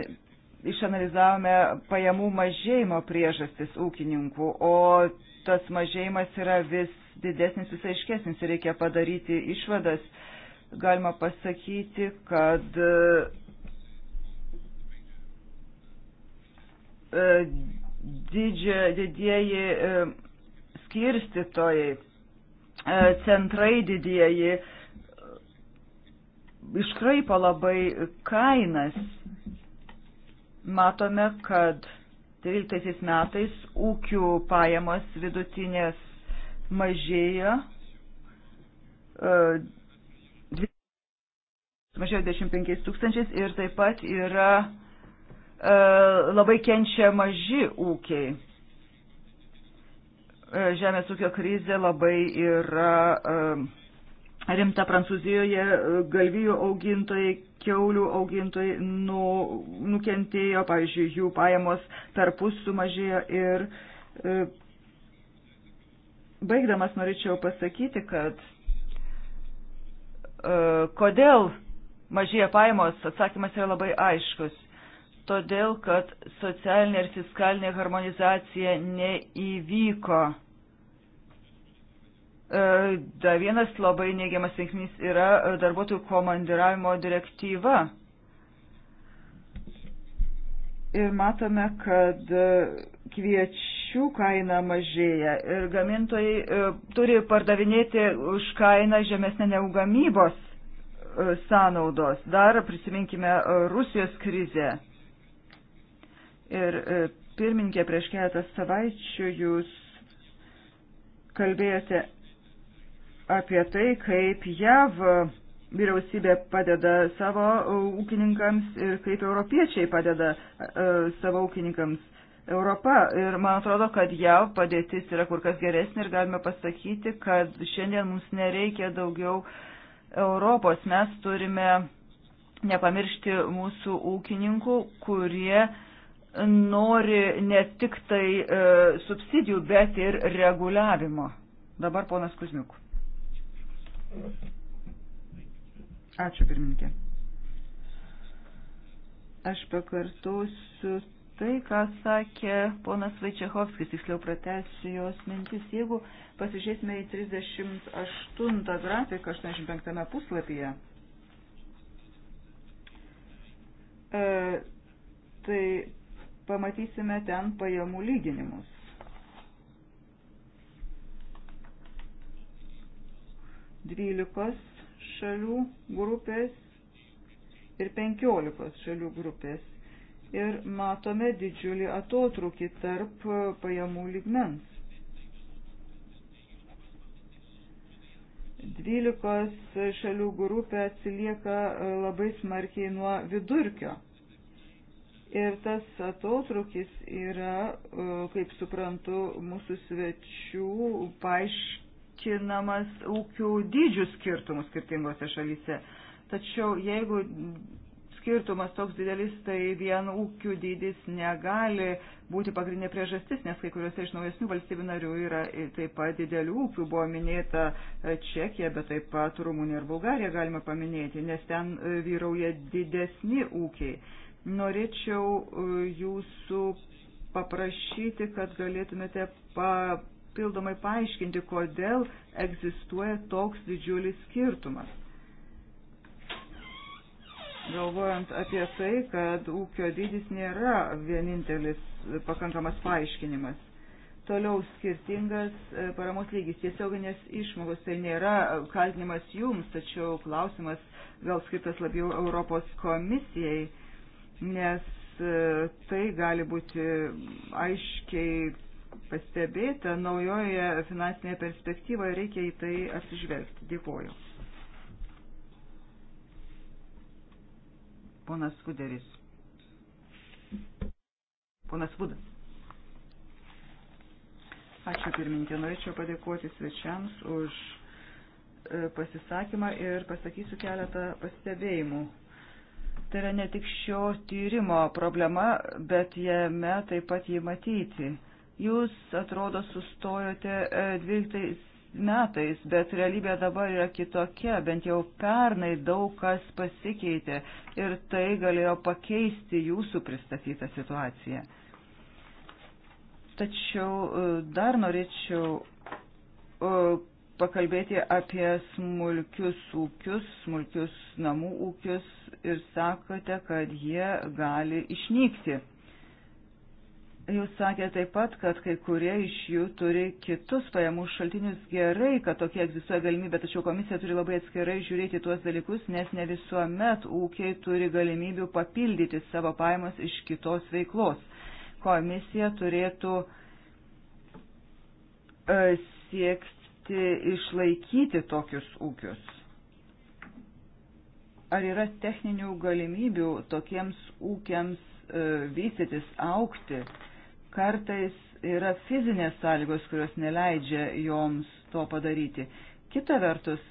Speaker 4: išanalizavome pajamų mažėjimo priežastis ūkininkų, o tas mažėjimas yra vis didesnis, vis aiškesnis ir reikia padaryti išvadas. Galima pasakyti, kad e, E, didžia, didieji e, skirstytojai, e, centrai didieji iškraipo labai kainas. Matome, kad 13 metais ūkių pajamos vidutinės mažėjo, mažėjo 25 tūkstančiais ir taip pat yra E, labai kenčia maži ūkiai. E, žemės ūkio krizė labai yra e, rimta Prancūzijoje, galvijų augintojai, keulių augintojai nu, nukentėjo, pavyzdžiui, jų pajamos tarpus sumažėjo ir e, baigdamas norėčiau pasakyti, kad e, kodėl mažėja pajamos, atsakymas yra labai aiškus todėl, kad socialinė ir fiskalinė harmonizacija neįvyko. E, Dar vienas labai neigiamas veiksnys yra darbuotojų komandiravimo direktyva. Ir matome, kad kviečių kaina mažėja ir gamintojai e, turi pardavinėti už kainą žemesnę negu gamybos e, sąnaudos. Dar prisiminkime Rusijos krizę Ir e, pirmininkė prieš keletą savaičių jūs kalbėjote apie tai, kaip JAV vyriausybė padeda savo ūkininkams ir kaip europiečiai padeda e, savo ūkininkams. Europa ir man atrodo, kad jav padėtis yra kur kas geresnė ir galime pasakyti, kad šiandien mums nereikia daugiau Europos. Mes turime nepamiršti mūsų ūkininkų, kurie nori ne tik tai e, subsidijų, bet ir reguliavimo. Dabar ponas Kuzmiuk. Ačiū pirmininkė. Aš pakartosiu tai, ką sakė ponas Vaičiachovskis, tiksliau pratesiu jos mintis. Jeigu pasižiūrėsime į 38 grafiką 85 puslapyje, e, tai pamatysime ten pajamų lyginimus. Dvylikos šalių grupės ir penkiolikos šalių grupės. Ir matome didžiulį atotrukį tarp pajamų lygmens. 12 šalių grupė atsilieka labai smarkiai nuo vidurkio. Ir tas atotrukis yra, e, kaip suprantu, mūsų svečių paaiškinamas ūkių dydžių skirtumų skirtingose šalyse. Tačiau jeigu skirtumas toks didelis, tai vien ūkių dydis negali būti pagrindinė priežastis, nes kai kuriuose iš naujesnių valstybių narių yra taip pat didelių ūkių, buvo minėta e, Čekija, bet taip pat Rumunija ir Bulgarija galima paminėti, nes ten e, vyrauja didesni ūkiai Norėčiau e, jūsų paprašyti, kad galėtumėte papildomai paaiškinti, kodėl egzistuoja toks didžiulis skirtumas. Galvojant apie tai, kad ūkio dydis nėra vienintelis pakankamas paaiškinimas. Toliau skirtingas e, paramos lygis, tiesioginės išmokos, tai nėra kaltinimas jums, tačiau klausimas gal skirtas labiau Europos komisijai nes e, tai gali būti aiškiai pastebėta naujoje finansinėje perspektyvoje, reikia į tai atsižvelgti. Dėkuoju. Ponas Kuderis. Ponas Vudas. Ačiū pirmininkė, norėčiau padėkoti svečiams už e, pasisakymą ir pasakysiu keletą pastebėjimų Tai yra ne tik šio tyrimo problema, bet jame taip pat jį matyti. Jūs, atrodo, sustojote 12 e, metais, bet realybė dabar yra kitokia, bent jau pernai daug kas pasikeitė ir tai galėjo pakeisti jūsų pristatytą situaciją. Tačiau e, dar norėčiau e, pakalbėti apie smulkius ūkius, smulkius namų ūkius ir sakote, kad jie gali išnykti. Jūs sakėte taip pat, kad kai kurie iš jų turi kitus pajamų šaltinius gerai, kad tokie egzistuoja galimybė, tačiau komisija turi labai atskirai žiūrėti tuos dalykus, nes ne visuomet ūkiai turi galimybių papildyti savo pajamas iš kitos veiklos. Komisija turėtų e, sieks siekti išlaikyti tokius ūkius? Ar yra techninių galimybių tokiems ūkiams e, vystytis, aukti? Kartais yra fizinės sąlygos, kurios neleidžia joms to padaryti. Kita vertus,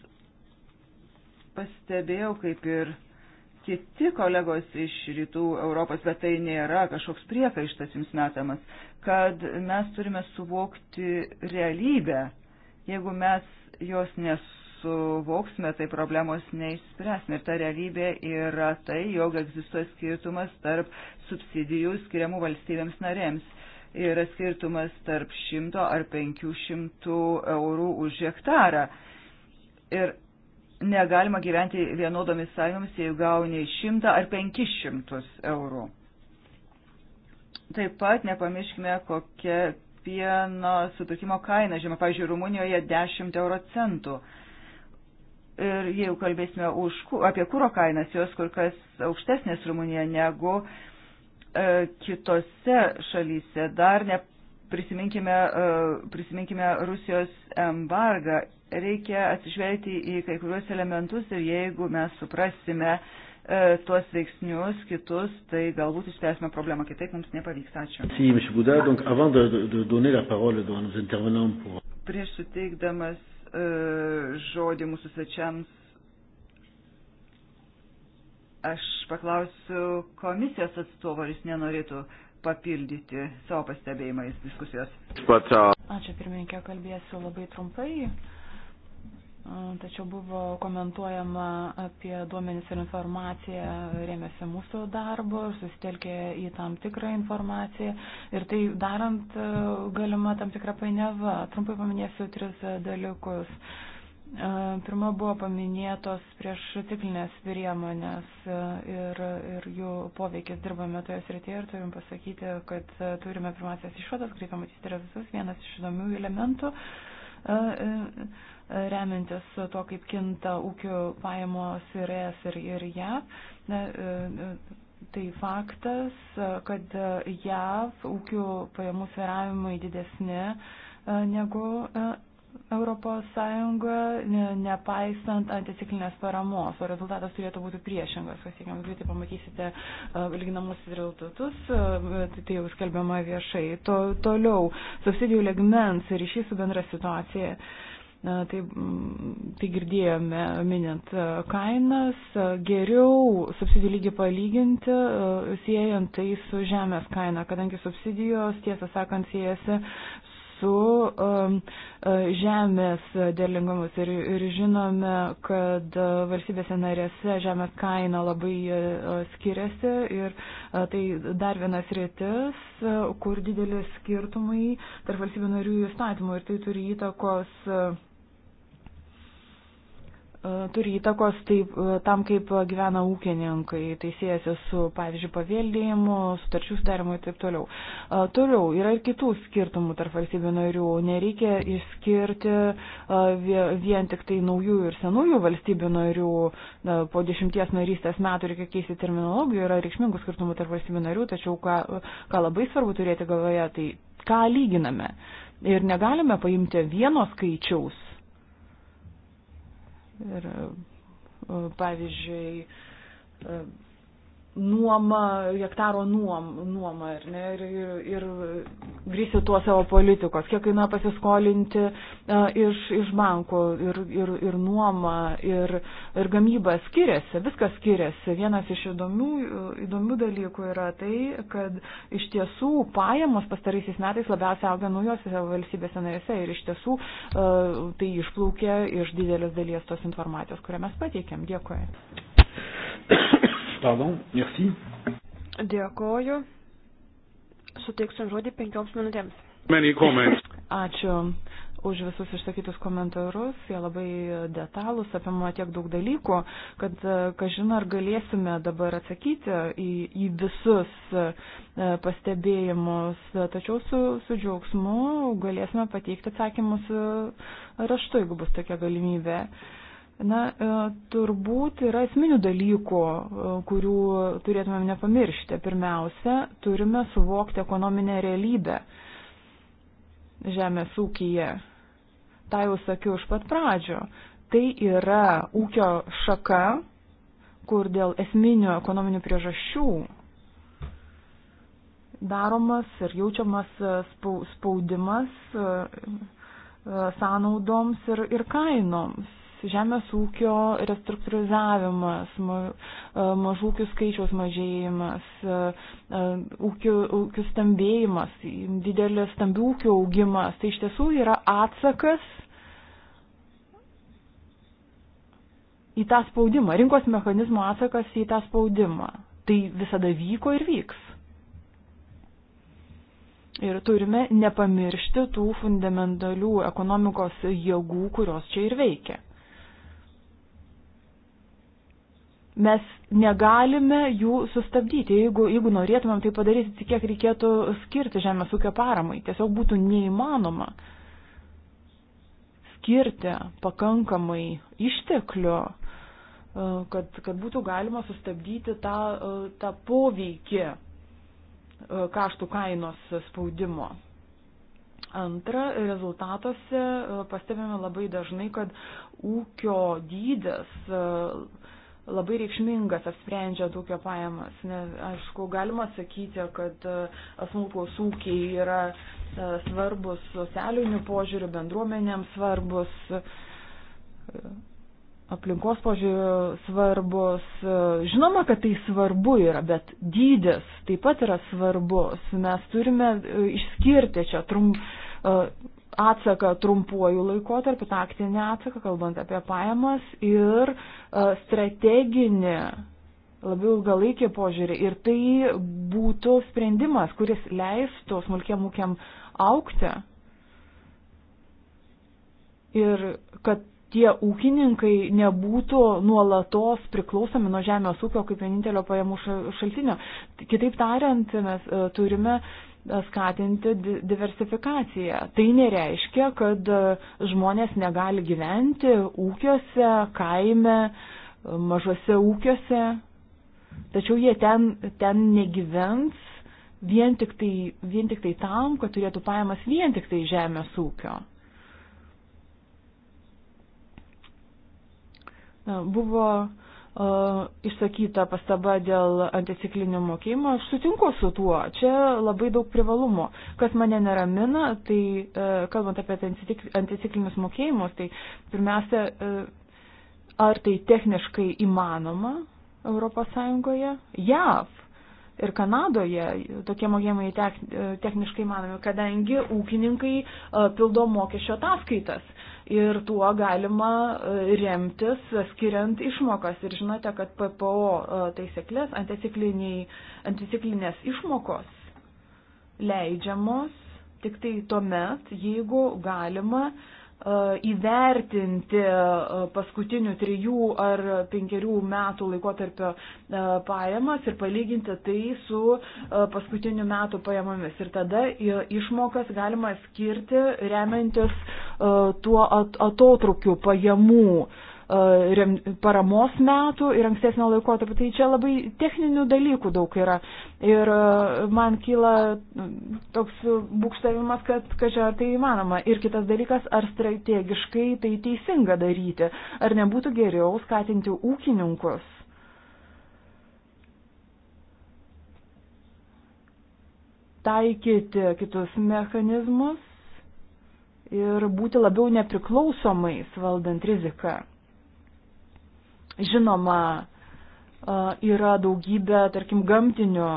Speaker 4: pastebėjau, kaip ir kiti kolegos iš rytų Europos, bet tai nėra kažkoks priekaištas jums metamas, kad mes turime suvokti realybę Jeigu mes jos nesuvoksime, tai problemos neišspręsime. Ir ta realybė yra tai, jog egzistuoja skirtumas tarp subsidijų skiriamų valstybėms narėms. Yra skirtumas tarp 100 ar 500 eurų už hektarą. Ir negalima gyventi vienodomis sąlygomis, jeigu gauni 100 ar 500 eurų. Taip pat nepamirškime, kokia pieno supirkimo kaina, žinoma, pavyzdžiui, Rumunijoje 10 euro centų. Ir jeigu kalbėsime už, apie kūro kainas, jos kur kas aukštesnės Rumunijoje negu e, kitose šalyse. Dar ne, prisiminkime, e, prisiminkime Rusijos embargą. Reikia atsižvelgti į kai kuriuos elementus ir jeigu mes suprasime, e, E, tuos veiksnius, kitus, tai galbūt išspręsime problemą, kitaip mums nepavyks. Ačiū.
Speaker 1: Si, Buda, donc, avant de, de donner la parole à nos intervenants pour...
Speaker 4: Prieš suteikdamas uh, žodį mūsų svečiams, aš paklausiu komisijos atstovo, ar jis nenorėtų papildyti savo pastebėjimais diskusijos.
Speaker 2: Uh, Ačiū pirmininkė, kalbėsiu labai trumpai. Uh, Tačiau buvo komentuojama apie duomenis ir informaciją, rėmėsi mūsų darbo, susitelkė į tam tikrą informaciją ir tai darant e, galima tam tikrą painiavą. Trumpai paminėsiu tris dalykus. E, pirma buvo paminėtos prieš ciklinės priemonės e, ir, ir jų poveikis dirbame toje srityje ir turim pasakyti, kad turime pirmasias išvadas, greitai matysite rezultatus, vienas iš įdomių elementų. Uh, uh, remiantis to, kaip kinta ūkių pajamos ir ES ir, ir JAV. Na, e, e, tai faktas, kad JAV ūkių pajamų sviravimai didesni e, negu Europos Sąjunga, nepaisant anticiklinės paramos, o rezultatas turėtų būti priešingas, kas siekiam greitai pamatysite lyginamus rezultatus, tai, tai jau skelbiama viešai. To, toliau, subsidijų legmens ryšys su bendra situacija. Uh, Na, tai, mm, tai girdėjome, minint e, kainas, e, geriau subsidijų lygį palyginti, e, siejant tai su žemės kaina, kadangi subsidijos, tiesą sakant, siejasi su um, žemės derlingumus ir, ir žinome, kad valstybėse narėse žemės kaina labai uh, skiriasi ir uh, tai dar vienas rytis, uh, kur didelis skirtumai tarp valstybių narių įstatymų ir tai turi įtakos uh, E, turi įtakos taip, e, tam, kaip gyvena ūkininkai, tai siejasi su, pavyzdžiui, pavėldėjimu, sutarčių sudarimu ir taip toliau. E, toliau yra ir kitų skirtumų tarp valstybių narių. Nereikia išskirti vien tik tai naujų ir senųjų valstybių narių. Po dešimties narystės metų reikia keisti terminologiją, yra reikšmingų skirtumų tarp valstybių narių, tačiau ką, ką labai svarbu turėti galvoje, tai ką lyginame. Ir negalime paimti vieno skaičiaus Ir e, pavyzdžiui, e, nuoma, hektaro nuoma, nuoma ir, ne, ir, ir, ir grįsiu tuo savo politikos, kiek kainuoja pasiskolinti a, e, iš, iš bankų ir, ir, ir nuoma, ir, ir gamyba skiriasi, viskas skiriasi. Vienas iš įdomių, įdomių dalykų yra tai, kad iš tiesų pajamos pastaraisiais metais labiausiai auga naujosiuose valstybėse narėse ir iš tiesų a, e, tai išplaukia iš didelės dalies tos informacijos, kurią mes pateikėm. Dėkui.
Speaker 1: Pardon, merci.
Speaker 2: Dėkoju. Suteiksim žodį penkioms minutėms.
Speaker 1: Many comments.
Speaker 2: Ačiū už visus išsakytus komentarus, jie labai detalūs, apima tiek daug dalykų, kad, e, kažin, ar galėsime dabar atsakyti į, į visus e, pastebėjimus, tačiau su, su džiaugsmu galėsime pateikti atsakymus e, raštu, jeigu bus tokia galimybė. Uh, Na, e, turbūt yra esminių dalykų, e, kurių turėtumėm nepamiršti. Pirmiausia, turime suvokti ekonominę realybę žemės ūkyje. Ta jau sakiau iš pat pradžio. Tai yra ūkio šaka, kur dėl esminių ekonominių priežasčių daromas ir jaučiamas spaudimas e, sąnaudoms ir, ir kainoms žemės ūkio restruktūrizavimas, e, mažų ūkių skaičiaus mažėjimas, e, e, ūkių, ūkių stambėjimas, didelis stambių ūkių augimas, tai iš tiesų yra atsakas į tą spaudimą, rinkos mechanizmo atsakas į tą spaudimą. Tai visada vyko ir vyks. Ir turime nepamiršti tų fundamentalių ekonomikos jėgų, kurios čia ir veikia. mes negalime jų sustabdyti. Jeigu, jeigu norėtumėm tai padaryti, tai kiek reikėtų skirti žemės ūkio paramai. Tiesiog būtų neįmanoma skirti pakankamai išteklių, e, kad, kad būtų galima sustabdyti tą, e, tą poveikį e, kaštų kainos spaudimo. Antra, rezultatuose pastebime labai dažnai, kad ūkio dydis uh, labai reikšmingas apsprendžiant ūkio pajamas. Nes, aišku, galima sakyti, kad e, smulkos ūkiai yra e, svarbus socialinių požiūrių, bendruomenėms svarbus, e, aplinkos požiūrių svarbus. Žinoma, kad tai svarbu yra, bet dydis taip pat yra svarbus. Mes turime išskirti čia trum atsaką trumpuoju laikotarpiu, taktinį atsaką, kalbant apie pajamas ir e, strateginį labiau ilgalaikį požiūrį. Ir tai būtų sprendimas, kuris leistų smulkiem ūkiam aukti. Ir kad tie ūkininkai nebūtų nuolatos priklausomi nuo žemės ūkio kaip vienintelio pajamų šaltinio. Kitaip tariant, mes e, turime skatinti diversifikaciją. Tai nereiškia, kad e, žmonės negali gyventi ūkiuose, kaime, e, mažose ūkiuose, tačiau jie ten, ten negyvens vien tik, tai, vien tik tai tam, kad turėtų pajamas vien tik tai žemės ūkio. Na, buvo uh, išsakyta pastaba dėl anticiklinio mokėjimo, aš sutinku su tuo, čia labai daug privalumo. Kas mane neramina, tai kalbant apie tai anticiklinius mokėjimus, tai pirmiausia, ar tai techniškai įmanoma ES, JAV ir Kanadoje tokie mokėjimai techniškai įmanomi, kadangi ūkininkai pildo mokesčio ataskaitas ir tuo galima e, remtis, skiriant išmokas. Ir žinote, kad PPO e, taisyklės anticiklinės išmokos leidžiamos tik tai tuo met, jeigu galima uh, E, įvertinti e, paskutinių trijų ar penkerių metų laikotarpio e, pajamas ir palyginti tai su paskutinių metų pajamomis. Ir tada išmokas galima skirti remiantis tuo atotrukiu pajamų E, paramos metų ir ankstesnio laikotarpio. Tai čia labai techninių dalykų daug yra. Ir e, man kyla e, toks būkštavimas, kad, kad čia ar tai įmanoma. Ir kitas dalykas, ar strategiškai tai teisinga daryti. Ar nebūtų geriau skatinti ūkininkus taikyti kitus mechanizmus ir būti labiau nepriklausomais valdant riziką. Žinoma, yra daugybė, tarkim, gamtinių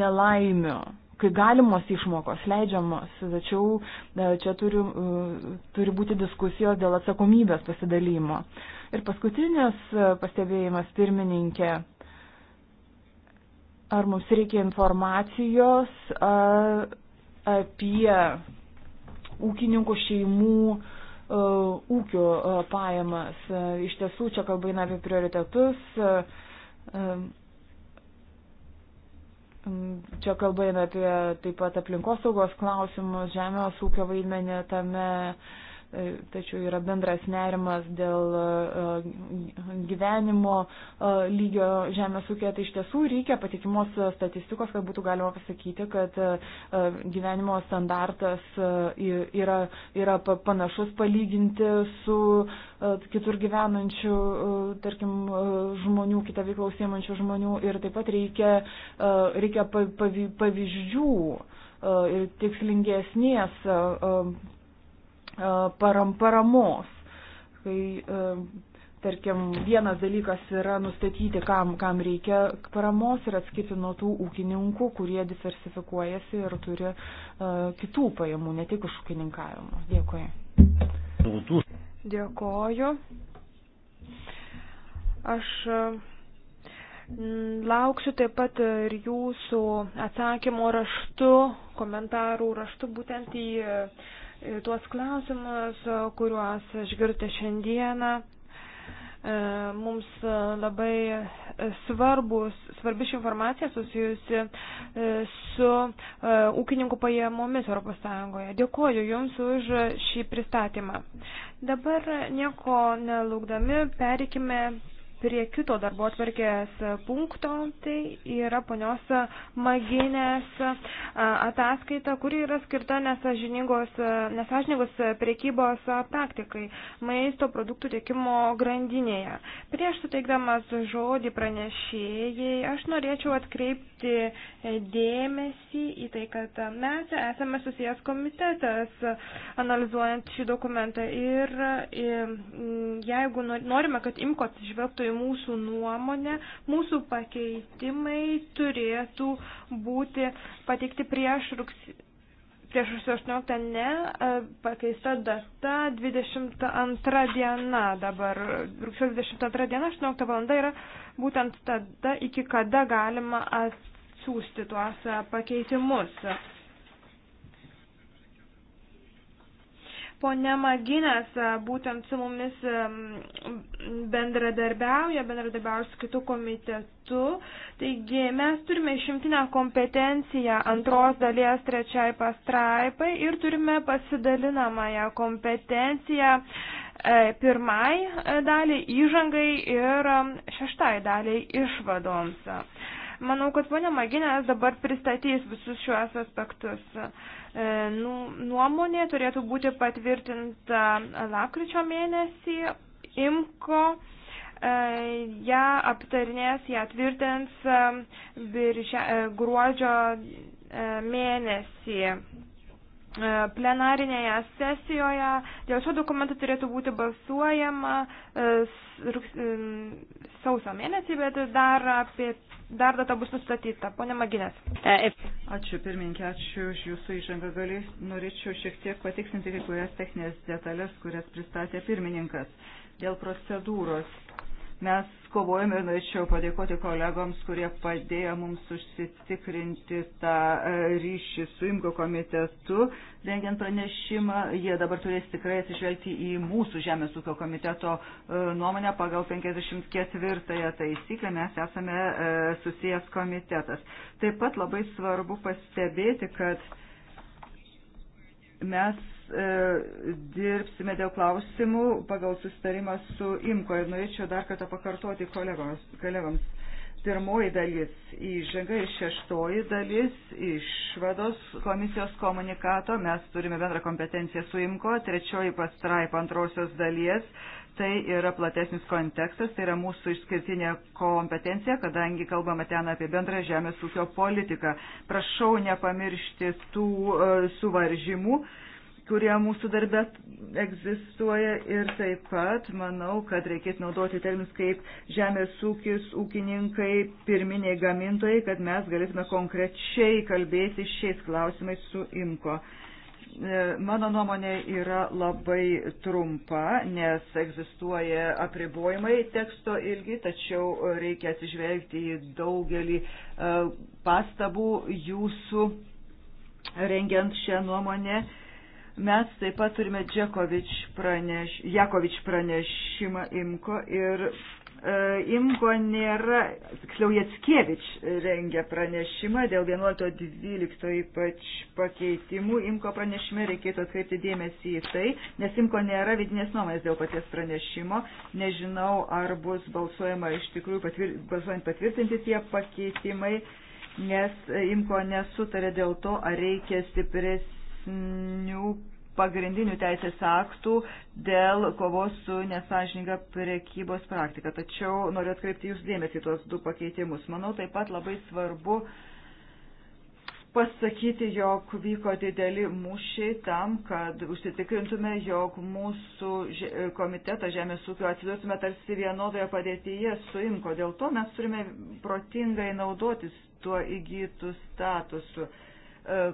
Speaker 2: nelaimių, kai galimos išmokos leidžiamos, tačiau čia turi, turi būti diskusijos dėl atsakomybės pasidalymo. Ir paskutinis pastebėjimas pirmininkė ar mums reikia informacijos ar, apie ūkininkų šeimų E, ūkių e, pajamas. E, iš tiesų, čia kalba eina apie prioritetus. Čia kalba eina apie taip pat aplinkosaugos klausimus, žemės ūkio vaidmenį tame. Uh, tačiau yra bendras nerimas dėl e, gyvenimo e, lygio žemės ūkio, tai iš tiesų reikia patikimos statistikos, kad būtų galima pasakyti, kad e, gyvenimo standartas yra, yra panašus palyginti su kitur gyvenančių, tarkim, žmonių, kitą veiklą užsiemančių žmonių ir taip pat reikia, reikia pavyzdžių ir tikslingesnės param, paramos, kai, tarkim, vienas dalykas yra nustatyti, kam, kam reikia paramos ir atskirti nuo tų ūkininkų, kurie diversifikuojasi ir turi uh, kitų pajamų, ne tik iš ūkininkavimo. Dėkui. Dėkoju. Aš lauksiu taip pat ir jūsų atsakymo raštu, komentarų raštu būtent į uh, tuos klausimus, kuriuos išgirti šiandieną. E, mums labai svarbus, svarbi ši informacija susijusi e, su e, ūkininkų pajamomis ES. Dėkuoju Jums už šį pristatymą. Dabar nieko nelaukdami perikime prie kito darbo atvarkės punkto, tai yra ponios maginės ataskaita, kuri yra skirta nesažiningos priekybos praktikai maisto produktų tiekimo grandinėje. Prieš suteikdamas žodį pranešėjai, aš norėčiau atkreipti dėmesį į tai, kad mes esame susijęs komitetas analizuojant šį dokumentą ir jeigu norime, kad imko atsižvelgtų į mūsų nuomonę, mūsų pakeitimai turėtų būti pateikti prieš rugsį. Prieš 18 ne, e, pakeista data 22 diena dabar. Rugsėjo 22 diena, 18 valanda yra būtent tada, iki kada galima atsiųsti tuos e, pakeitimus. Pone Maginės būtent su mumis bendradarbiauja, bendradarbiauja su kitu komitetu. Taigi mes turime išimtinę kompetenciją antros dalies trečiai pastraipai ir turime pasidalinamąją kompetenciją e, pirmai e, daliai įžangai ir šeštai daliai išvadoms. Manau, kad ponia Maginės dabar pristatys visus šiuos aspektus. E, nu, nuomonė turėtų būti patvirtinta lapkričio mėnesį. Imko e, ją aptarinės, ją tvirtins e, biržia, gruodžio mėnesį. E, plenarinėje sesijoje. Dėl šio dokumento turėtų būti balsuojama e, e, sausio mėnesį, bet dar apie dar data bus nustatyta. Pone Maginės. Ačiū
Speaker 4: pirmininkė, ačiū už jūsų įžangą. Galiu, norėčiau šiek tiek patiksinti kai kurias techninės detalės, kurias pristatė pirmininkas. Dėl procedūros Mes kovojame ir norėčiau padėkoti kolegoms, kurie padėjo mums užsitikrinti tą e, ryšį su Imko komitetu, rengiant pranešimą. Jie dabar turės tikrai atsižvelgti į mūsų Žemės ūkio komiteto e, nuomonę pagal 54 taisyklę. Mes esame e, susijęs komitetas. Taip pat labai svarbu pastebėti, kad mes E, dirbsime dėl klausimų pagal sustarimą su IMKO ir norėčiau dar kartą pakartoti kolegos, kolegams. Pirmoji dalis įžanga ir šeštoji dalis išvados komisijos komunikato. Mes turime bendrą kompetenciją su IMKO. Trečioji pastraipa antrosios dalies tai yra platesnis kontekstas, tai yra mūsų išskirtinė kompetencija, kadangi kalbame ten apie bendrą žemės ūkio politiką. Prašau nepamiršti tų uh, suvaržymų. Uh, kurie mūsų darbė egzistuoja ir taip pat manau, kad reikėtų naudoti terminus kaip žemės ūkis, ūkininkai, pirminiai gamintojai, kad mes galėtume konkrečiai kalbėti šiais klausimais su IMKO. E, mano nuomonė yra labai trumpa, nes egzistuoja apribojimai teksto ilgi, tačiau reikia atsižvelgti į daugelį e, pastabų jūsų rengiant šią nuomonę Mes taip pat turime Džekovič praneš, Jakovič pranešimą Imko ir e, Imko nėra, tiksliau Jackievič rengia pranešimą dėl 11.12 ypač pakeitimų. Imko pranešime reikėtų atkreipti dėmesį į tai, nes Imko nėra vidinės nuomonės dėl paties pranešimo. Nežinau, ar bus balsuojama iš tikrųjų patvir, balsuojant patvirtinti tie pakeitimai, nes Imko nesutarė dėl to, ar reikia stipres veiksnių pagrindinių teisės aktų dėl kovos su nesažininga prekybos praktika. Tačiau noriu atkreipti jūs dėmesį tuos du pakeitimus. Manau, taip pat labai svarbu pasakyti, jog vyko dideli mūšiai tam, kad užsitikrintume, jog mūsų komitetą Žemės ūkio atsidurtume tarsi vienodoje padėtyje suimko. Dėl to mes turime protingai naudotis tuo įgytų statusu e,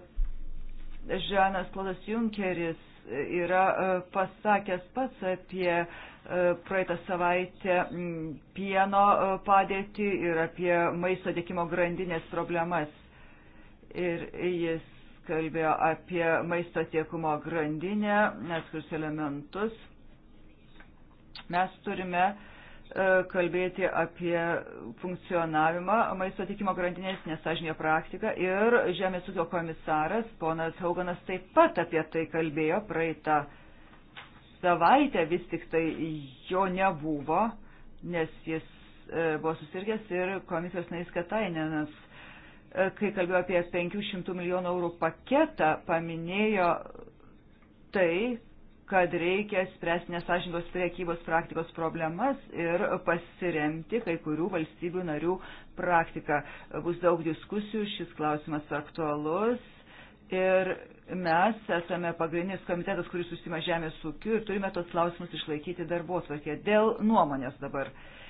Speaker 4: Žanas Klodas Junkeris yra e, pasakęs pats apie e, praeitą savaitę pieno e, padėtį ir apie maisto dėkimo grandinės problemas. Ir jis kalbėjo apie maisto tiekumo grandinę, atskirus elementus. Mes turime uh, E, kalbėti apie funkcionavimą maisto tikimo grandinės nesažinė praktika ir Žemės ūkio komisaras ponas Hauganas taip pat apie tai kalbėjo praeitą savaitę, vis tik tai jo nebuvo, nes jis e, buvo susirgęs ir komisijos narys Katainenas, e, kai kalbėjo apie 500 milijonų eurų paketą, paminėjo tai, kad reikia spręsti nesažingos priekybos praktikos problemas ir pasiremti kai kurių valstybių narių praktiką. Bus daug diskusijų, šis klausimas aktualus ir mes esame pagrindinis komitetas, kuris susima žemės ūkiu ir turime tos klausimus išlaikyti darbo atvarkė. Dėl nuomonės dabar. Uh,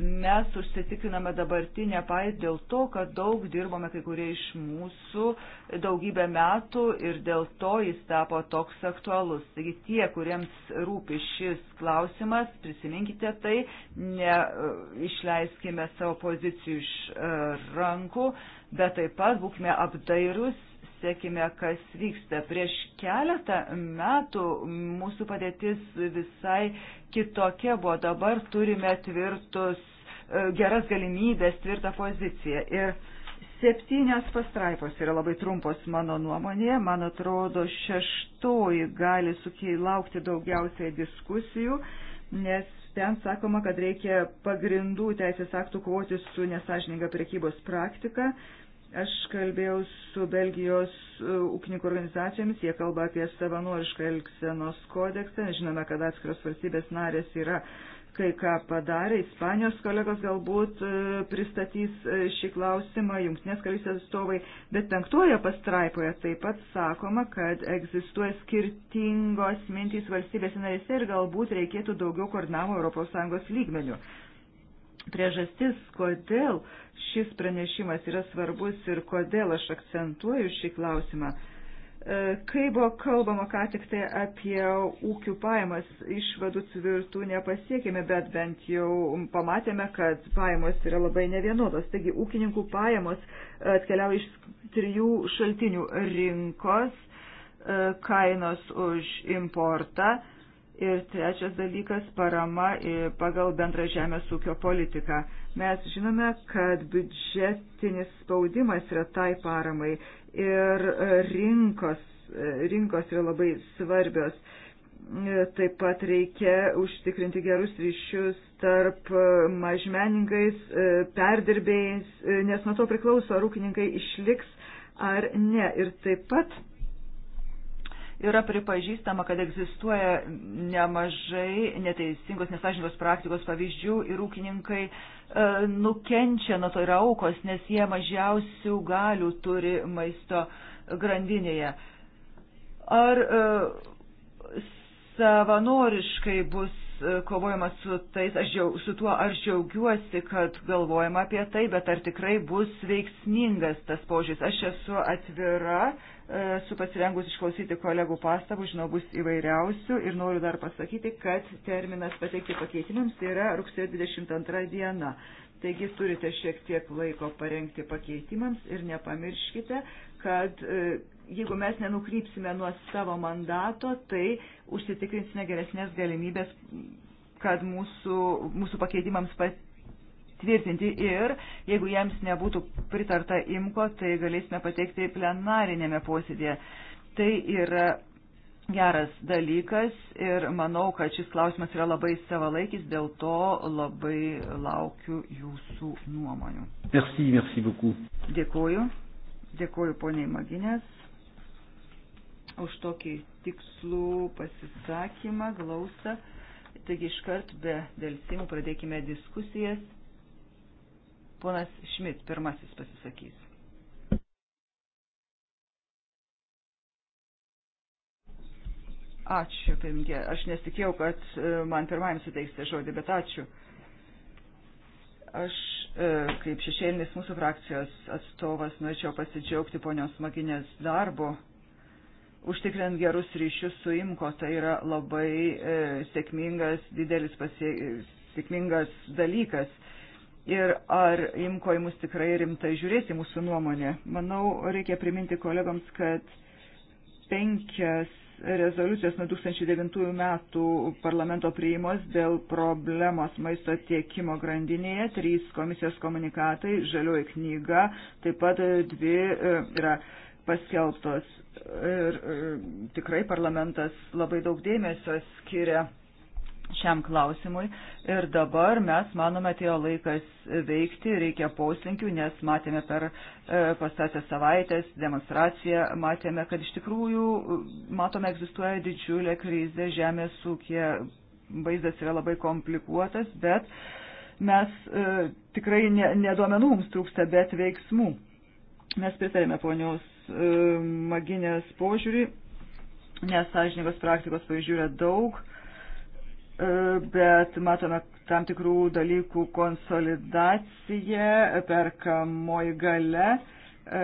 Speaker 4: mes užsitikriname dabartinę padėtį dėl to, kad daug dirbome kai kurie iš mūsų daugybę metų ir dėl to jis tapo toks aktualus. Taigi tie, kuriems rūpi šis klausimas, prisiminkite tai, neišleiskime e, savo pozicijų iš e, rankų, bet taip pat būkime apdairus sekime, kas vyksta. Prieš keletą metų mūsų padėtis visai kitokia buvo. Dabar turime tvirtus E, geras galimybės, tvirtą poziciją. Ir septynios pastraipos yra labai trumpos mano nuomonėje. Man atrodo, šeštoji gali sukilaukti daugiausiai diskusijų, nes ten sakoma, kad reikia pagrindų teisės aktų kovoti su nesažininga prekybos praktika. Aš kalbėjau su Belgijos e, ūkininkų organizacijomis, jie kalba apie savanorišką elgsenos kodeksą, žinome, kad atskiros valstybės narės yra kai ką padarė. Ispanijos kolegos galbūt e, pristatys e, šį klausimą, jungtinės karalystės atstovai, bet penktoje pastraipoje taip pat sakoma, kad egzistuoja skirtingos mintys valstybės narėse ir galbūt reikėtų daugiau koordinavimo ES lygmenių. Priežastis, kodėl šis pranešimas yra svarbus ir kodėl aš akcentuoju šį klausimą E, kai buvo kalbama ką tik tai apie ūkių pajamas, išvadų tvirtų nepasiekėme, bet bent jau pamatėme, kad pajamos yra labai nevienodos. Taigi ūkininkų pajamos atkeliauja iš trijų šaltinių - rinkos, e, kainos už importą ir trečias dalykas - parama pagal bendrą žemės ūkio politiką. Mes žinome, kad biudžetinis spaudimas yra tai paramai ir e, rinkos, e, rinkos yra labai svarbios. E, taip pat reikia užtikrinti gerus ryšius tarp mažmeningais, perdirbėjais, nes nuo to priklauso, ar ūkininkai išliks ar ne. Ir taip pat yra pripažįstama, kad egzistuoja nemažai neteisingos, nesažininkos praktikos pavyzdžių ir ūkininkai e, nukenčia nuo to yra aukos, nes jie mažiausių galių turi maisto grandinėje. Ar e, savanoriškai bus E, kovojama su, tais, aš džiau, su tuo aš džiaugiuosi, kad galvojama apie tai, bet ar tikrai bus veiksmingas tas požiūris. Aš esu atvira, e, esu pasirengus išklausyti kolegų pastabų, žinau, bus įvairiausių ir noriu dar pasakyti, kad terminas pateikti pakeitimams yra rugsėjo 22 diena. Taigi turite šiek tiek laiko parengti pakeitimams ir nepamirškite, kad e, jeigu mes nenukrypsime nuo savo mandato, tai užsitikrinsime geresnės galimybės, kad mūsų, mūsų pakeitimams patvirtinti ir jeigu jiems nebūtų pritarta imko, tai galėsime pateikti plenarinėme posėdėje. Tai yra geras dalykas ir manau, kad šis klausimas yra labai savalaikis, dėl to labai laukiu jūsų nuomonių.
Speaker 3: Merci, merci beaucoup.
Speaker 4: Dėkuoju. Dėkuoju poniai Maginės už tokį tikslų pasisakymą, glaustą. Taigi iškart be dėlsimų pradėkime diskusijas. Ponas Šmit pirmasis pasisakys. Ačiū, pirmininkė. Aš nesitikėjau, kad e, man pirmajam suteiksite žodį, bet ačiū. Aš, e, kaip šešėlinis mūsų frakcijos atstovas, norėčiau pasidžiaugti ponios Maginės darbo užtikrint gerus ryšius su IMKO, tai yra labai e, sėkmingas, didelis pasie, sėkmingas dalykas. Ir ar IMKO į mus tikrai rimtai žiūrėti mūsų nuomonė? Manau, reikia priminti kolegams, kad penkias rezoliucijos nuo 2009 metų parlamento priimos dėl problemos maisto tiekimo grandinėje, trys komisijos komunikatai, žalioji knyga, taip pat dvi e, yra. E, paskelbtos. Ir tikrai parlamentas labai daug dėmesio skiria šiam klausimui. Ir dabar mes manome, atėjo laikas veikti, reikia poslinkių, nes matėme per e, pastarąsias savaitės demonstraciją, matėme, kad iš tikrųjų, e, matome, egzistuoja didžiulė krizė žemės ūkė, vaizdas yra labai komplikuotas, bet mes e, tikrai ne, ne duomenų mums trūksta, bet veiksmų. Mes pritarėme ponios E, maginės požiūrį, nes sąžininkos praktikos pavyzdžių yra daug, e, bet matome tam tikrų dalykų konsolidaciją, perkamoji gale. E,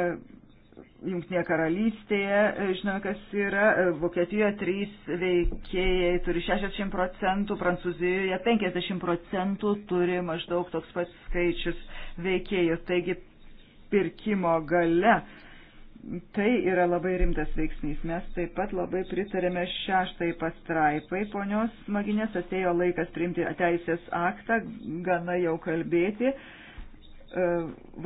Speaker 4: Junktinėje karalystėje, žinome, kas yra, Vokietijoje 3 veikėjai turi 60 procentų, Prancūzijoje 50 procentų turi maždaug toks pats skaičius veikėjų. Taigi pirkimo gale uh, Tai yra labai rimtas veiksnys. Mes taip pat labai pritarėme šeštai pastraipai. Ponios Maginės atėjo laikas priimti teisės aktą, gana jau kalbėti. E,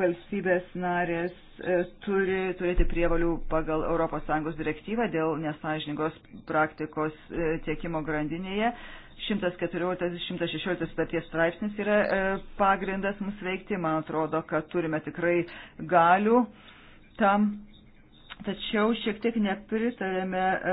Speaker 4: valstybės narės e, turi turėti prievalių pagal ES direktyvą dėl nesažiningos praktikos e, tiekimo grandinėje. 114-116 sutarties straipsnis yra pagrindas mums veikti. Man atrodo, kad turime tikrai galių tam Tačiau šiek tiek nepritarėme e,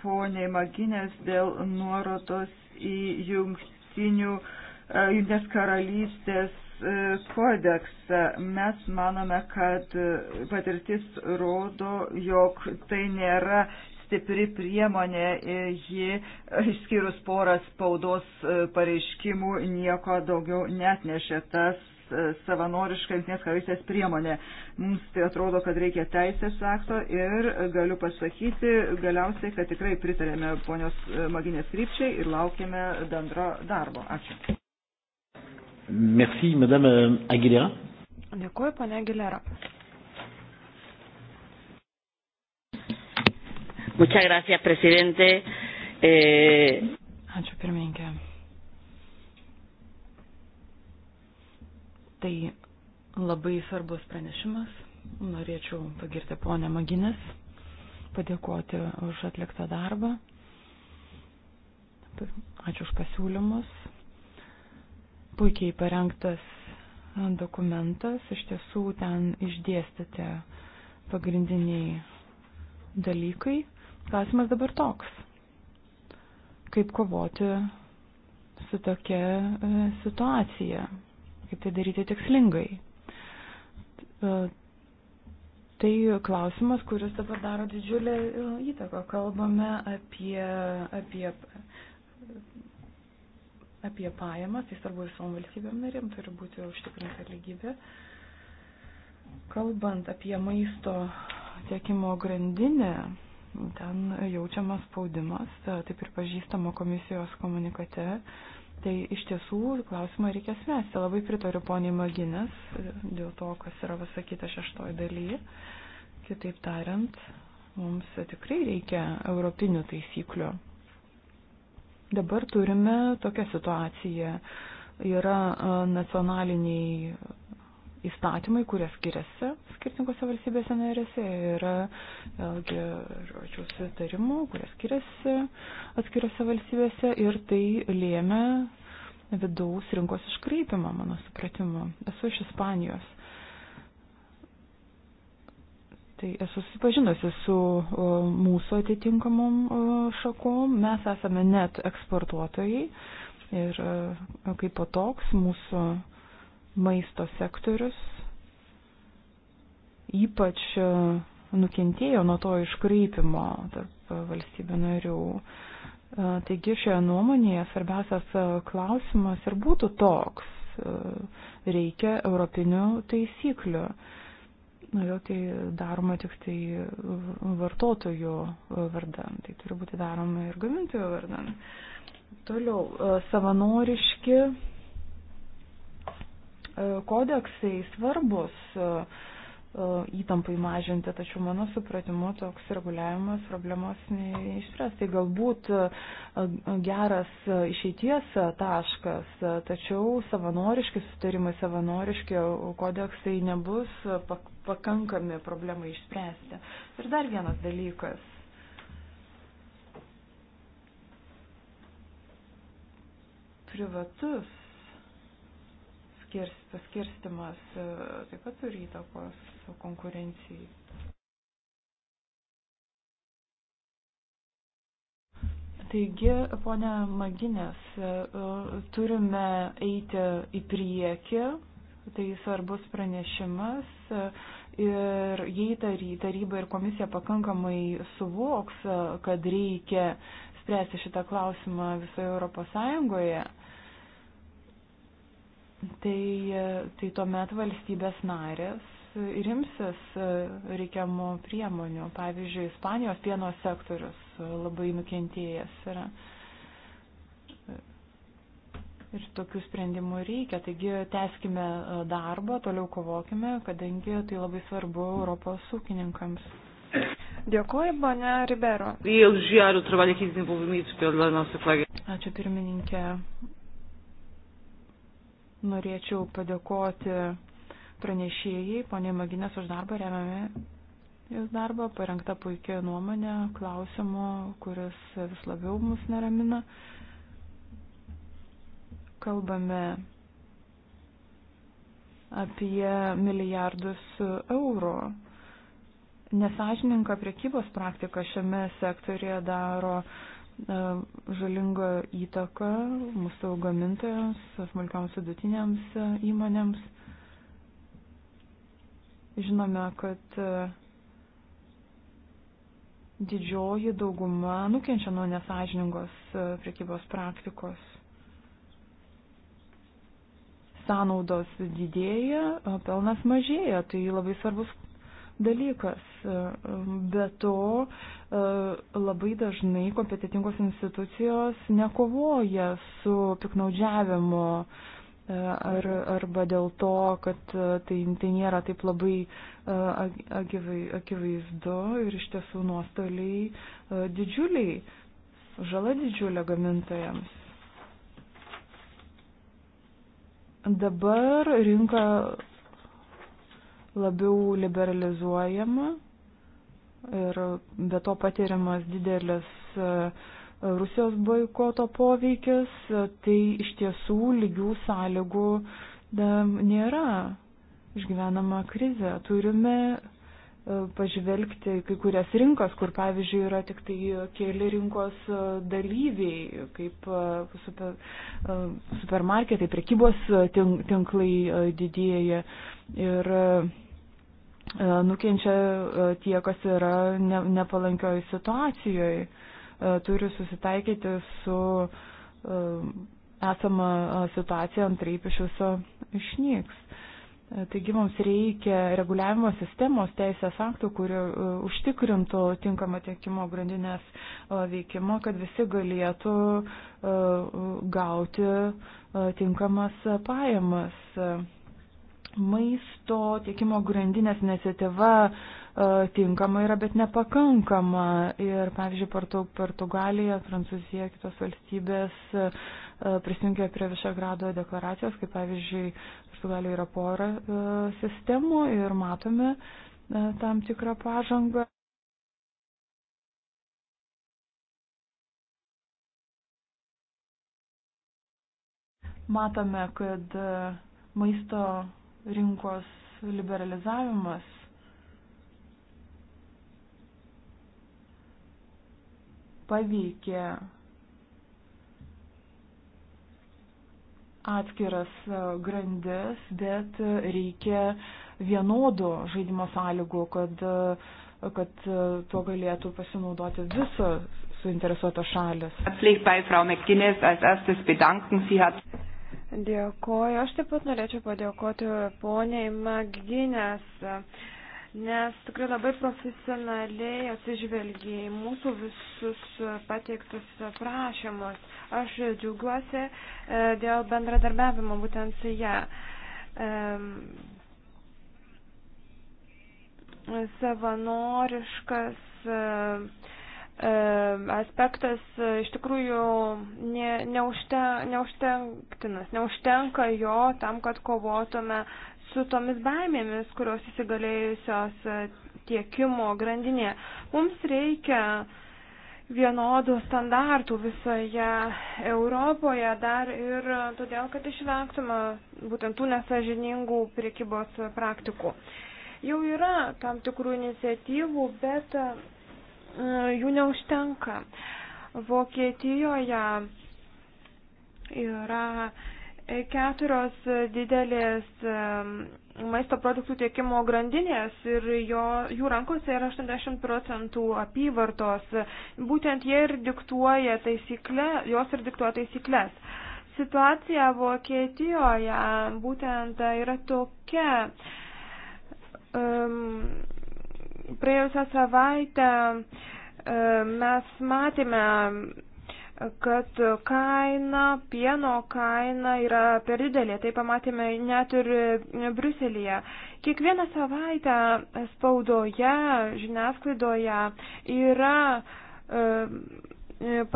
Speaker 4: poniai Maginės dėl nuorodos į jungtinių, e, jungtinės karalystės e, kodeksą. Mes manome, kad patirtis rodo, jog tai nėra stipri priemonė, ji išskyrus porą spaudos pareiškimų nieko daugiau net nešė tas E, savanoriška Junktinės karalystės priemonė. Mums tai atrodo, kad reikia teisės akto ir galiu pasakyti galiausiai, kad tikrai pritarėme ponios e, Maginės
Speaker 2: krypčiai ir laukiame bendro darbo. Ačiū.
Speaker 1: Merci, madame euh, Aguilera.
Speaker 2: Dėkuoju, ponia Aguilera.
Speaker 1: Muchas gracias, presidente. Eh...
Speaker 2: Ačiū pirmininkė. Tai labai svarbus pranešimas. Norėčiau pagirti ponę Maginis, padėkoti už atliktą darbą. Ačiū už pasiūlymus. Puikiai parengtas dokumentas. Iš tiesų ten išdėstyti pagrindiniai dalykai. Klausimas dabar toks. Kaip kovoti su tokia e, situacija? kaip tai daryti tikslingai. E, tai klausimas, kuris dabar daro didžiulę e, įtaką. Kalbame apie, apie, apie pajamas, tai svarbu visom valstybėm narėm turi būti užtikrinta lygybė. Kalbant apie maisto tiekimo grandinę, ten jaučiamas spaudimas, e, taip ir pažįstama komisijos komunikate, Tai iš tiesų klausimą reikia smęsti. Labai pritariu poniai Maginas e, dėl to, kas yra pasakyta šeštoje dalyje. Kitaip tariant, mums tikrai reikia europinių taisyklių. Dabar turime tokią situaciją. Yra e, nacionaliniai įstatymai, kurie skiriasi skirtingose valstybėse narėse, yra vėlgi žodžių susitarimų, kurie skiriasi atskiriose valstybėse ir tai lėmė vidaus rinkos iškreipimą, mano supratimu. Esu iš Ispanijos. Tai esu susipažinusi su mūsų atitinkamom šakom. Mes esame net eksportuotojai ir kaip po toks mūsų uh, maisto sektorius ypač e, nukentėjo nuo to iškreipimo tarp valstybių narių. E, taigi šioje nuomonėje svarbiausias e, klausimas ir būtų toks. Reikia europinių taisyklių. Vėl tai daroma tik tai vartotojų vardan. Tai turi būti daroma ir gamintojų vardan. Toliau, savanoriški E, kodeksai svarbus e, e, įtampai mažinti, tačiau mano supratimu toks reguliavimas problemos neišspręs. Tai galbūt geras išeities taškas, tačiau savanoriški sustarimai, savanoriški kodeksai nebus pakankami problemai išspręsti. Ir dar vienas dalykas. Privatus paskirstimas e, taip pat turi įtakos konkurencijai. Taigi, ponia Maginės, e, e, turime eiti į priekį, tai svarbus pranešimas ir jei taryba ir komisija pakankamai suvoks, kad reikia spręsti šitą klausimą visoje Europos Sąjungoje, tai, e, tai tuomet valstybės narės ir imsis e, reikiamų priemonių. Pavyzdžiui, Ispanijos pieno sektorius e, labai nukentėjęs yra. Ir tokių sprendimų reikia. Taigi, teskime darbą, toliau kovokime, kadangi tai labai svarbu Europos ūkininkams. Dėkuoju, ponia Ribero. Ačiū pirmininkė. Norėčiau padėkoti pranešėjai, poniai Maginės, už darbą remiami. Jos darbą parengta puikia nuomonė klausimu, kuris vis labiau mus neramina. Kalbame apie milijardus eurų. Nesažininka priekybos praktika šiame sektorėje daro uh, E, žalingą įtaką mūsų gamintojams, smulkiams vidutinėms e, įmonėms. Žinome, kad e, didžioji dauguma nukenčia nuo nesažiningos priekybos praktikos. Sąnaudos didėja, pelnas mažėja, tai labai svarbus dalykas. Be to, E, labai dažnai kompetitingos institucijos nekovoja su piknaudžiavimu e, ar, arba dėl to, kad e, tai, tai nėra taip labai akivaizdu ir iš tiesų nuostoliai didžiuliai, žala didžiulė gamintojams. Dabar rinka labiau liberalizuojama ir be to patiriamas didelis e, Rusijos boikoto poveikis, tai iš tiesų lygių sąlygų e, nėra išgyvenama krizė. Turime e, pažvelgti kai kurias rinkas, kur pavyzdžiui yra tik tai keli rinkos dalyviai, kaip super, supermarketai, prekybos tinklai didėja. Ir E, nukenčia e, tie, kas yra ne, nepalankioj situacijoje, e, turi susitaikyti su esama situacija, antraip iš viso išnyks. Taigi mums reikia reguliavimo sistemos teisės aktų, kurie užtikrintų tinkamą tiekimo grandinės veikimą, kad visi galėtų gauti tinkamas pajamas maisto tiekimo grandinės iniciatyva e, tinkama yra, bet nepakankama. Ir, pavyzdžiui, Portu, Portugalija, Prancūzija, kitos valstybės e, prisijungia prie Višegrado deklaracijos, kaip pavyzdžiui, Portugalijoje yra pora e, sistemų ir matome tam tikrą pažangą. Matome, kad maisto rinkos liberalizavimas paveikė atskiras e, grandis, bet reikia vienodų žaidimo sąlygų, kad, e, kad e, tuo galėtų pasinaudoti visos suinteresuotos šalis. Dėkoju. Aš taip pat norėčiau padėkoti poniai Maginės, nes tikrai labai profesionaliai atsižvelgiai mūsų visus pateiktus prašymus. Aš džiaugiuosi e, dėl bendradarbiavimo būtent su ją. E, savanoriškas e, E, aspektas e, iš tikrųjų ne, neužten, neužtenktinas, neužtenka jo tam, kad kovotume su tomis baimėmis, kurios įsigalėjusios e, tiekimo grandinė. Mums reikia vienodų standartų visoje Europoje dar ir todėl, kad išvengtume būtent tų nesažiningų priekybos praktikų. Jau yra tam tikrų iniciatyvų, bet E, jų neužtenka. Vokietijoje yra keturios didelės e, maisto produktų tiekimo grandinės ir jo, jų rankose yra 80 procentų apyvartos. Būtent jie ir diktuoja taisyklę, jos ir diktuoja taisyklės. Situacija Vokietijoje būtent yra tokia. Um, Praėjusią savaitę e, mes matėme, kad kaina, pieno kaina yra per didelė, tai pamatėme net ir Bruselėje. Kiekvieną savaitę spaudoje, žiniasklaidoje yra e,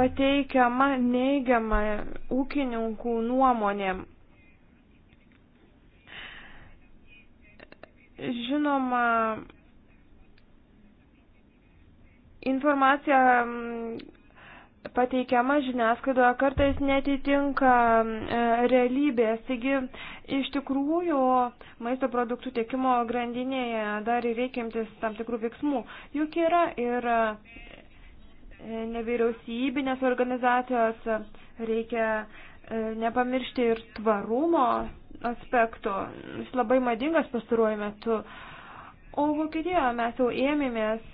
Speaker 2: pateikiama neigiama ūkininkų nuomonė. Žinoma, Informacija mm, pateikiama žiniasklaidoje kartais netitinka mm, realybės. Taigi, iš tikrųjų, maisto produktų tiekimo grandinėje dar reikiamtis tam tikrų veiksmų. Juk yra ir mm, nevyriausybinės organizacijos, reikia nepamiršti ir tvarumo aspektų. Jis labai madingas pastaruoju metu. O Vokietijoje mes jau ėmėmės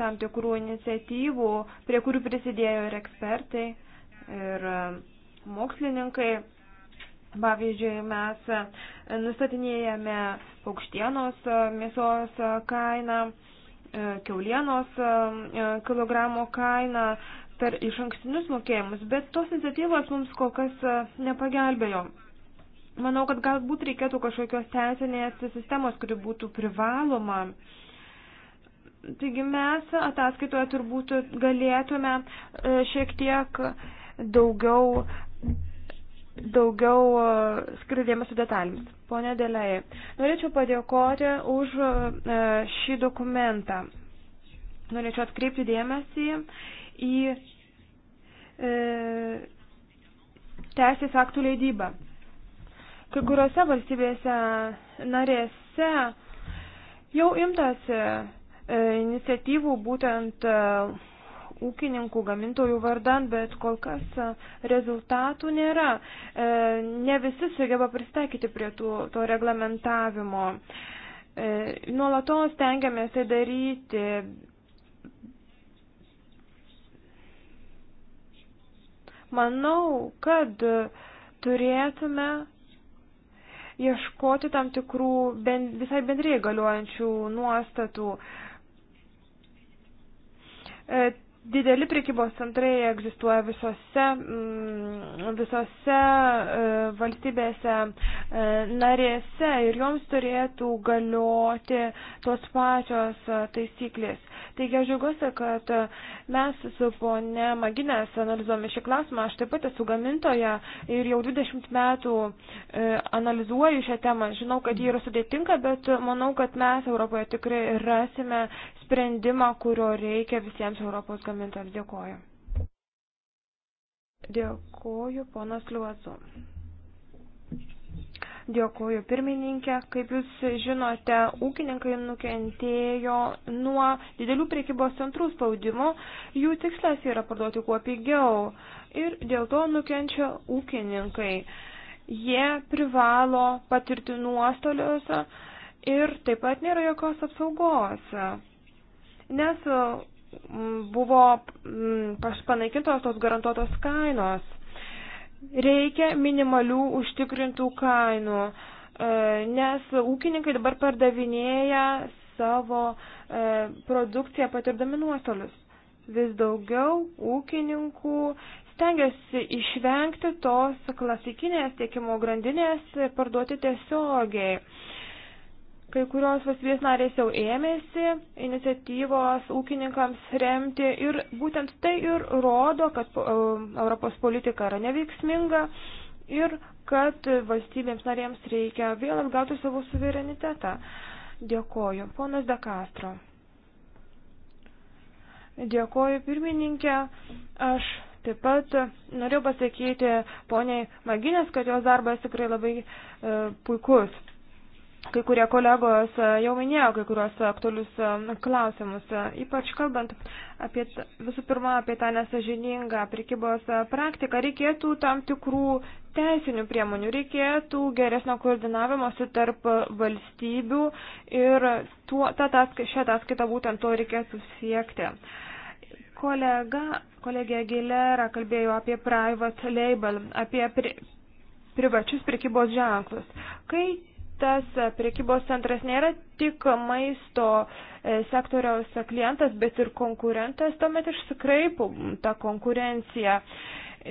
Speaker 2: tam tikrų iniciatyvų, prie kurių prisidėjo ir ekspertai, ir e, mokslininkai. Pavyzdžiui, mes e, nustatinėjame paukštienos e, mėsos kainą, keulienos kilogramo kainą per iš ankstinius mokėjimus, bet tos iniciatyvos mums kol kas nepagelbėjo. Manau, kad galbūt reikėtų kažkokios teisinės sistemos, kuri būtų privaloma uh, Taigi mes ataskaitoje turbūt galėtume e, šiek tiek daugiau, daugiau e, skridėmės su detalėmis. Pone Dėlėje, norėčiau padėkoti už e, šį dokumentą. Norėčiau atkreipti dėmesį į e, teisės aktų leidybą. Kai kuriuose valstybėse narėse jau imtasi E, iniciatyvų būtent e, ūkininkų, gamintojų vardan, bet kol kas e, rezultatų nėra. Ne visi sugeba pristaikyti prie tų, to reglamentavimo. Nuolatos tengiamės tai daryti. Manau, kad turėtume ieškoti tam tikrų ben, visai bendrai galiojančių nuostatų. E, E, dideli prekybos centrai egzistuoja visose, mm, visose e, valstybėse e, narėse ir joms turėtų galioti tos pačios taisyklės. Taigi aš džiaugiuosi, kad mes su ponė Maginės analizuojame šį klausimą. Aš taip pat esu gamintoja ir jau 20 metų e, analizuoju šią temą. Žinau, kad ji yra sudėtinga, bet manau, kad mes Europoje tikrai rasime sprendimą, kurio reikia visiems Europos gamintojams. Dėkoju. Dėkoju, ponas Liuozu. Dėkuoju pirmininkė. Kaip jūs žinote, ūkininkai nukentėjo nuo didelių priekybos centrų spaudimo. Jų tikslas yra parduoti kuo pigiau. Ir dėl to nukenčia ūkininkai. Jie privalo patirti nuostolius ir taip pat nėra jokios apsaugos. Nes mm, buvo mm, panaikintos tos garantuotos kainos Reikia minimalių užtikrintų kainų, e, nes ūkininkai dabar pardavinėja savo e, produkciją patirdami nuostolius. Vis daugiau ūkininkų stengiasi išvengti tos klasikinės tiekimo grandinės ir parduoti tiesiogiai. Kai kurios valstybės narės jau ėmėsi iniciatyvos ūkininkams remti ir būtent tai ir rodo, kad e, Europos politika yra neveiksminga ir kad valstybėms narėms reikia vėl atgauti savo suverenitetą. Dėkoju. Ponas De Castro. Dėkoju pirmininkė. Aš taip pat norėjau pasakyti poniai Maginės, kad jos darbas tikrai labai e, puikus. Kai kurie kolegos e, jau minėjo kai kurios aktualius e, klausimus, e, ypač kalbant apie visų pirma apie tą nesažiningą prikybos praktiką, reikėtų tam tikrų teisinių priemonių, reikėtų geresnio koordinavimo su tarp valstybių ir tuo, ta, ta, šią ataskaitą būtent to reikėtų siekti. Kolega, kolegė Gilera kalbėjo apie private label, apie pri, privačius prekybos ženklus. Kai tas priekybos centras nėra tik maisto e, sektoriaus klientas, bet ir konkurentas, tuomet išsikraipo tą konkurenciją.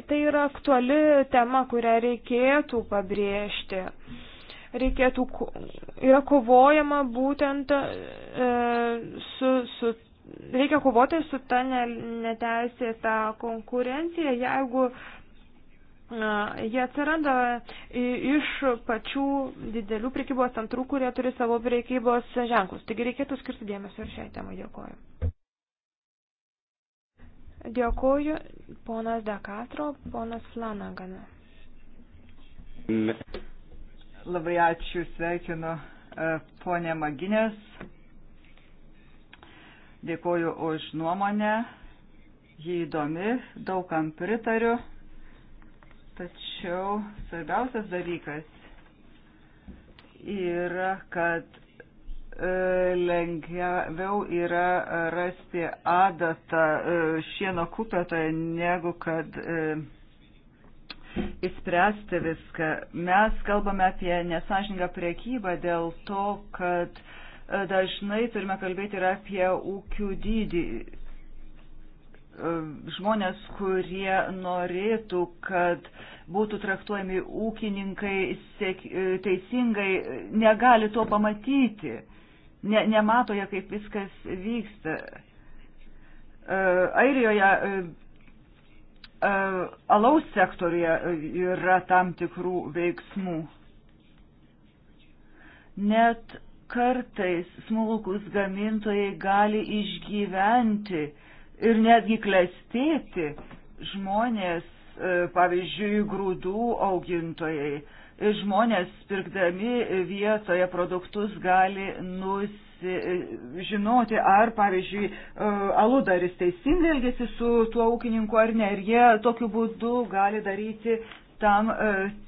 Speaker 2: Tai yra aktuali tema, kurią reikėtų pabrėžti. Reikėtų, yra kovojama būtent e, su, su, reikia kovoti su ta neteisėta konkurencija, jeigu Jie atsiranda iš pačių didelių prekybos centrų, kurie turi savo prekybos ženklus. Taigi reikėtų skirti dėmesio ir šiai temai. Dėkoju. Dėkoju, ponas Dekatro, ponas Flanagana.
Speaker 4: Labai ačiū, sveikinu e, ponė Maginės. Dėkoju už nuomonę. Jį įdomi, daugam pritariu. Tačiau svarbiausias dalykas yra, kad e, lengviau yra rasti adatą e, šieno kupetoje, negu kad įspręsti e, viską. Mes kalbame apie nesažingą priekybą dėl to, kad dažnai turime kalbėti ir apie ūkių dydį E, žmonės, kurie norėtų, kad būtų traktuojami ūkininkai e, teisingai, negali to pamatyti, ne, nematoja, kaip viskas vyksta. E, Airijoje alaus sektorija yra tam tikrų veiksmų. Net kartais smulkus gamintojai gali išgyventi uh, ir netgi klestėti žmonės, e, pavyzdžiui, grūdų augintojai. Žmonės, pirkdami vietoje produktus, gali nusi, e, žinoti, ar, pavyzdžiui, e, aludaris teisingai elgesi su tuo ūkininku ar ne. Ir jie tokiu būdu gali daryti tam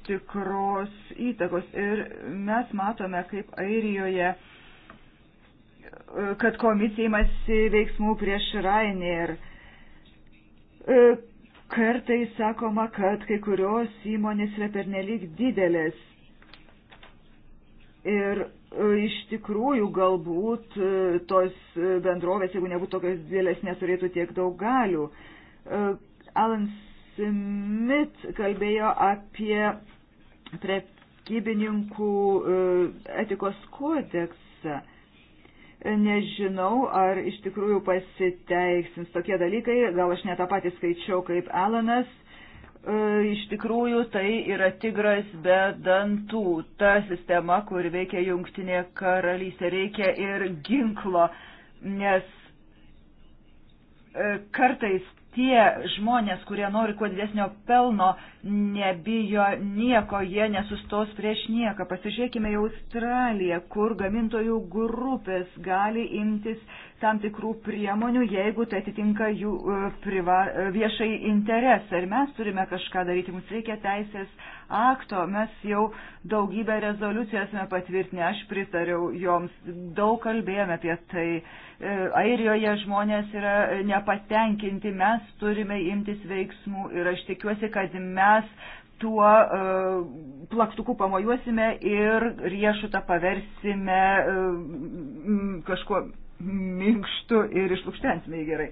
Speaker 4: tikros įtakos. Ir mes matome, kaip Airijoje uh, kad komisija imasi veiksmų prieš Rainer. Kartai sakoma, kad kai kurios įmonės yra pernelyg didelės. Ir e, iš tikrųjų galbūt e, tos bendrovės, jeigu nebūtų tokios didelės, neturėtų tiek daug galių. E, Alan Smith kalbėjo apie prekybininkų etikos kodeksą. Nežinau, ar iš tikrųjų pasiteiksins tokie dalykai, gal aš ne tą patį skaičiau kaip Alanas. E, iš tikrųjų, tai yra tigras be dantų. Ta sistema, kur veikia jungtinė karalystė, reikia ir ginklo, nes e, kartais tie žmonės, kurie nori kuo didesnio pelno, nebijo nieko, jie nesustos prieš nieką. Pasižiūrėkime į Australiją, kur gamintojų grupės gali imtis tam tikrų priemonių, jeigu tai atitinka jų e, priva, e, viešai interesą. Ir mes turime kažką daryti, mums reikia teisės akto, mes jau daugybę rezoliucijų esame patvirtinę, aš pritariau joms, daug kalbėjome apie tai. E, Airijoje žmonės yra nepatenkinti, mes turime imtis veiksmų ir aš tikiuosi, kad mes tuo uh, plaktuku pamojuosime ir riešutą paversime uh, kažkuo minkštų ir išlūkštensime jį gerai.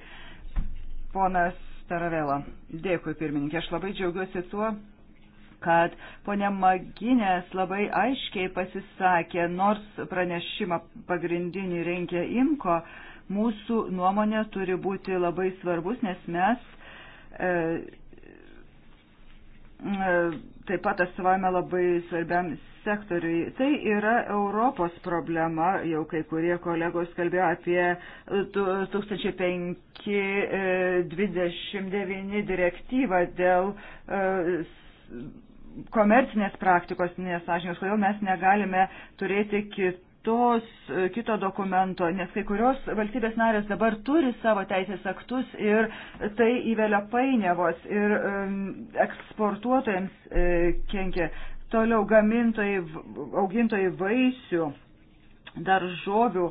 Speaker 4: Ponas Taravela, dėkui pirmininkė, aš labai džiaugiuosi tuo, kad ponia Maginės labai aiškiai pasisakė, nors pranešimą pagrindinį renkė Imko, mūsų nuomonė turi būti labai svarbus, nes mes e, e, taip pat atstovavome labai svarbiam sektoriui. Tai yra Europos problema, jau kai kurie kolegos kalbėjo apie 1529 e, e, direktyvą dėl e, komercinės praktikos nesažinios, kodėl mes negalime turėti kitų kitos, kito dokumento, nes kai kurios valstybės narės dabar turi savo teisės aktus ir tai įvelia painiavos ir eksportuotojams kenkia. Toliau gamintojai, augintojai vaisių, daržovių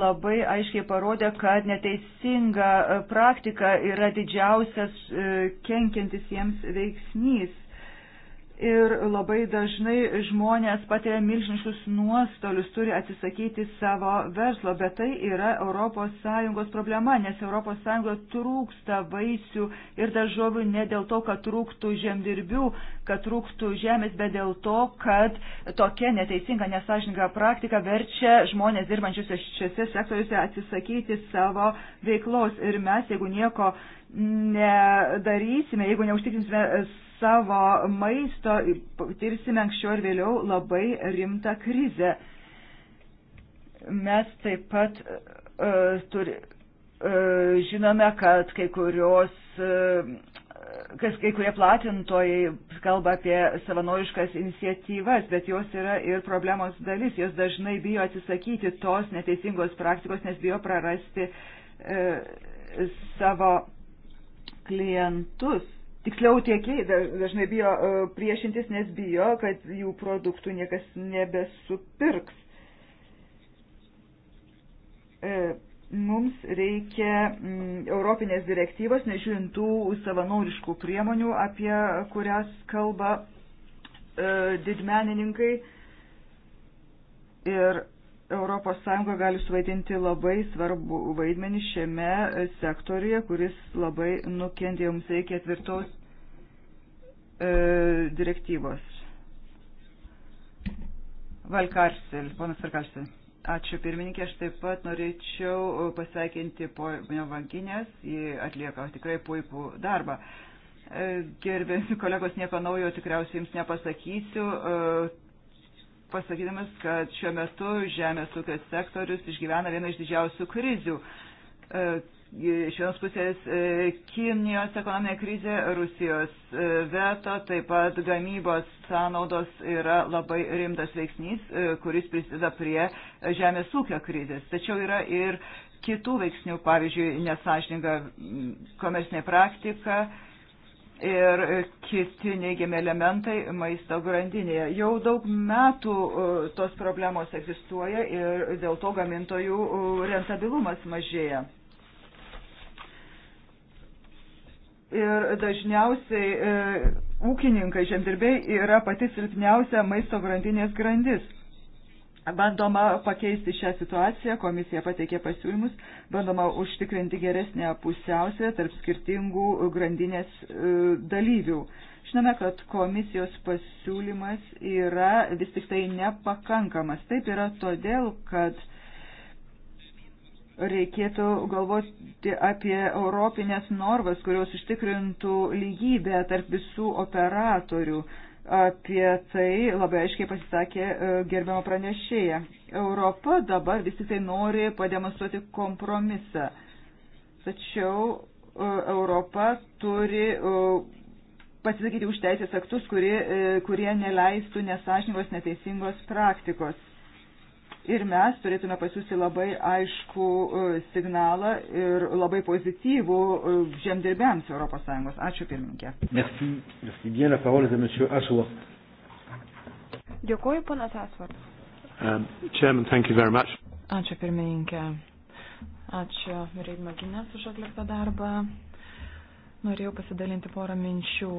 Speaker 4: labai aiškiai parodė, kad neteisinga e, praktika yra didžiausias e, kenkiantis jiems veiksnys ir labai dažnai žmonės patiria milžiniškus nuostolius, turi atsisakyti savo verslo, bet tai yra ES problema, nes ES trūksta vaisių ir daržovių ne dėl to, kad trūktų žemdirbių, kad trūktų žemės, bet dėl to, kad tokia neteisinga, nesažininga praktika verčia žmonės dirbančius šiuose sektoriuose atsisakyti savo veiklos ir mes, jeigu nieko nedarysime, jeigu neužtikrinsime savo maisto patirsime anksčiau ar vėliau labai rimtą krizę. Mes taip pat uh, turi, uh, žinome, kad kai kurios uh, kas kai kurie platintojai kalba apie savanoriškas iniciatyvas, bet jos yra ir problemos dalis. Jos dažnai bijo atsisakyti tos neteisingos praktikos, nes bijo prarasti e, savo klientus. Tiksliau tiekiai dažnai bijo e, priešintis, nes bijo, kad jų produktų niekas nebesupirks. E, mums reikia mm, Europinės direktyvos, nežiūrintų savanoriškų priemonių, apie kurias kalba e, didmenininkai. Ir ES gali suvaidinti labai svarbu vaidmenį šiame sektorija, kuris labai nukentėjo. Mums reikia tvirtos e, direktyvos. Valkarsel, ponas Valkarsel. Ačiū pirmininkė, aš taip pat norėčiau pasveikinti ponio Vankinės, ji atlieka tikrai puikų darbą. E, Gerbėmi kolegos, nieko naujo tikriausiai jums nepasakysiu, e, pasakydamas, kad šiuo metu žemės ūkio sektorius išgyvena vieną iš didžiausių krizių. E, iš vienos pusės e, Kinijos ekonominė krizė, Rusijos e, veto, taip pat gamybos sąnaudos yra labai rimtas veiksnys, kuris prisideda prie žemės ūkio krizės. Tačiau yra ir kitų veiksnių, pavyzdžiui, nesažininga komersinė praktika ir kiti neigiami elementai maisto grandinėje. Jau daug metų e, tos problemos egzistuoja ir dėl to gamintojų e, rentabilumas mažėja. Ir dažniausiai e, ūkininkai, žemdirbiai yra pati silpniausia maisto grandinės grandis Bandoma pakeisti šią situaciją, komisija pateikė pasiūlymus, bandoma užtikrinti geresnę pusiausvę tarp skirtingų grandinės e, dalyvių. Žinome, kad komisijos pasiūlymas yra vis tik tai nepakankamas. Taip yra todėl, kad reikėtų galvoti apie europinės normas, kurios užtikrintų lygybę tarp visų operatorių. Apie tai labai aiškiai pasisakė e, gerbiamo pranešėja. Europa dabar vis tik tai nori pademonstruoti kompromisą. Tačiau e, Europa turi e, pasisakyti už teisės aktus, kurie, kurie neleistų nesažiningos, neteisingos praktikos. Ir mes turėtume pasiūsti labai aišku e, signalą ir labai pozityvų e, žemdirbėms ES. Ačiū pirmininkė.
Speaker 1: Merci. Merci bien. La parole est à monsieur Ashworth.
Speaker 2: Dėkuoju, ponas Ashworth.
Speaker 1: Um, chairman, thank you very much.
Speaker 2: Ačiū pirmininkė. Ačiū Reid Maginės už atliktą darbą. Norėjau pasidalinti porą minčių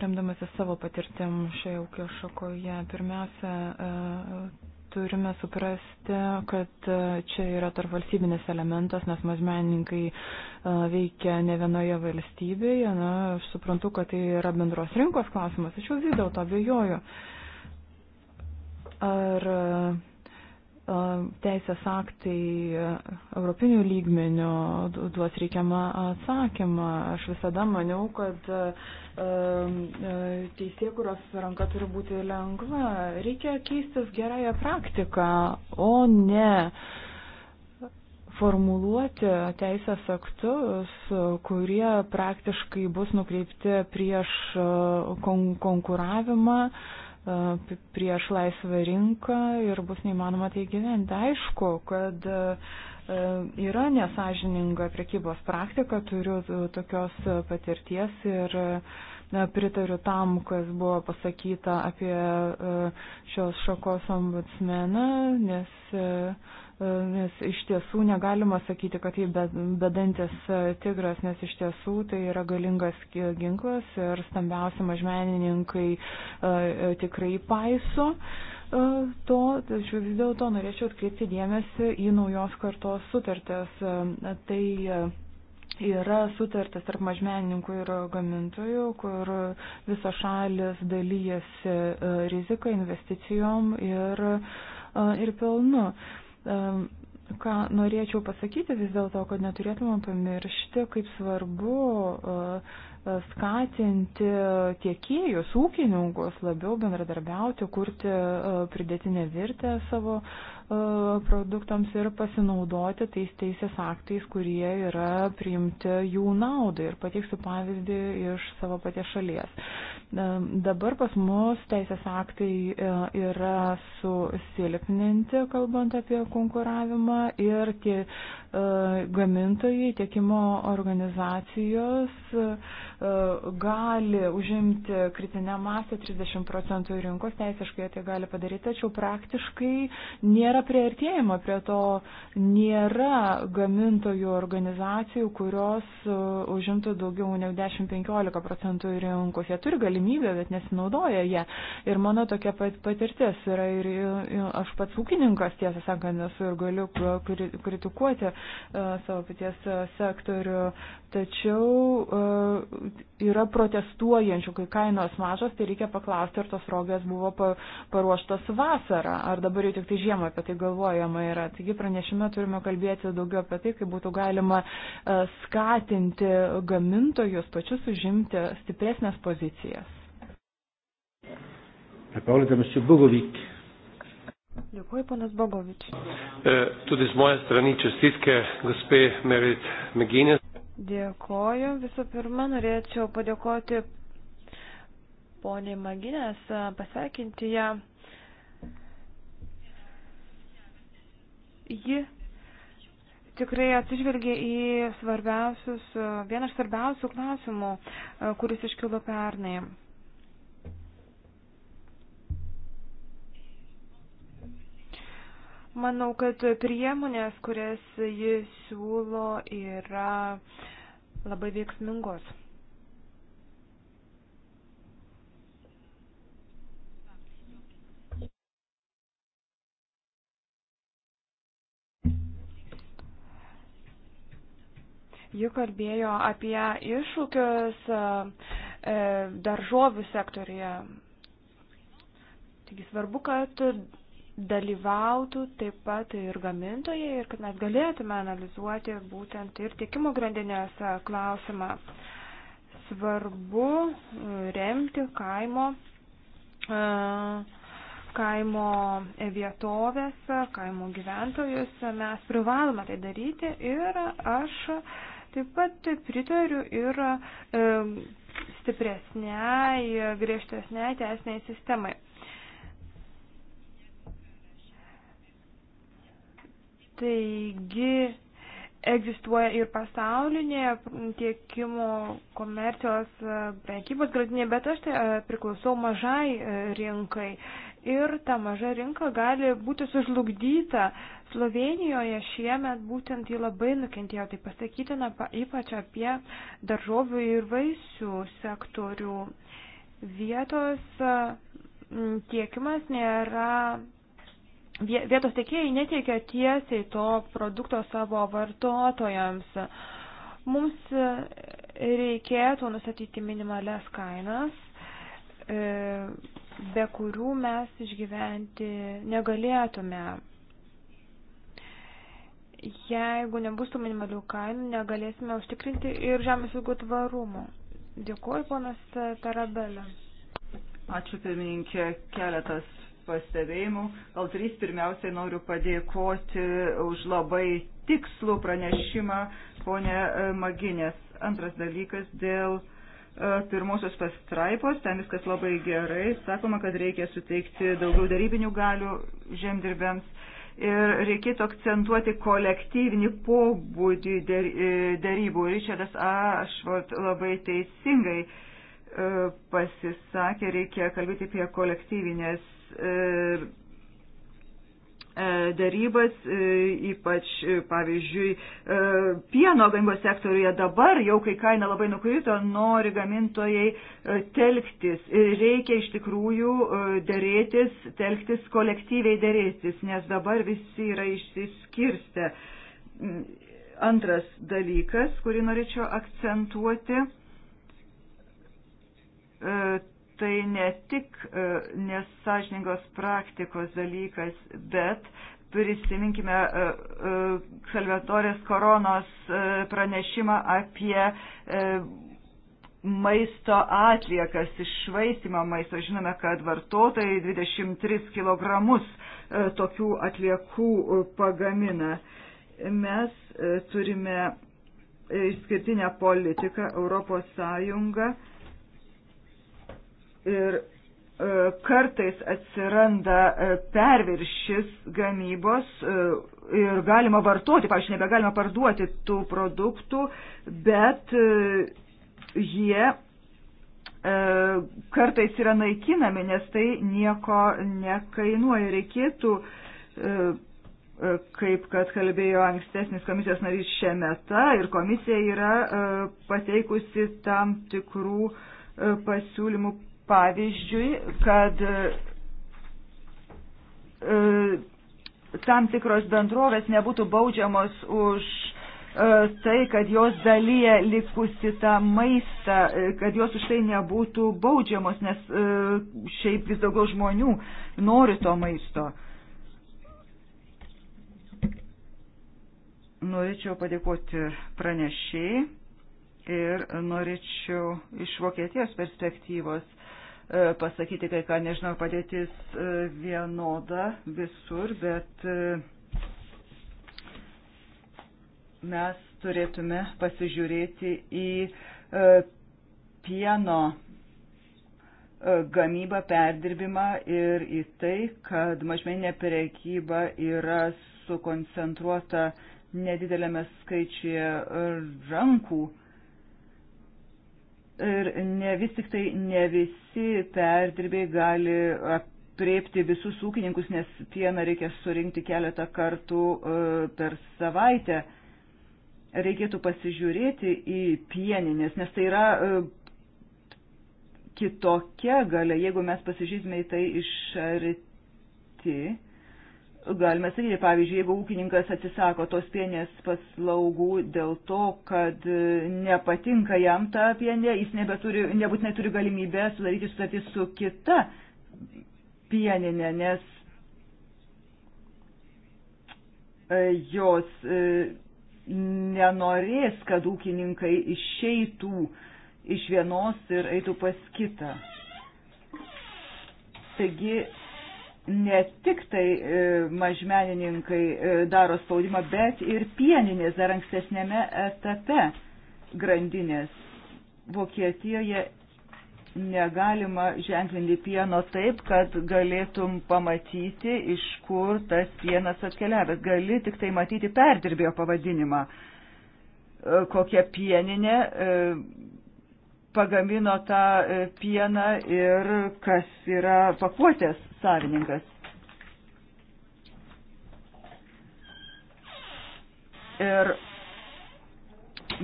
Speaker 2: remdamasi savo patirtim šioje ūkio šakoje, pirmiausia, e, turime suprasti, kad e, čia yra tarp valstybinis elementas, nes mažmenininkai e, veikia ne vienoje valstybėje. Na, aš suprantu, kad tai yra bendros rinkos klausimas, tačiau vis dėlto abejoju. Ar teisės aktai e, europinių lygmenių duos reikiamą atsakymą. Aš visada maniau, kad e, e, teisė, kurios ranka turi būti lengva, reikia keistis gerąją praktiką, o ne formuluoti teisės aktus, kurie praktiškai bus nukreipti prieš kon konkuravimą. Uh, E, prieš laisvą rinką ir bus neįmanoma tai gyventi. Aišku, kad e, yra nesažininga prekybos praktika, turiu tokios patirties ir uh, pritariu tam, kas buvo pasakyta apie e, šios šakos ombudsmeną, nes, e, e, nes iš tiesų negalima sakyti, kad tai bedantis tigras, nes iš tiesų tai yra galingas ginklas ir stambiausi mažmenininkai tikrai paiso to, tačiau vis dėlto norėčiau atkreipti dėmesį į naujos kartos sutartės. Tai yra sutartas tarp mažmenininkų ir gamintojų, kur visos šalis dalyjasi e, riziką investicijom ir, e, ir pelnu. E, ką norėčiau pasakyti vis dėlto, kad neturėtume pamiršti, kaip svarbu skatinti tiekėjus, ūkininkus labiau bendradarbiauti, kurti pridėtinę vertę savo uh, E, produktams ir pasinaudoti tais teisės aktais, kurie yra priimti jų naudai. Ir pateiksiu pavyzdį iš savo paties šalies. E, dabar pas mus teisės aktai e, yra susilpninti, kalbant apie konkuravimą ir tie gamintojai, tiekimo organizacijos gali užimti kritinę masę 30 procentų rinkos teisiškai, tai gali padaryti, tačiau praktiškai nėra nėra prieartėjimo prie to, nėra gamintojų organizacijų, kurios e, užimtų daugiau negu 10-15 procentų rinkos. Jie turi galimybę, bet nesinaudoja jie. Ir mano tokia patirtis yra ir aš pats ūkininkas, tiesą sakant, nesu ir galiu kritikuoti e, savo paties e, sektorių. Tačiau yra protestuojančių, kai kainos mažos, tai reikia paklausti, ar tos rogės buvo paruoštos vasarą, ar dabar jau tik tai žiemą apie tai galvojama yra. Taigi pranešime turime kalbėti daugiau apie tai, kaip būtų galima e, skatinti gamintojus pačius užimti stipresnės pozicijas.
Speaker 3: La parole est à M. Bogovic.
Speaker 2: Děkuji, pane Zbogovič.
Speaker 3: E, tudi z moje strany čestitke gospe Merit Meginės.
Speaker 2: Dėkoju. Visų pirma, norėčiau padėkoti poniai Maginės, e, pasveikinti ją Ji tikrai atsižvelgia į svarbiausius, vieną iš svarbiausių klausimų, e, kuris iškilo pernai. Manau, kad priemonės, kurias ji siūlo, yra labai veiksmingos. Ji kalbėjo apie iššūkius e, e, daržovių sektorija. Taigi svarbu, kad dalyvautų taip pat ir gamintojai ir kad mes galėtume analizuoti būtent ir tiekimo grandinės e, klausimą. Svarbu remti kaimo, kaimo vietovės, kaimo gyventojus. Mes privalome tai daryti ir aš Taip pat tai pritariu ir e, stipresniai, griežtesniai teisiniai sistemai. Taigi, egzistuoja ir pasaulinė tiekimo komercijos e, prekybos grandinė, bet aš tai e, priklausau mažai e, rinkai ir ta maža rinka gali būti sužlugdyta. Slovenijoje šiemet būtent ji labai nukentėjo, tai pasakytina ypač apie daržovių ir vaisių sektorių. Vietos tiekimas nėra. Vietos tiekėjai netiekia tiesiai to produkto savo vartotojams. Mums reikėtų nustatyti minimales kainas e, be kurių mes išgyventi negalėtume. Jeigu nebus tų minimalių kainų, negalėsime užtikrinti ir žemės ūkio tvarumo. Dėkuoju, ponas Tarabelė.
Speaker 4: Ačiū, pirmininkė. Keletas pastebėjimų. Gal trys pirmiausiai noriu padėkoti už labai tikslų pranešimą, ponė Maginės. Antras dalykas dėl uh, E, pirmosios pastraipos, ten viskas labai gerai, sakoma, kad reikia suteikti daugiau darybinių galių žemdirbėms ir reikėtų akcentuoti kolektyvinį pobūdį e, darybų. Ričardas Ašvart labai teisingai e, pasisakė, reikia kalbėti apie kolektyvinės E, darybas, e, ypač, e, pavyzdžiui, pieno gamybos sektoriuje dabar, jau kai kaina labai nukrito, nori gamintojai telktis. Ir reikia iš tikrųjų dėrėtis, telktis kolektyviai dėrėtis, nes dabar visi yra išsiskirstę. Mm, antras dalykas, kurį norėčiau akcentuoti tai ne tik e, nesažningos praktikos dalykas, bet prisiminkime e, e, Salvatorės Koronos pranešimą apie maisto atliekas, išvaistimą maisto. Žinome, kad vartotojai 23 kg tokių atliekų pagamina. Mes turime išskirtinę politiką Europos Sąjungą Ir e, kartais atsiranda e, perviršis gamybos e, ir galima vartoti, pavyzdžiui, nebegalima parduoti tų produktų, bet jie kartais yra naikinami, nes tai nieko nekainuoja. Reikėtų, kaip kad kalbėjo ankstesnis komisijos narys Šemeta, ir komisija yra pateikusi tam tikrų pasiūlymų pavyzdžiui, kad e, tam tikros bendrovės nebūtų baudžiamos už e, tai, kad jos dalyje likusi tą maistą, e, kad jos už tai nebūtų baudžiamos, nes šiaip vis daugiau žmonių nori to maisto. Norėčiau padėkoti pranešėjai ir norėčiau iš Vokietijos perspektyvos E, pasakyti kai ką, nežinau, padėtis e, vienoda visur, bet e, mes turėtume pasižiūrėti į pieno gamybą, perdirbimą ir į tai, kad mažmeninė prekyba yra sukoncentruota nedidelėme skaičiuje rankų Ir ne vis tik tai ne visi perdirbėjai gali priepti visus ūkininkus, nes pieną reikia surinkti keletą kartų e, per savaitę. Reikėtų pasižiūrėti į pieninės, nes tai yra e, kitokia galia, jeigu mes pasižiūrėsime į tai iš arti galime sakyti, pavyzdžiui, jeigu ūkininkas atsisako tos pienės paslaugų dėl to, kad e, nepatinka jam ta pienė, jis nebeturi, nebūtinai turi galimybę sudaryti sutartį su kita pieninė, nes e, jos e, nenorės, kad ūkininkai išeitų iš vienos ir eitų pas kitą. Taigi ne tik tai e, mažmenininkai e, daro spaudimą, bet ir pieninės dar ankstesnėme etape grandinės. Vokietijoje negalima ženklinti pieno taip, kad galėtum pamatyti, iš kur tas pienas atkeliavęs. Gali tik tai matyti perdirbėjo pavadinimą, e, kokia pieninė pagamino tą e, pieną ir kas yra pakuotės savininkas. Ir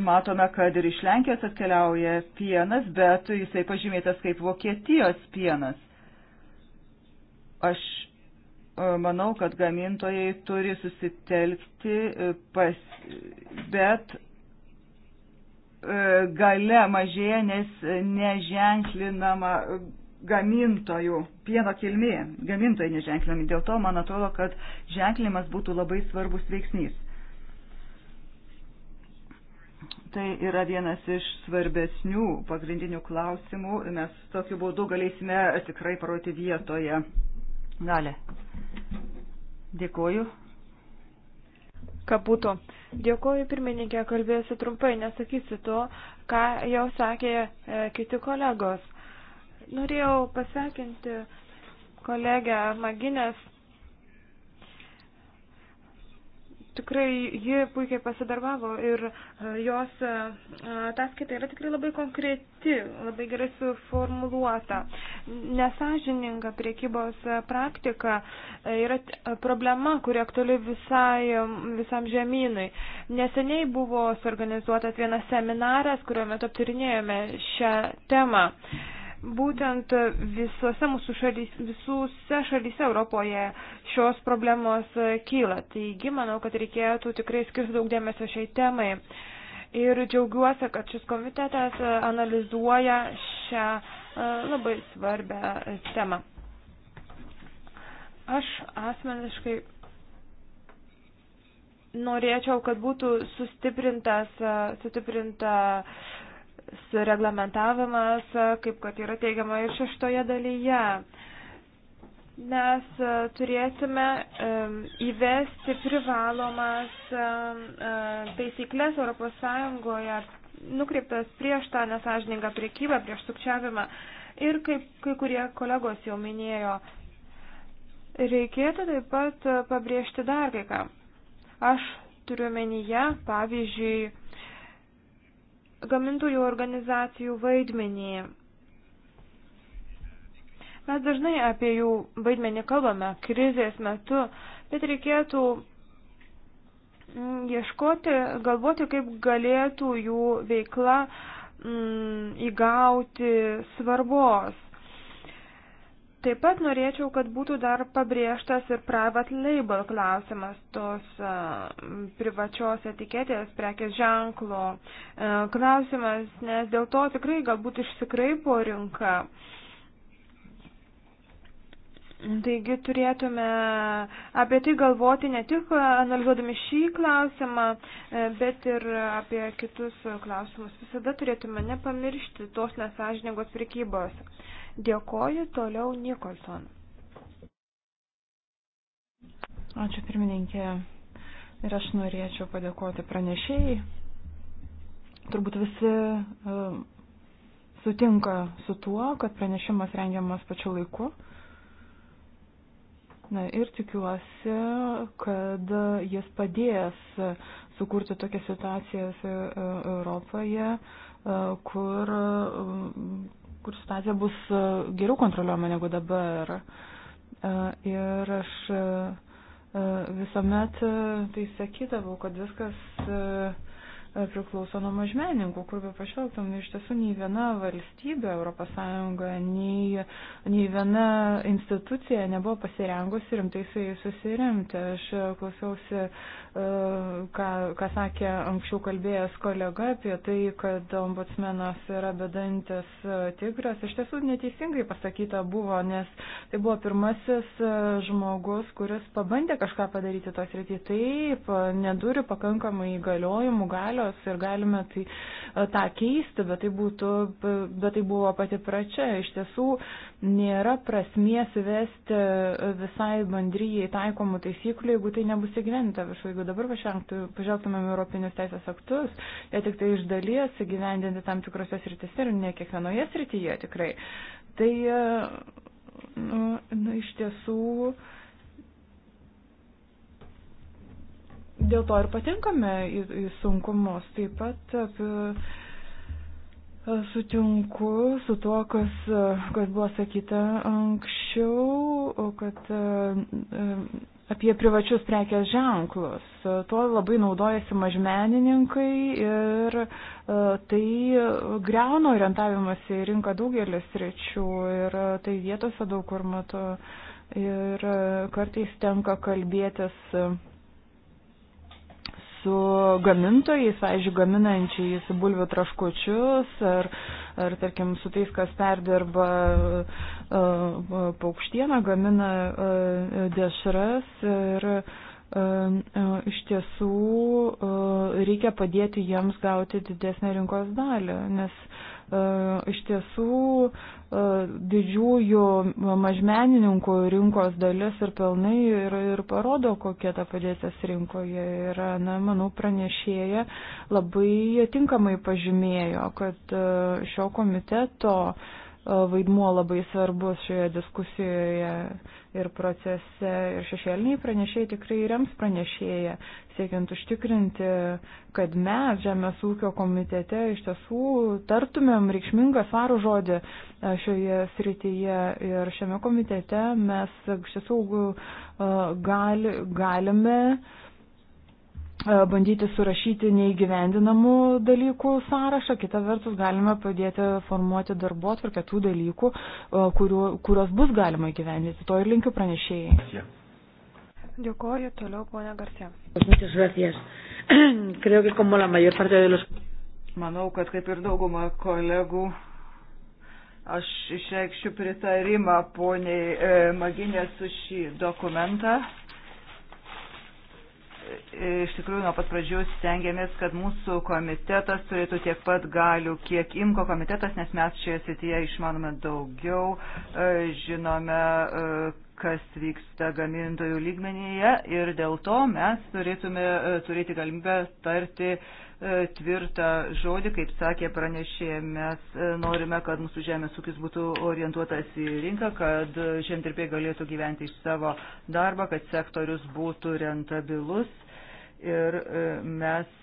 Speaker 4: matome, kad ir iš Lenkijos atkeliauja pienas, bet jisai pažymėtas kaip Vokietijos pienas. Aš e, manau, kad gamintojai turi susitelkti, e, pas, bet E, gale mažėja, nes neženklinama gamintojų, pieno kilmė, gamintojai neženklinami. Dėl to man atrodo, kad ženklinimas būtų labai svarbus veiksnys. Tai yra vienas iš svarbesnių pagrindinių klausimų. Mes tokiu būdu galėsime tikrai parodyti vietoje galę. Dėkoju
Speaker 2: kabuto. Dėkoju pirmininkė, kalbėsiu trumpai, nesakysiu to, ką jau sakė e, kiti kolegos. Norėjau pasveikinti kolegę Maginės tikrai ji puikiai pasidarbavo ir e, jos e, ataskaita yra tikrai labai konkreti, labai gerai suformuluota. Nesažininga priekybos praktika e, yra problema, kuri aktuali visai, visam žemynui. Neseniai buvo suorganizuotas vienas seminaras, kuriuo metu aptarinėjome šią temą būtent visose mūsų šalys, visose šalyse Europoje šios problemos kyla. Taigi, manau, kad reikėtų tikrai skirti daug dėmesio šiai temai. Ir džiaugiuosi, kad šis komitetas analizuoja šią e, labai svarbę temą. Aš asmeniškai norėčiau, kad būtų sustiprintas, sustiprinta reglamentavimas, kaip kad yra teigiama ir šeštoje dalyje. Mes e, turėsime e, įvesti privalomas e, taisyklės ES nukreiptas prieš tą nesažiningą priekybą, prieš sukčiavimą. Ir kaip kai kurie kolegos jau minėjo, reikėtų taip pat pabrėžti dar kai ką. Aš turiu menyje, pavyzdžiui, gamintojų organizacijų vaidmenį. Mes dažnai apie jų vaidmenį kalbame krizės metu, bet reikėtų mm, ieškoti, galvoti, kaip galėtų jų veikla m, mm, įgauti svarbos. Taip pat norėčiau, kad būtų dar pabrėžtas ir private label klausimas tos privačios etiketės prekės ženklo klausimas, nes dėl to tikrai galbūt išsikraipo rinka. Taigi turėtume apie tai galvoti ne tik analizuodami šį klausimą, bet ir apie kitus klausimus. Visada turėtume nepamiršti tos nesažiningos prekybos. Dėkoju toliau Nikolson. Ačiū pirmininkė. Ir aš norėčiau padėkoti pranešėjai. Turbūt visi e, sutinka su tuo, kad pranešimas rengiamas pačiu laiku. Na ir tikiuosi, kad jis padės sukurti tokią situaciją Europoje, e, kur kur situacija bus e, geriau kontroliuojama negu dabar. E, ir aš e, visuomet tai sakydavau, kad viskas E, priklauso nuo mažmeninkų, kur be pašvelgtum, iš tiesų nei viena valstybė ES, nei, nei viena institucija nebuvo pasirengusi rimtai su jais susiremti. Aš klausiausi, e, ką, ką sakė anksčiau kalbėjęs kolega apie tai, kad ombudsmenas yra bedantis e, tigras. Iš tiesų neteisingai pasakyta buvo, nes tai buvo pirmasis žmogus, kuris pabandė kažką padaryti tos rytį. Taip, neduri pakankamai įgaliojimų, galio galios ir galime tai, e, tą keisti, bet tai, būtų, bet tai buvo pati pračia. Iš tiesų nėra prasmės vesti e, visai bandryjai taikomų taisyklių, jeigu tai nebus įgyventa. Jeigu dabar pažvelgtumėm Europinius teisės aktus, jie tik tai iš dalies įgyvendinti tam tikrose srityse ir ne kiekvienoje srityje tikrai. Tai e, nu, nu, iš tiesų dėl to ir patinkame į, į sunkumus. Taip pat apie, sutinku su tuo, kas, kas buvo sakyta anksčiau, kad e, e, apie privačius prekės ženklus. Tuo labai naudojasi mažmenininkai ir e, tai greuna orientavimasi į rinką daugelis ryčių ir tai vietose daug kur matau. Ir kartais tenka kalbėtis su gamintojais, pavyzdžiui, gaminančiais bulvių traškučius ar, ar, tarkim, su tais, kas perdirba e, e, paukštieną, gamina e, dešras ir iš tiesų reikia padėti jiems gauti didesnę rinkos dalį, nes E, iš tiesų e, didžiųjų mažmenininkų rinkos dalis ir pelnai ir, ir parodo, kokia ta padėtis rinkoje yra. Na, manau, pranešėja labai tinkamai pažymėjo, kad e, šio komiteto uh, E, vaidmuo labai svarbus šioje diskusijoje ir procese ir šešėliniai pranešėjai tikrai rems pranešėją, siekiant užtikrinti, kad mes Žemės ūkio komitete iš tiesų tartumėm reikšmingą svarų žodį e, šioje srityje ir šiame komitete mes iš tiesų e, gali, galime E, bandyti surašyti neįgyvendinamų dalykų sąrašą, kita vertus galime padėti formuoti darbo atvarkę tų dalykų, e, kuriu, kurios bus galima įgyvendinti. To ir linkiu pranešėjai. Dėkuoju, toliau ponia Garcia.
Speaker 4: Manau, kad kaip ir dauguma kolegų, aš išreikščiu pritarimą poniai e, Maginės už šį dokumentą iš tikrųjų nuo pat pradžių stengiamės, kad mūsų komitetas turėtų tiek pat galių, kiek imko komitetas, nes mes šioje srityje išmanome daugiau, e, žinome, e, kas vyksta gamintojų lygmenyje ir dėl to mes turėtume e, turėti galimybę tarti E, tvirtą žodį, kaip sakė pranešė, mes e, norime, kad mūsų žemės ūkis būtų orientuotas į rinką, kad žemdirbė galėtų gyventi iš savo darbą, kad sektorius būtų rentabilus ir e, mes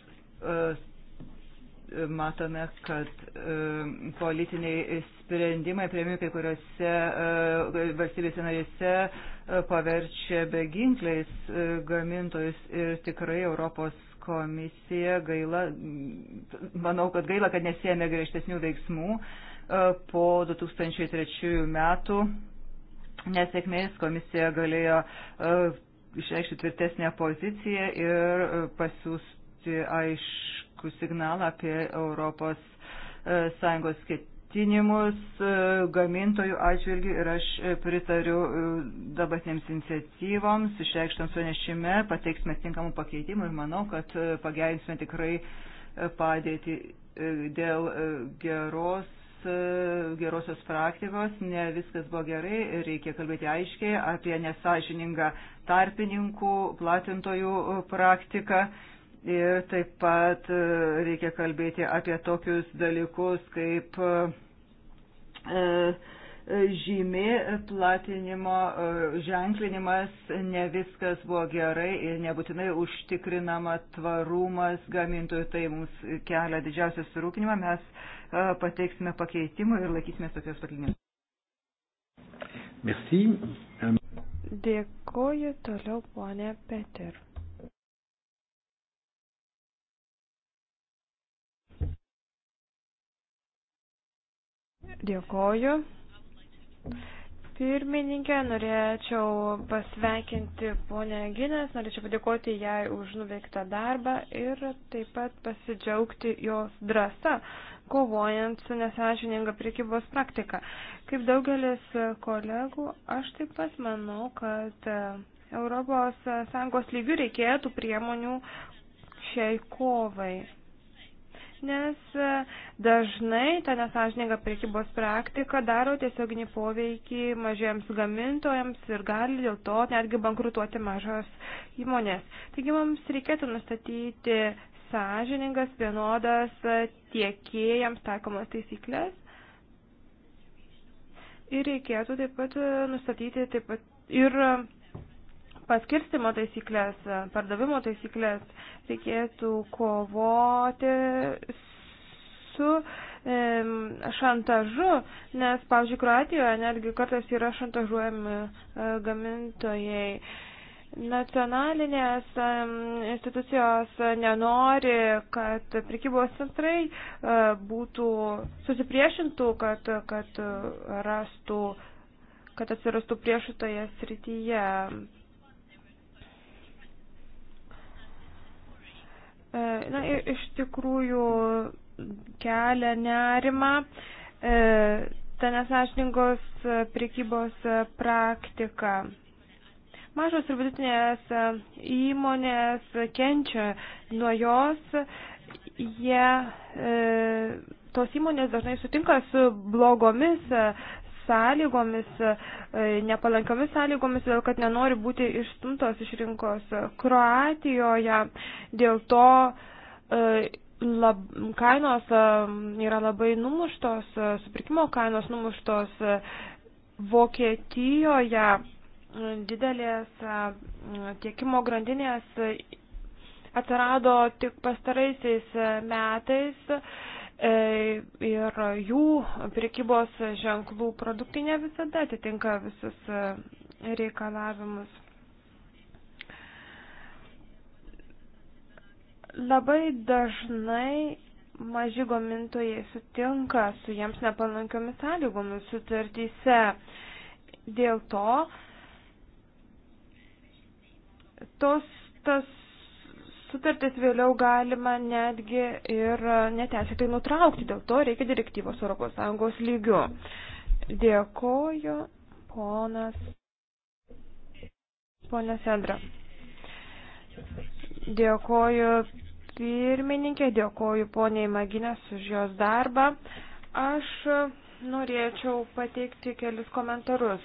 Speaker 4: matome, kad politiniai sprendimai prieimi kai kuriuose valstybėse narėse paverčia beginkliais gamintojus ir tikrai Europos komisija gaila, manau, kad gaila, kad nesėmė griežtesnių veiksmų e, po 2003 metų nesėkmės komisija galėjo e, išreikšti tvirtesnę poziciją ir e, pasiūsti aišku signalą apie Europos Sąjungos ketinimus e, gamintojų atžvilgių ir aš e, pritariu e, dabartinėms iniciatyvoms, išreikštams pranešime, pateiksime tinkamų pakeitimų ir manau, kad pagerinsime tikrai padėti dėl geros gerosios praktikos, ne viskas buvo gerai, reikia kalbėti aiškiai apie nesažiningą tarpininkų, platintojų praktiką Ir taip pat e, reikia kalbėti apie tokius dalykus kaip e, e, žymė platinimo ženklinimas, ne viskas buvo gerai ir nebūtinai užtikrinama tvarumas gamintojų, tai mums kelia didžiausią surūpinimą, mes pateiksime pakeitimų ir laikysime tokios patlinės.
Speaker 1: Merci.
Speaker 2: Dėkoju toliau, ponė Peter. Dėkoju. Pirmininkė, norėčiau pasveikinti ponę Ginės, norėčiau padėkoti jai už nuveiktą darbą ir taip pat pasidžiaugti jos drąsą, kovojant su nesąžininga priekybos praktika. Kaip daugelis kolegų, aš taip pat manau, kad Europos Sąjungos lygių reikėtų priemonių šiai kovai nes e, dažnai ta nesažininga prekybos praktika daro tiesioginį poveikį mažiems gamintojams ir gali dėl to netgi bankrutuoti mažos įmonės. Taigi mums reikėtų nustatyti sąžiningas, vienodas e, tiekėjams taikomas taisyklės. Ir reikėtų taip pat e, nustatyti taip pat ir paskirstimo taisyklės, pardavimo taisyklės, reikėtų kovoti su e, šantažu, nes, pavyzdžiui, Kroatijoje netgi kartais yra šantažuojami e, gamintojai. Nacionalinės e, institucijos nenori, kad prikybos centrai e, būtų susipriešintų, kad, kad rastų kad atsirastų priešutoje srityje. E, na ir iš tikrųjų kelia nerima e, ta nesažiningos prekybos praktika. Mažos ir vidutinės įmonės kenčia nuo jos, jie, e, tos įmonės dažnai sutinka su blogomis sąlygomis, e, nepalankiomis sąlygomis, dėl kad nenori būti išstumtos iš rinkos Kroatijoje. Dėl to e, lab, kainos e, yra labai numuštos, supirkimo kainos numuštos Vokietijoje didelės tiekimo grandinės atsirado tik pastaraisiais metais E, ir jų prekybos ženklų produktai ne visada atitinka visus e, reikalavimus. Labai dažnai maži gamintojai sutinka su jiems nepalankiomis sąlygomis sutartyse. Dėl to tos, tas sutartis vėliau galima netgi ir neteisėtai nutraukti. Dėl to reikia direktyvos ES lygių. Dėkoju, ponas. Pone Sendra. Dėkoju pirmininkė, dėkoju poniai Maginės už jos darbą. Aš norėčiau pateikti kelis komentarus.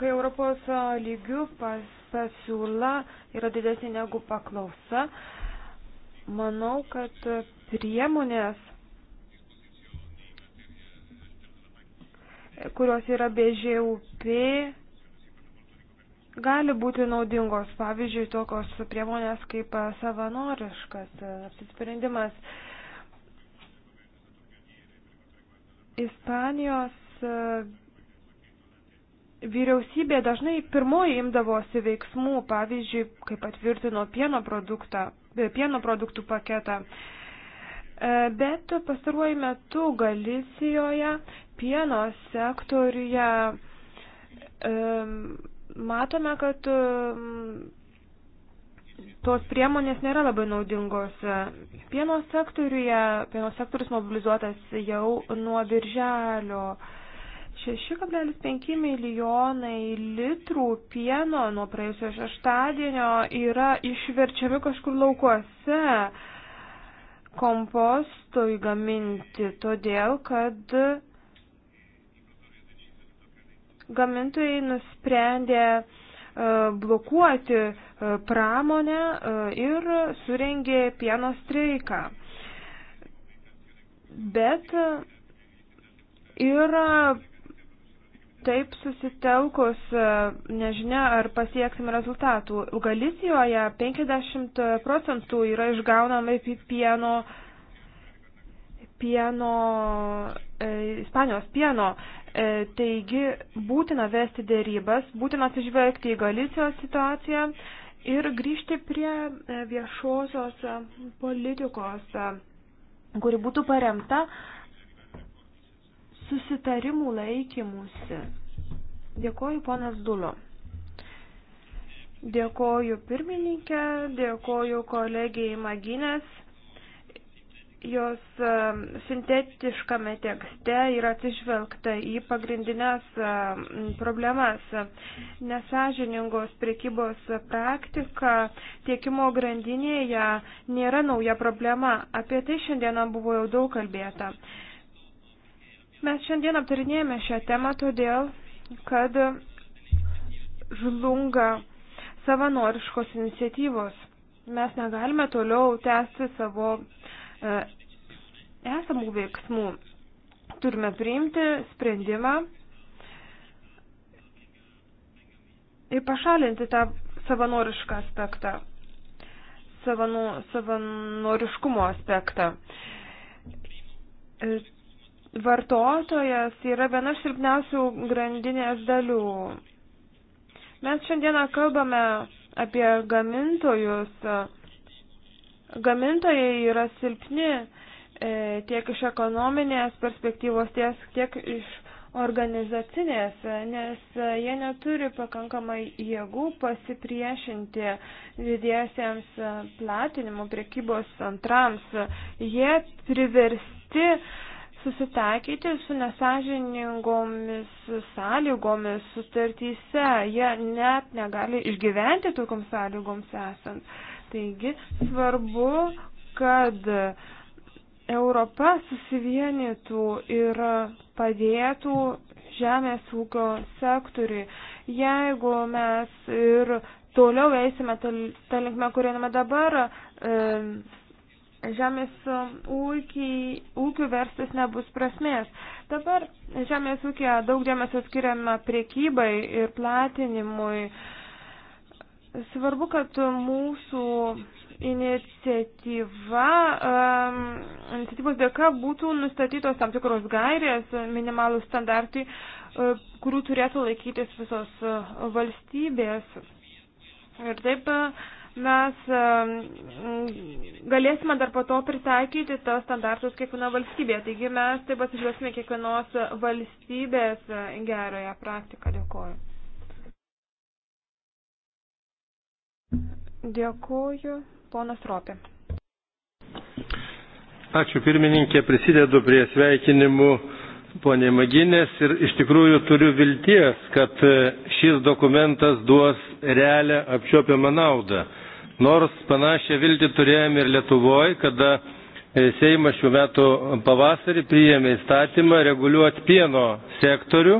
Speaker 2: kai Europos lygių pasiūla yra didesnė negu paklausa, manau, kad priemonės, kurios yra BŽUP, gali būti naudingos. Pavyzdžiui, tokios priemonės kaip savanoriškas apsisprendimas. Ispanijos vyriausybė dažnai pirmoji imdavosi veiksmų, pavyzdžiui, kai patvirtino pieno, produktą, e, pieno produktų paketą. E, bet pastaruoju metu Galicijoje pieno sektoriuje e, matome, kad tos priemonės nėra labai naudingos. Pieno sektoriuje, pieno sektorius mobilizuotas jau nuo birželio 6,5 milijonai litrų pieno nuo praėjusio šeštadienio yra išverčiami kažkur laukuose kompostui gaminti, todėl kad gamintojai nusprendė e, blokuoti e, pramonę e, ir surengė pieno streiką. Bet ir Taip susitelkus, e, nežinia, ar pasieksim rezultatų. Galicijoje 50 procentų yra išgaunama pieno, pieno, e, Ispanijos pieno. E, taigi būtina vesti dėrybas, būtina atsižvelgti į Galicijos situaciją ir grįžti prie e, viešosios e, politikos, kuri būtų paremta e, susitarimų laikymusi. Dėkoju, ponas Dulo. Dėkoju pirmininkė, dėkoju kolegijai Maginės. Jos um, sintetiškame tekste yra atsižvelgta į pagrindinės um, problemas. Nesažiningos prekybos praktika tiekimo grandinėje nėra nauja problema. Apie tai šiandieną buvo jau daug kalbėta. Mes šiandien aptarinėjame šią temą todėl, kad žlunga savanoriškos iniciatyvos. Mes negalime toliau tęsti savo e, esamų veiksmų. Turime priimti sprendimą ir pašalinti tą savanorišką aspektą, savanu, savanoriškumo aspektą. Ir e, vartotojas yra viena silpniausių grandinės dalių. Mes šiandieną kalbame apie gamintojus. Gamintojai yra silpni e, tiek iš ekonominės perspektyvos, tiek, tiek iš organizacinės, nes jie neturi pakankamai jėgų pasipriešinti didiesiems platinimo priekybos antrams. Jie priversti susitaikyti su nesažiningomis sąlygomis sutartyse. Jie net negali išgyventi tokiam sąlygoms esant. Taigi svarbu, kad Europa susivienytų ir padėtų žemės ūkio sektoriui. Jeigu mes ir toliau eisime tą linkmę, kurią einame dabar, e, žemės ūkiai, ūkių verstis nebus prasmės. Dabar žemės ūkija daug dėmesio skiriama priekybai ir platinimui. Svarbu, kad mūsų iniciatyva, um, iniciatyvos dėka būtų nustatytos tam tikros gairės, minimalų standartai, uh, kurių turėtų laikytis visos uh, valstybės. Ir taip uh, mes galėsime dar po to pritaikyti tos standartus kiekvieno valstybėje. Taigi mes taip atsižvelgsime kiekvienos valstybės e, gerąją praktiką. Dėkoju. Dėkoju, ponas Ropė.
Speaker 3: Ačiū pirmininkė, prisidedu prie sveikinimų ponė Maginės ir iš tikrųjų turiu vilties, kad e, šis dokumentas duos realią apčiopiamą naudą Nors panašią viltį turėjome ir Lietuvoje, kada e, Seimas šių metų pavasarį priėmė įstatymą reguliuoti pieno sektorių,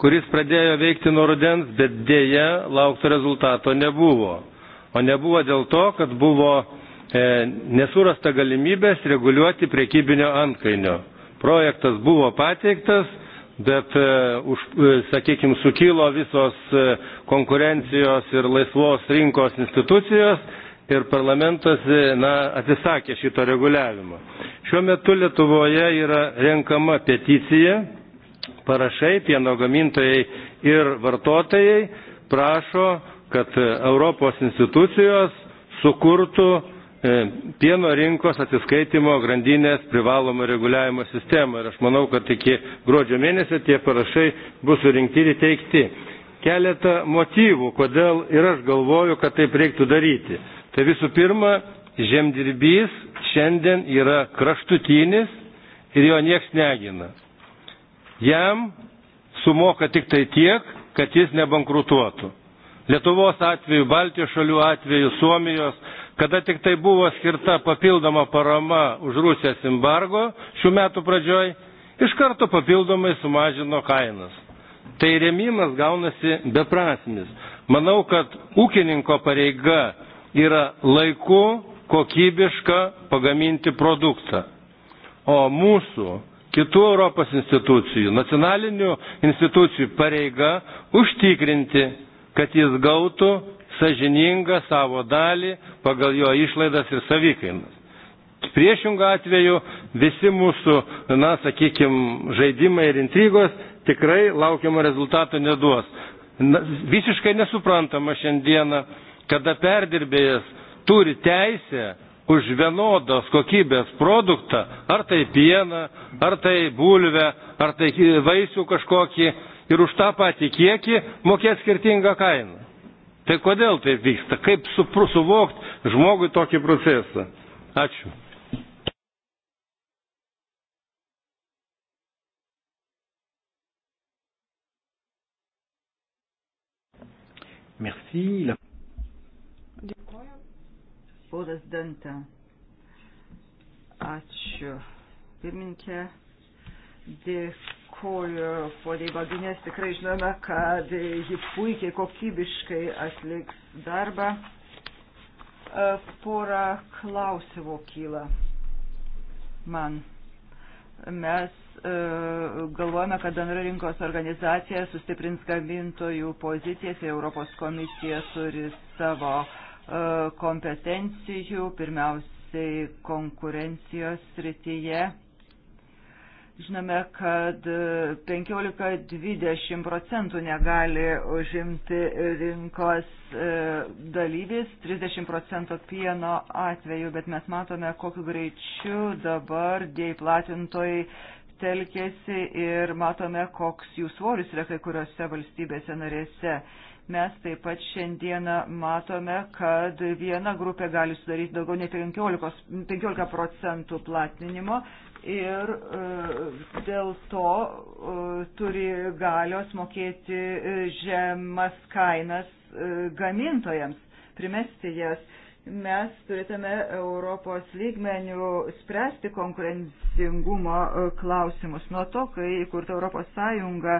Speaker 3: kuris pradėjo veikti nuo rudens, bet dėja laukto rezultato nebuvo. O nebuvo dėl to, kad buvo e, nesurasta galimybės reguliuoti priekybinio antkainio. Projektas buvo pateiktas, bet, e, už, e, sakykime, sukilo visos e, konkurencijos ir laisvos rinkos institucijos ir parlamentas na, atsisakė šito reguliavimo. Šiuo metu Lietuvoje yra renkama peticija, parašai pieno gamintojai ir vartotojai prašo, kad Europos institucijos sukurtų E, pieno rinkos atsiskaitimo grandinės privalomo reguliavimo sistemą ir aš manau, kad iki gruodžio mėnesio tie parašai bus surinkti ir įteikti. Keletą motyvų, kodėl ir aš galvoju, kad taip reiktų daryti. Tai visų pirma, žemdirbys šiandien yra kraštutinis ir jo nieks negina. Jam sumoka tik tai tiek, kad jis nebankrutuotų. Lietuvos atveju, Baltijos šalių atveju, Suomijos kada tik tai buvo skirta papildoma parama už Rusijos embargo šių metų pradžioj, iš karto papildomai sumažino kainas. Tai rėmimas gaunasi beprasmis. Manau, kad ūkininko pareiga yra laiku kokybišką pagaminti produktą. O mūsų kitų Europos institucijų, nacionalinių institucijų pareiga užtikrinti, kad jis gautų sažiningą savo dalį pagal jo išlaidas ir savikainas. Priešingų atveju visi mūsų, na, sakykime, žaidimai ir intrigos tikrai laukiamo rezultato neduos. Na, visiškai nesuprantama šiandieną, kada perdirbėjas turi teisę už vienodos kokybės produktą, ar tai pieną, ar tai bulvę, ar tai vaisių kažkokį, ir už tą patį kiekį mokės skirtingą kainą. Tai kodėl tai vyksta? Kaip suvokti žmogui tokį procesą? Ačiū.
Speaker 1: Merci. La...
Speaker 2: Dėkuoju.
Speaker 4: Ponas Danta. Ačiū. Pirminkė, dėkuoju dėkoju poniai Baginės, tikrai žinome, kad ji puikiai kokybiškai atliks darbą. E, porą klausimų kyla man. Mes e, galvojame, kad bendra rinkos organizacija sustiprins gamintojų pozicijas ir Europos komisija turi savo e, kompetencijų, pirmiausiai konkurencijos srityje Žinome, kad 15-20 e, procentų negali užimti rinkos e, dalyvis, 30 procentų pieno atveju, bet mes matome, kokiu greičiu dabar dėjai platintojai telkėsi ir matome, koks jų svoris yra kai kuriuose valstybėse narėse. Mes taip pat šiandieną matome, kad viena grupė gali sudaryti daugiau nei 15, 15 procentų platinimo, ir e, dėl to e, turi galios mokėti e, žemas kainas gamintojams, primesti jas. Mes turėtume Europos lygmenių spręsti konkurencingumo klausimus. Nuo to, kai įkurta Europos Sąjunga,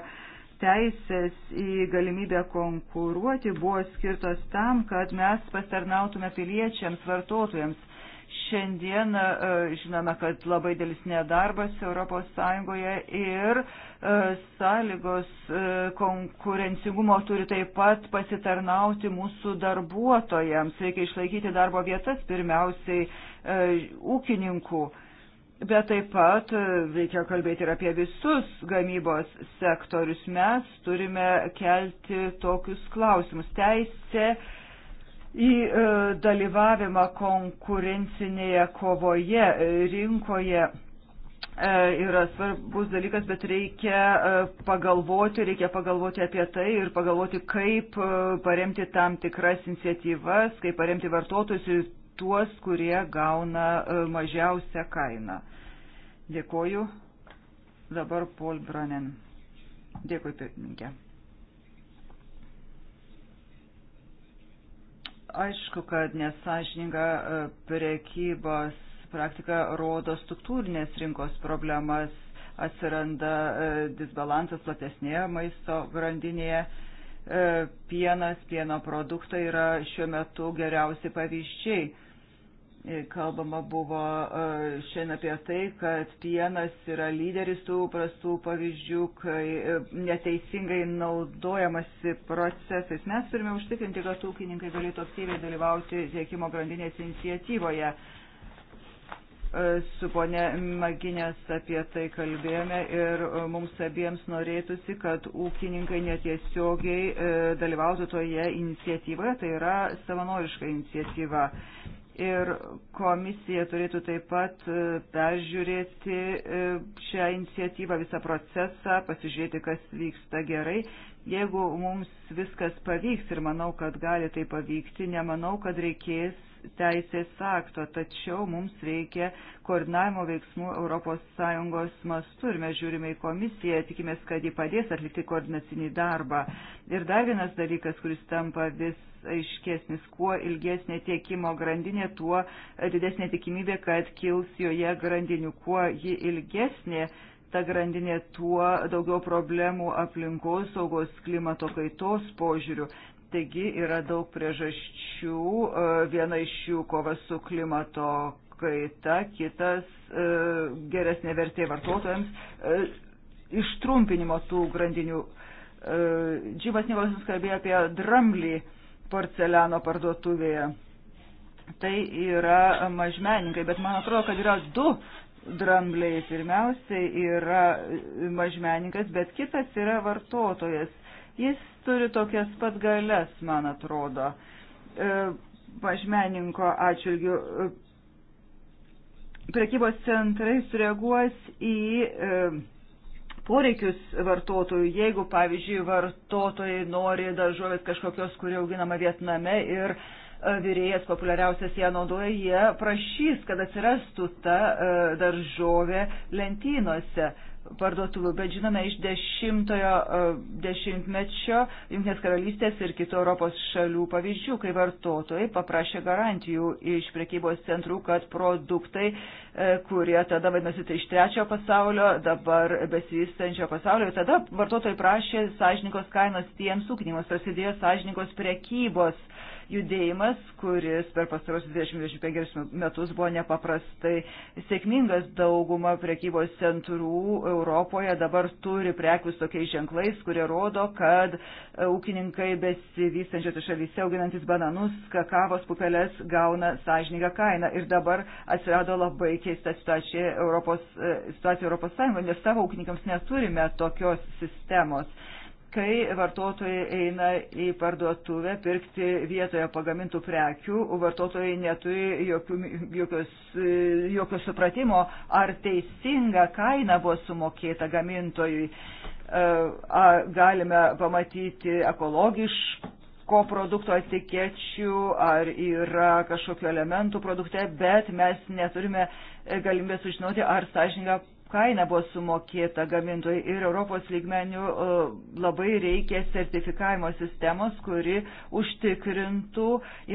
Speaker 4: teisės į galimybę konkuruoti buvo skirtos tam, kad mes pastarnautume piliečiams, vartotojams Šiandien e, žinome, kad labai dėlis nedarbas ES ir e, sąlygos e, konkurencingumo turi taip pat pasitarnauti mūsų darbuotojams. Reikia išlaikyti darbo vietas pirmiausiai ūkininkų. Bet taip pat reikia kalbėti ir apie visus gamybos sektorius. Mes turime kelti tokius klausimus. Teisė į e, dalyvavimą konkurencinėje kovoje e, rinkoje e, yra svarbus dalykas, bet reikia pagalvoti, reikia pagalvoti apie tai ir pagalvoti, kaip paremti tam tikras iniciatyvas, kaip paremti vartotojus ir tuos, kurie gauna mažiausią kainą. Dėkoju. Dabar Paul Branen. Dėkui, pirmininkė. Aišku, kad nesažininga e, prekybos praktika rodo struktūrinės rinkos problemas, atsiranda e, disbalansas platesnėje maisto grandinėje. E, pienas, pieno produktai yra šiuo metu geriausi pavyzdžiai kalbama buvo e, šiandien apie tai, kad pienas yra lyderis tų prastų pavyzdžių, kai e, neteisingai naudojamasi procesais. Mes turime užtikrinti, kad ūkininkai galėtų aktyviai dalyvauti tiekimo grandinės iniciatyvoje. E, su ponė Maginės apie tai kalbėjome ir mums abiems norėtųsi, kad ūkininkai netiesiogiai dalyvautų toje iniciatyvoje, tai yra savanoriška iniciatyva ir komisija turėtų taip pat e, peržiūrėti e, šią iniciatyvą, visą procesą, pasižiūrėti, kas vyksta gerai. Jeigu mums viskas pavyks ir manau, kad gali tai pavykti, nemanau, kad reikės teisės akto, tačiau mums reikia koordinavimo veiksmų ES mastu ir mes žiūrime į komisiją, tikimės, kad ji padės atlikti koordinacinį darbą. Ir dar vienas dalykas, kuris tampa vis aiškesnis. Kuo ilgesnė tiekimo grandinė, tuo didesnė tikimybė, kad kils joje grandinių. Kuo ji ilgesnė, ta grandinė, tuo daugiau problemų aplinkos saugos klimato kaitos požiūrių. Taigi yra daug priežasčių, e, viena iš jų kova su klimato kaita, kitas e, geresnė vertė vartotojams, e, ištrumpinimo tų grandinių. Džimas Nikolas kalbėjo apie dramblį porceliano parduotuvėje. Tai yra mažmeninkai, bet man atrodo, kad yra du drambliai. Pirmiausiai yra mažmeninkas, bet kitas yra vartotojas. Jis turi tokias pat galias, man atrodo, e, mažmeninko atžvilgių. E, prekybos centrai sureaguos į e, poreikius vartotojų. Jeigu, pavyzdžiui, vartotojai nori daržovės kažkokios, kuri auginama Vietname ir e, vyrėjas populiariausias ją naudoja, jie prašys, kad atsirastų ta e, daržovė lentynose parduotuvių, bet žinome iš dešimtojo e, dešimtmečio Junktinės karalystės ir kitų Europos šalių pavyzdžių, kai vartotojai paprašė garantijų iš prekybos centrų, kad produktai, e, kurie tada vadinasi tai iš trečiojo pasaulio, dabar besivystančio pasaulio, tada vartotojai prašė sąžininkos kainos tiems ūkininkams, prasidėjo sąžininkos prekybos judėjimas, kuris per pastarosius 25 metus buvo nepaprastai sėkmingas. Dauguma prekybos centrų Europoje dabar turi prekius tokiais ženklais, kurie rodo, kad e, ūkininkai besivystančiose šalyse auginantis bananus, kakavos pupelės gauna sąžininką kainą. Ir dabar atsirado labai keista situacija Europos, e, situacija Europos Sąjungoje, nes savo ūkininkams neturime tokios sistemos kai vartotojai eina į parduotuvę pirkti vietoje pagamintų prekių, vartotojai neturi jokių, jokios, jokio supratimo, ar teisinga kaina buvo sumokėta gamintojui. E, galime pamatyti ekologišką ko produkto etikečių, ar yra kažkokiu elementų produkte, bet mes neturime galimybės sužinoti, ar sąžininga kaina buvo sumokėta gamintojai ir Europos lygmenių e, labai reikia sertifikavimo sistemos, kuri užtikrintų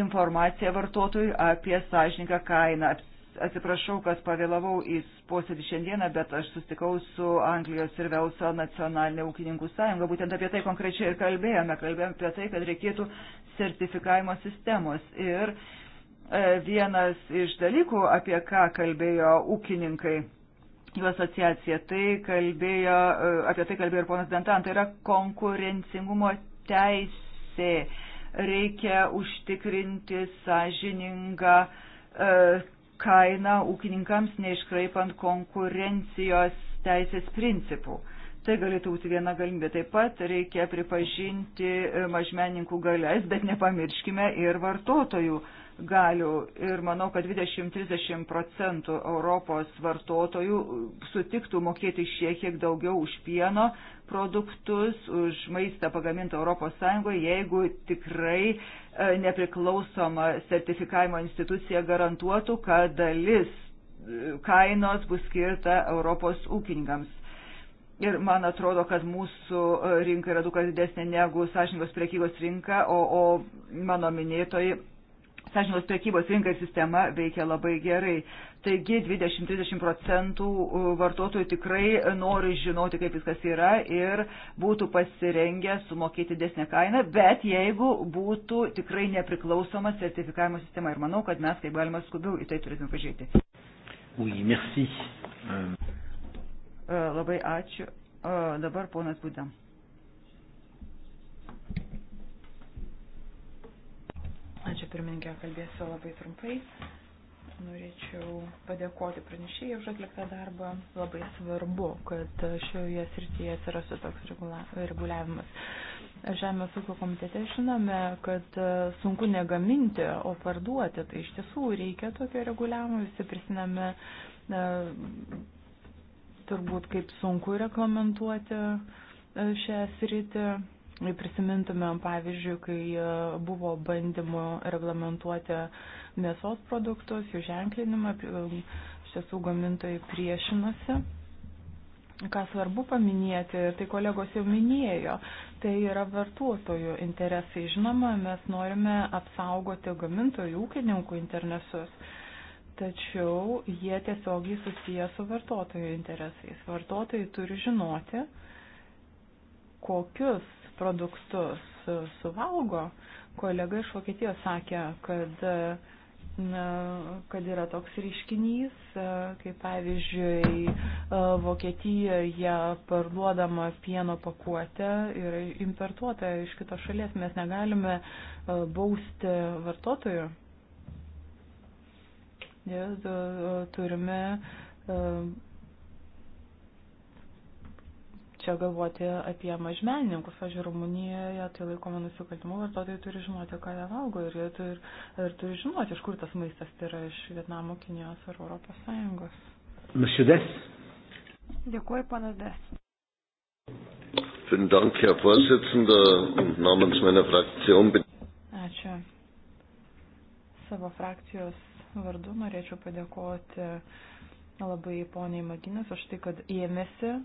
Speaker 4: informaciją vartotojui apie sąžininką kainą. Atsiprašau, kad pavėlavau į posėdį šiandieną, bet aš sustikau su Anglijos ir Velso nacionalinė ūkininkų sąjunga. Būtent apie tai konkrečiai ir kalbėjome. Kalbėjome apie tai, kad reikėtų sertifikavimo sistemos. Ir e, vienas iš dalykų, apie ką kalbėjo ūkininkai jų asociacija. Tai kalbėjo, e, apie tai kalbėjo ir ponas Dantan, tai yra konkurencingumo teisė. Reikia užtikrinti sąžiningą e, kainą ūkininkams, neiškraipant konkurencijos teisės principų. Tai galėtų būti viena galimybė. Taip pat reikia pripažinti e, mažmeninkų galės, bet nepamirškime ir vartotojų. E, galių ir manau, kad 20-30 procentų Europos vartotojų sutiktų mokėti šiek tiek daugiau už pieno produktus, už maistą pagamintą Europos Sąjungoje, jeigu tikrai e, nepriklausoma sertifikavimo institucija garantuotų, kad dalis e, kainos bus skirta Europos ūkininkams. Ir man atrodo, kad mūsų e, rinka yra du kart didesnė negu sąžininkos priekybos rinka, o, o mano minėtoji sąžininkos priekybos rinka ir sistema veikia labai gerai. Taigi 20-30 procentų vartotojų tikrai nori žinoti, kaip viskas yra ir būtų pasirengę sumokėti desnę kainą, bet jeigu būtų tikrai nepriklausoma sertifikavimo sistema. Ir manau, kad mes kaip galima skubiau į tai turėtume pažiūrėti.
Speaker 1: Oui, merci.
Speaker 4: E, labai ačiū. E, dabar ponas Būdam.
Speaker 2: Ačiū pirmininkė, kalbėsiu labai trumpai. Norėčiau padėkoti pranešėjai už atliktą darbą. Labai svarbu, kad šioje srityje atsirastų toks reguliavimas. Žemės ūkio komitete žinome, kad sunku negaminti, o parduoti. Tai iš tiesų reikia tokio reguliavimo. Visi prisiname turbūt kaip sunku reglamentuoti e, šią sritį Prisimintumėm, pavyzdžiui, kai e, buvo bandymų reglamentuoti mėsos produktus, jų ženklinimą, e, iš tiesų gamintojai priešinosi. Ką svarbu paminėti, tai kolegos jau minėjo, tai yra vartotojų interesai. Žinoma, mes norime apsaugoti gamintojų, ūkininkų interesus tačiau jie tiesiogiai susiję su vartotojų interesais. Vartotojai turi žinoti, kokius produktus suvalgo. Kolega iš Vokietijos sakė, kad, na, kad yra toks reiškinys, kaip pavyzdžiui, Vokietijoje parduodama pieno pakuotė yra importuota iš kitos šalies, mes negalime e, bausti vartotojų. E, turime e, čia galvoti apie mažmenininkus. Aš Rumunijoje tai laikoma nusikaltimu, vartotojai turi žinoti, ką jie valgo ir, ir, ir turi žinoti, iš kur tas maistas tai yra iš Vietnamo, Kinijos ar Europos Sąjungos. Masiudės. Dėkuoju, panas Des.
Speaker 3: Vielen Dank, Herr Vorsitzender, und namens meiner Fraktion.
Speaker 2: Ačiū. Savo frakcijos vardu norėčiau padėkoti labai poniai Maginas už tai, kad ėmėsi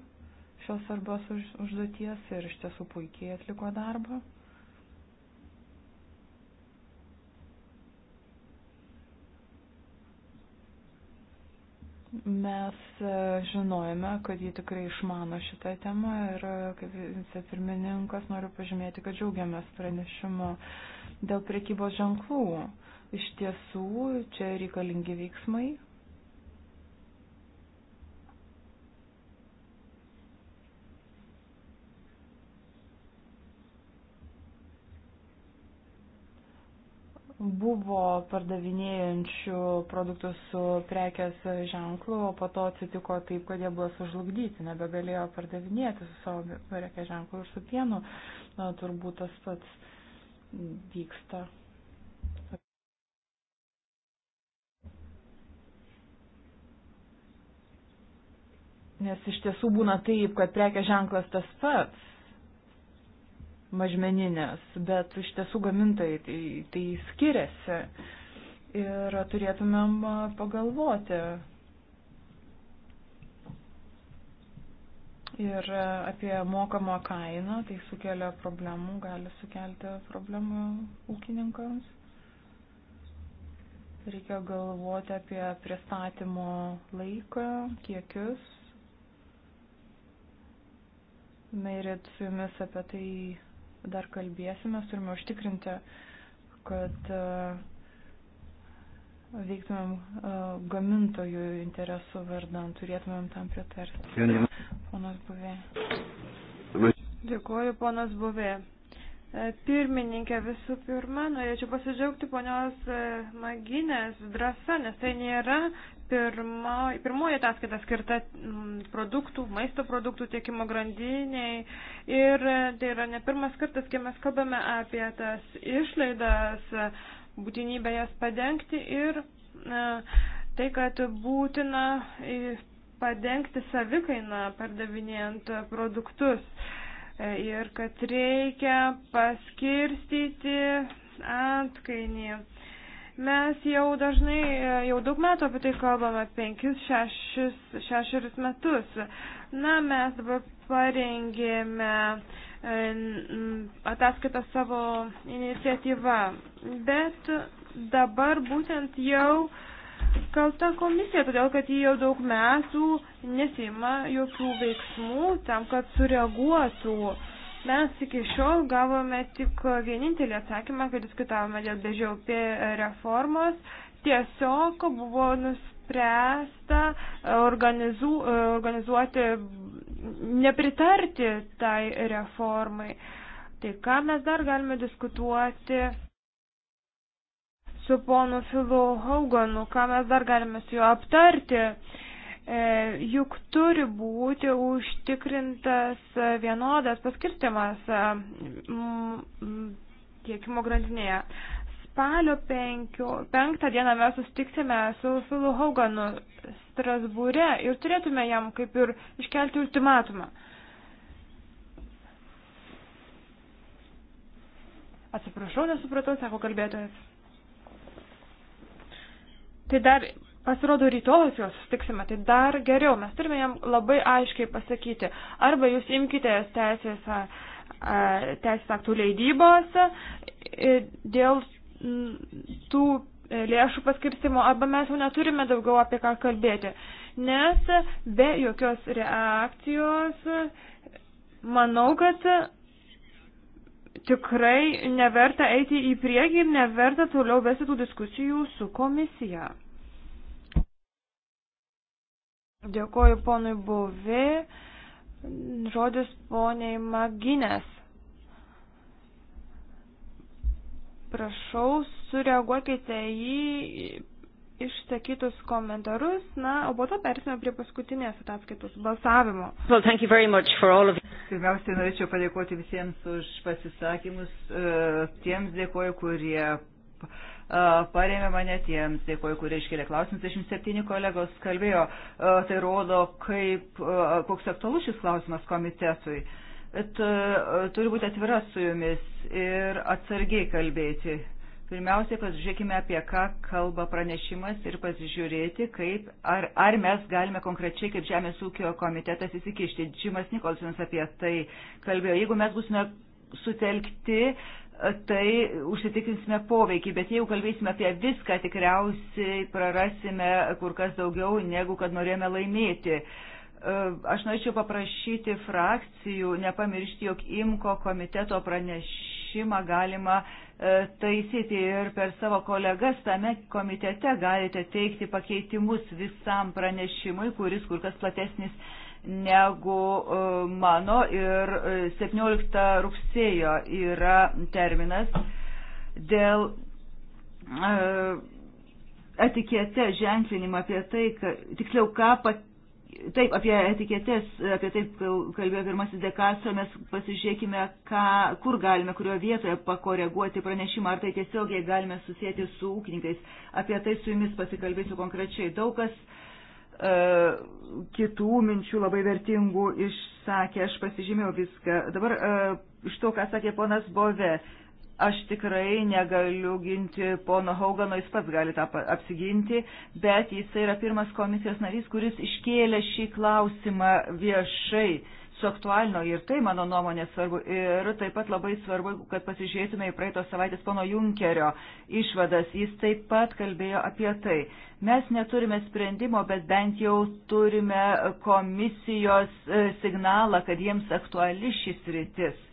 Speaker 2: šios svarbios už, užduoties ir iš tiesų puikiai atliko darbą. Mes e, žinojame, kad jie tikrai išmano šitą temą ir e, kaip vicepirmininkas noriu pažymėti, kad džiaugiamės pranešimu dėl priekybos ženklų. Iš tiesų, čia reikalingi veiksmai, buvo pardavinėjančių produktų su prekės ženklu, o po to atsitiko taip, kad jie buvo sužlugdyti, nebegalėjo pardavinėti su savo prekės ženklu ir su pienu. Na, turbūt tas pats vyksta. Nes iš tiesų būna taip, kad prekės ženklas tas pats, mažmeninės, bet iš tiesų gamintojai tai, tai skiriasi ir turėtumėm pagalvoti. Ir apie mokamą kainą, tai sukelia problemų, gali sukelti problemų ūkininkams. Reikia galvoti apie pristatymo laiką, kiekius. Meirit su jumis apie tai dar kalbėsime, turime užtikrinti, kad e, veiktumėm e, gamintojų interesų vardan, turėtumėm tam pritarti. Ponas Buvė. Dėkuoju, ponas Buvė. E, pirmininkė, visų pirma, norėčiau pasidžiaugti ponios e, Maginės drąsa, nes tai nėra pirmo, pirmoji ataskaita skirta mm, produktų, maisto produktų tiekimo grandiniai. Ir e, tai yra ne pirmas kartas, kai mes kalbame apie tas išlaidas, būtinybę jas padengti ir tai, kad būtina padengti savikainą pardavinėjant produktus ir kad reikia paskirstyti atkainį. Mes jau dažnai, jau daug metų apie tai kalbame, penkis, šešis, šešerius metus. Na, mes dabar parengėme e, ataskaitą savo iniciatyvą, bet dabar būtent jau uh, kalta komisija, todėl kad jie jau daug metų nesima jokių veiksmų tam, kad sureaguotų. Mes iki šiol gavome tik vienintelį atsakymą, kai diskutavome dėl BŽP reformos. Tiesiog buvo nuspręsta organizu, organizuoti, nepritarti tai reformai. Tai ką mes dar galime diskutuoti su ponu Filu Hauganu, ką mes dar galime su juo aptarti. E, juk turi būti užtikrintas vienodas paskirtimas e, tiekimo grandinėje. Spalio 5 dieną mes sustiksime su Filu Hauganu Strasbūre ir turėtume jam kaip ir iškelti ultimatumą. Atsiprašau, nesupratau, sako kalbėtojas tai dar pasirodo rytoj juos sutiksime, tai dar geriau. Mes turime jam labai aiškiai pasakyti, arba jūs imkite teisės, teisės aktų leidybos e, dėl tų lėšų paskirstimo, arba mes jau neturime daugiau apie ką kalbėti. Nes be jokios reakcijos, manau, kad tikrai neverta eiti į priekį ir neverta toliau vesti tų diskusijų su komisija. Dėkoju ponui Buvi, žodis poniai Maginės. Prašau, sureaguokite į išsakytus komentarus, na, o po to persime prie paskutinės ataskaitos balsavimo.
Speaker 4: Well, of... Pirmiausiai norėčiau padėkoti visiems už pasisakymus, e, tiems dėkoju, kurie e, paremė mane, tiems dėkoju, kurie iškėlė klausimus. 27 kolegos kalbėjo, e, tai rodo, kaip, koks aktualus šis klausimas komitetui. Bet turi būti atvira su jumis ir atsargiai kalbėti Pirmiausia, pasižiūrėkime, apie ką kalba pranešimas ir pasižiūrėti, kaip, ar, ar mes galime konkrečiai kaip Žemės ūkio komitetas įsikišti. Džimas Nikolsonas apie tai kalbėjo. Jeigu mes būsime sutelkti, tai užsitikrinsime poveikį, bet jeigu kalbėsime apie viską, tikriausiai prarasime kur kas daugiau, negu kad norėjome laimėti. E, aš norėčiau paprašyti frakcijų nepamiršti, jog IMKO komiteto pranešimas pranešimą galima e, taisyti ir per savo kolegas tame komitete galite teikti pakeitimus visam pranešimui, kuris kur kas platesnis negu e, mano ir 17 e, rugsėjo yra terminas dėl etikete ženklinimą apie tai, ka, tiksliau, ką Taip, apie etiketės, apie taip kalbėjo pirmasis dekaso, mes pasižiūrėkime, ką, kur galime, kurioje vietoje pakoreguoti pranešimą, ar tai tiesiogiai galime susijęti su ūkininkais. Apie tai su jumis pasikalbėsiu konkrečiai. Daug kas e, kitų minčių labai vertingų išsakė, aš pasižymėjau viską. Dabar e, iš to, ką sakė ponas Bove, Aš tikrai negaliu ginti pono Haugano, jis pats gali tą apsiginti, bet jisai yra pirmas komisijos narys, kuris iškėlė šį klausimą viešai suaktualino ir tai, mano nuomonė, svarbu. Ir taip pat labai svarbu, kad pasižiūrėtume į praeitos savaitės pono Junkerio išvadas. Jis taip pat kalbėjo apie tai. Mes neturime sprendimo, bet bent jau turime komisijos e, signalą, kad jiems aktuali šis rytis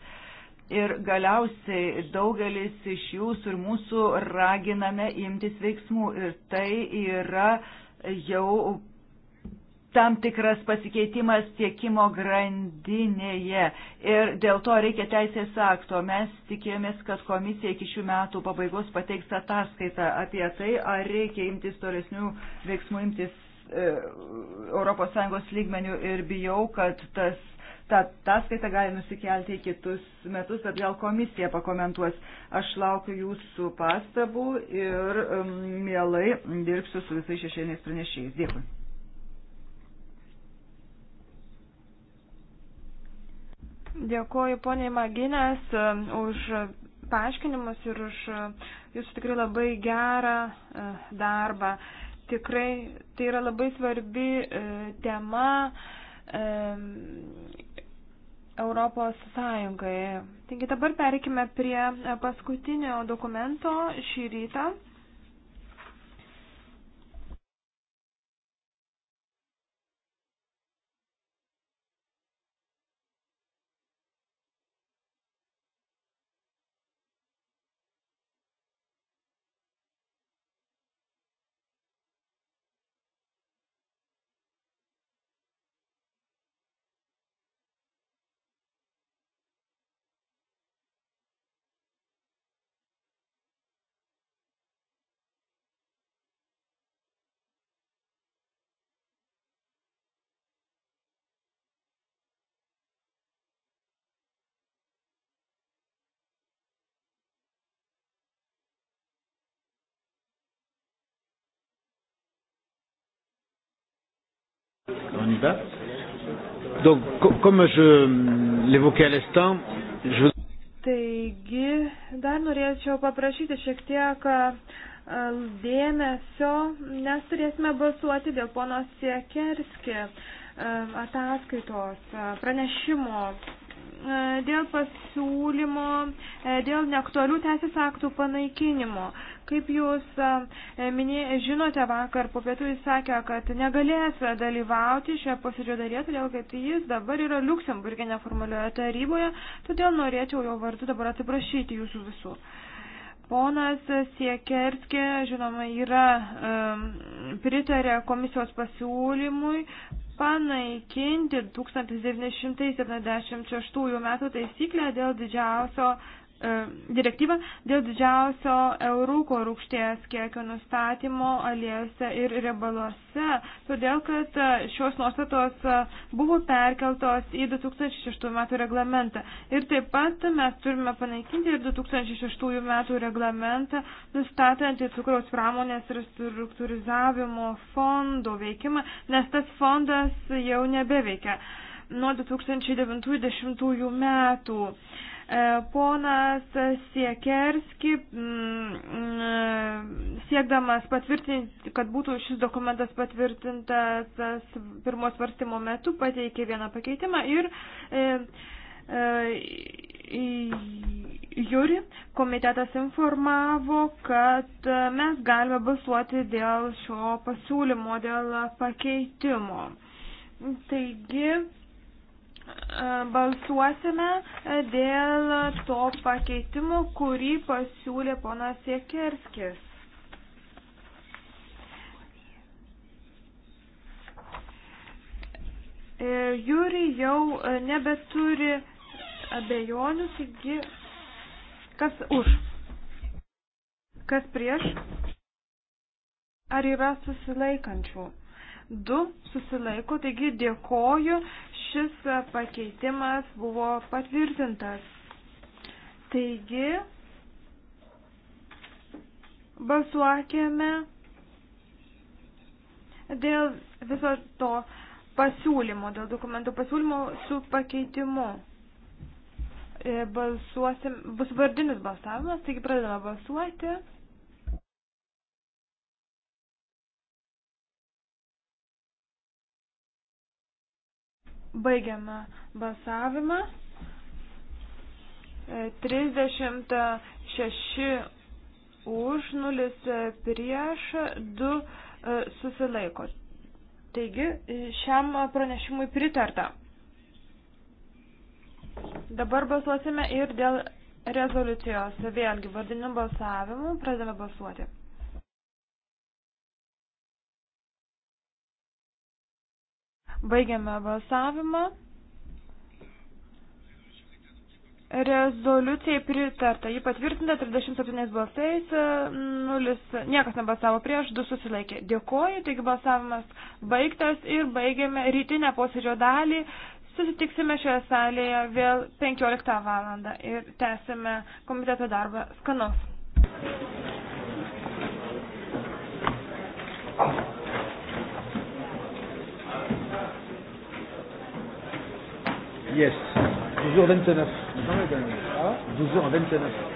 Speaker 4: ir galiausiai daugelis iš jūsų ir mūsų raginame imtis veiksmų ir tai yra jau tam tikras pasikeitimas tiekimo grandinėje ir dėl to reikia teisės akto. Mes tikėjomės, kad komisija iki šių metų pabaigos pateiks ataskaitą apie tai, ar reikia imtis tolesnių veiksmų imtis e, ES lygmenių ir bijau, kad tas ta ataskaita gali nusikelti į kitus metus, bet gal komisija pakomentuos. Aš laukiu jūsų pastabų ir um, mielai dirbsiu su visais šešėliniais pranešėjais. Dėkui.
Speaker 2: Dėkuoju poniai Maginės um, už paaiškinimus ir už uh, jūsų tikrai labai gerą uh, darbą. Tikrai tai yra labai svarbi uh, tema um, Europos Sąjungai. Taigi dabar pereikime prie paskutinio dokumento šį rytą.
Speaker 1: on y va. Donc, co comme je l'évoquais à l'instant,
Speaker 2: je... Taigi, dar norėčiau paprašyti šiek tiek dėmesio, nes turėsime balsuoti dėl pono Siekerski ataskaitos pranešimo E, dėl pasiūlymo, e, dėl neaktualių teisės aktų panaikinimo. Kaip jūs e, minė, žinote, vakar po pietų jis sakė, kad negalės dalyvauti šioje posėdžio dalyje, todėl kad jis dabar yra Luksemburgė neformalioje taryboje, todėl norėčiau jo vardu dabar atsiprašyti jūsų visų. Ponas Siekerskė, žinoma, yra um, pritarė komisijos pasiūlymui panaikinti 1976 m. taisyklę dėl didžiausio E, direktyvą dėl didžiausio eurūko rūkšties kiekio nustatymo aliejose ir riebaluose, todėl kad e, šios nuostatos e, buvo perkeltos į 2006 metų reglamentą. Ir taip pat mes turime panaikinti ir 2006 metų reglamentą, nustatantį cukraus pramonės restruktūrizavimo fondo veikimą, nes tas fondas jau nebeveikia nuo 2009-2010 metų. E, ponas Siekerski, mm, mm, siekdamas patvirtinti, kad būtų šis dokumentas patvirtintas pirmos svarstymo metu, pateikė vieną pakeitimą ir e, e, Juri komitetas informavo, kad mes galime balsuoti dėl šio pasiūlymo, dėl pakeitimo. Taigi, balsuosime dėl to pakeitimo, kurį pasiūlė ponas Jekerskis. E, Jūri jau nebeturi abejonių, taigi kas už, kas prieš, ar yra susilaikančių. Du susilaiko, taigi dėkoju šis pakeitimas buvo patvirtintas. Taigi, balsuokime dėl viso to pasiūlymo, dėl dokumentų pasiūlymo su pakeitimu. E, balsuosim, bus vardinis balsavimas, taigi pradedame balsuoti. Baigiame balsavimą. 36 e, už, 0 prieš, 2 e, susilaiko. Taigi, e, šiam pranešimui pritarta. Dabar balsuosime ir dėl rezoliucijos. Vėlgi, vardiniu balsavimu pradame balsuoti. Baigiame balsavimą. Rezoliucijai pritarta. Ji patvirtinta 37 balsais, 0, e, niekas nebalsavo prieš, 2 susilaikė. Dėkoju, taigi balsavimas baigtas ir baigėme rytinę posėdžio dalį. Susitiksime šioje salėje vėl 15 valandą ir tęsime komiteto darbą skanaus.
Speaker 1: Thank you. Yes. 12h29. Ah. 12h29.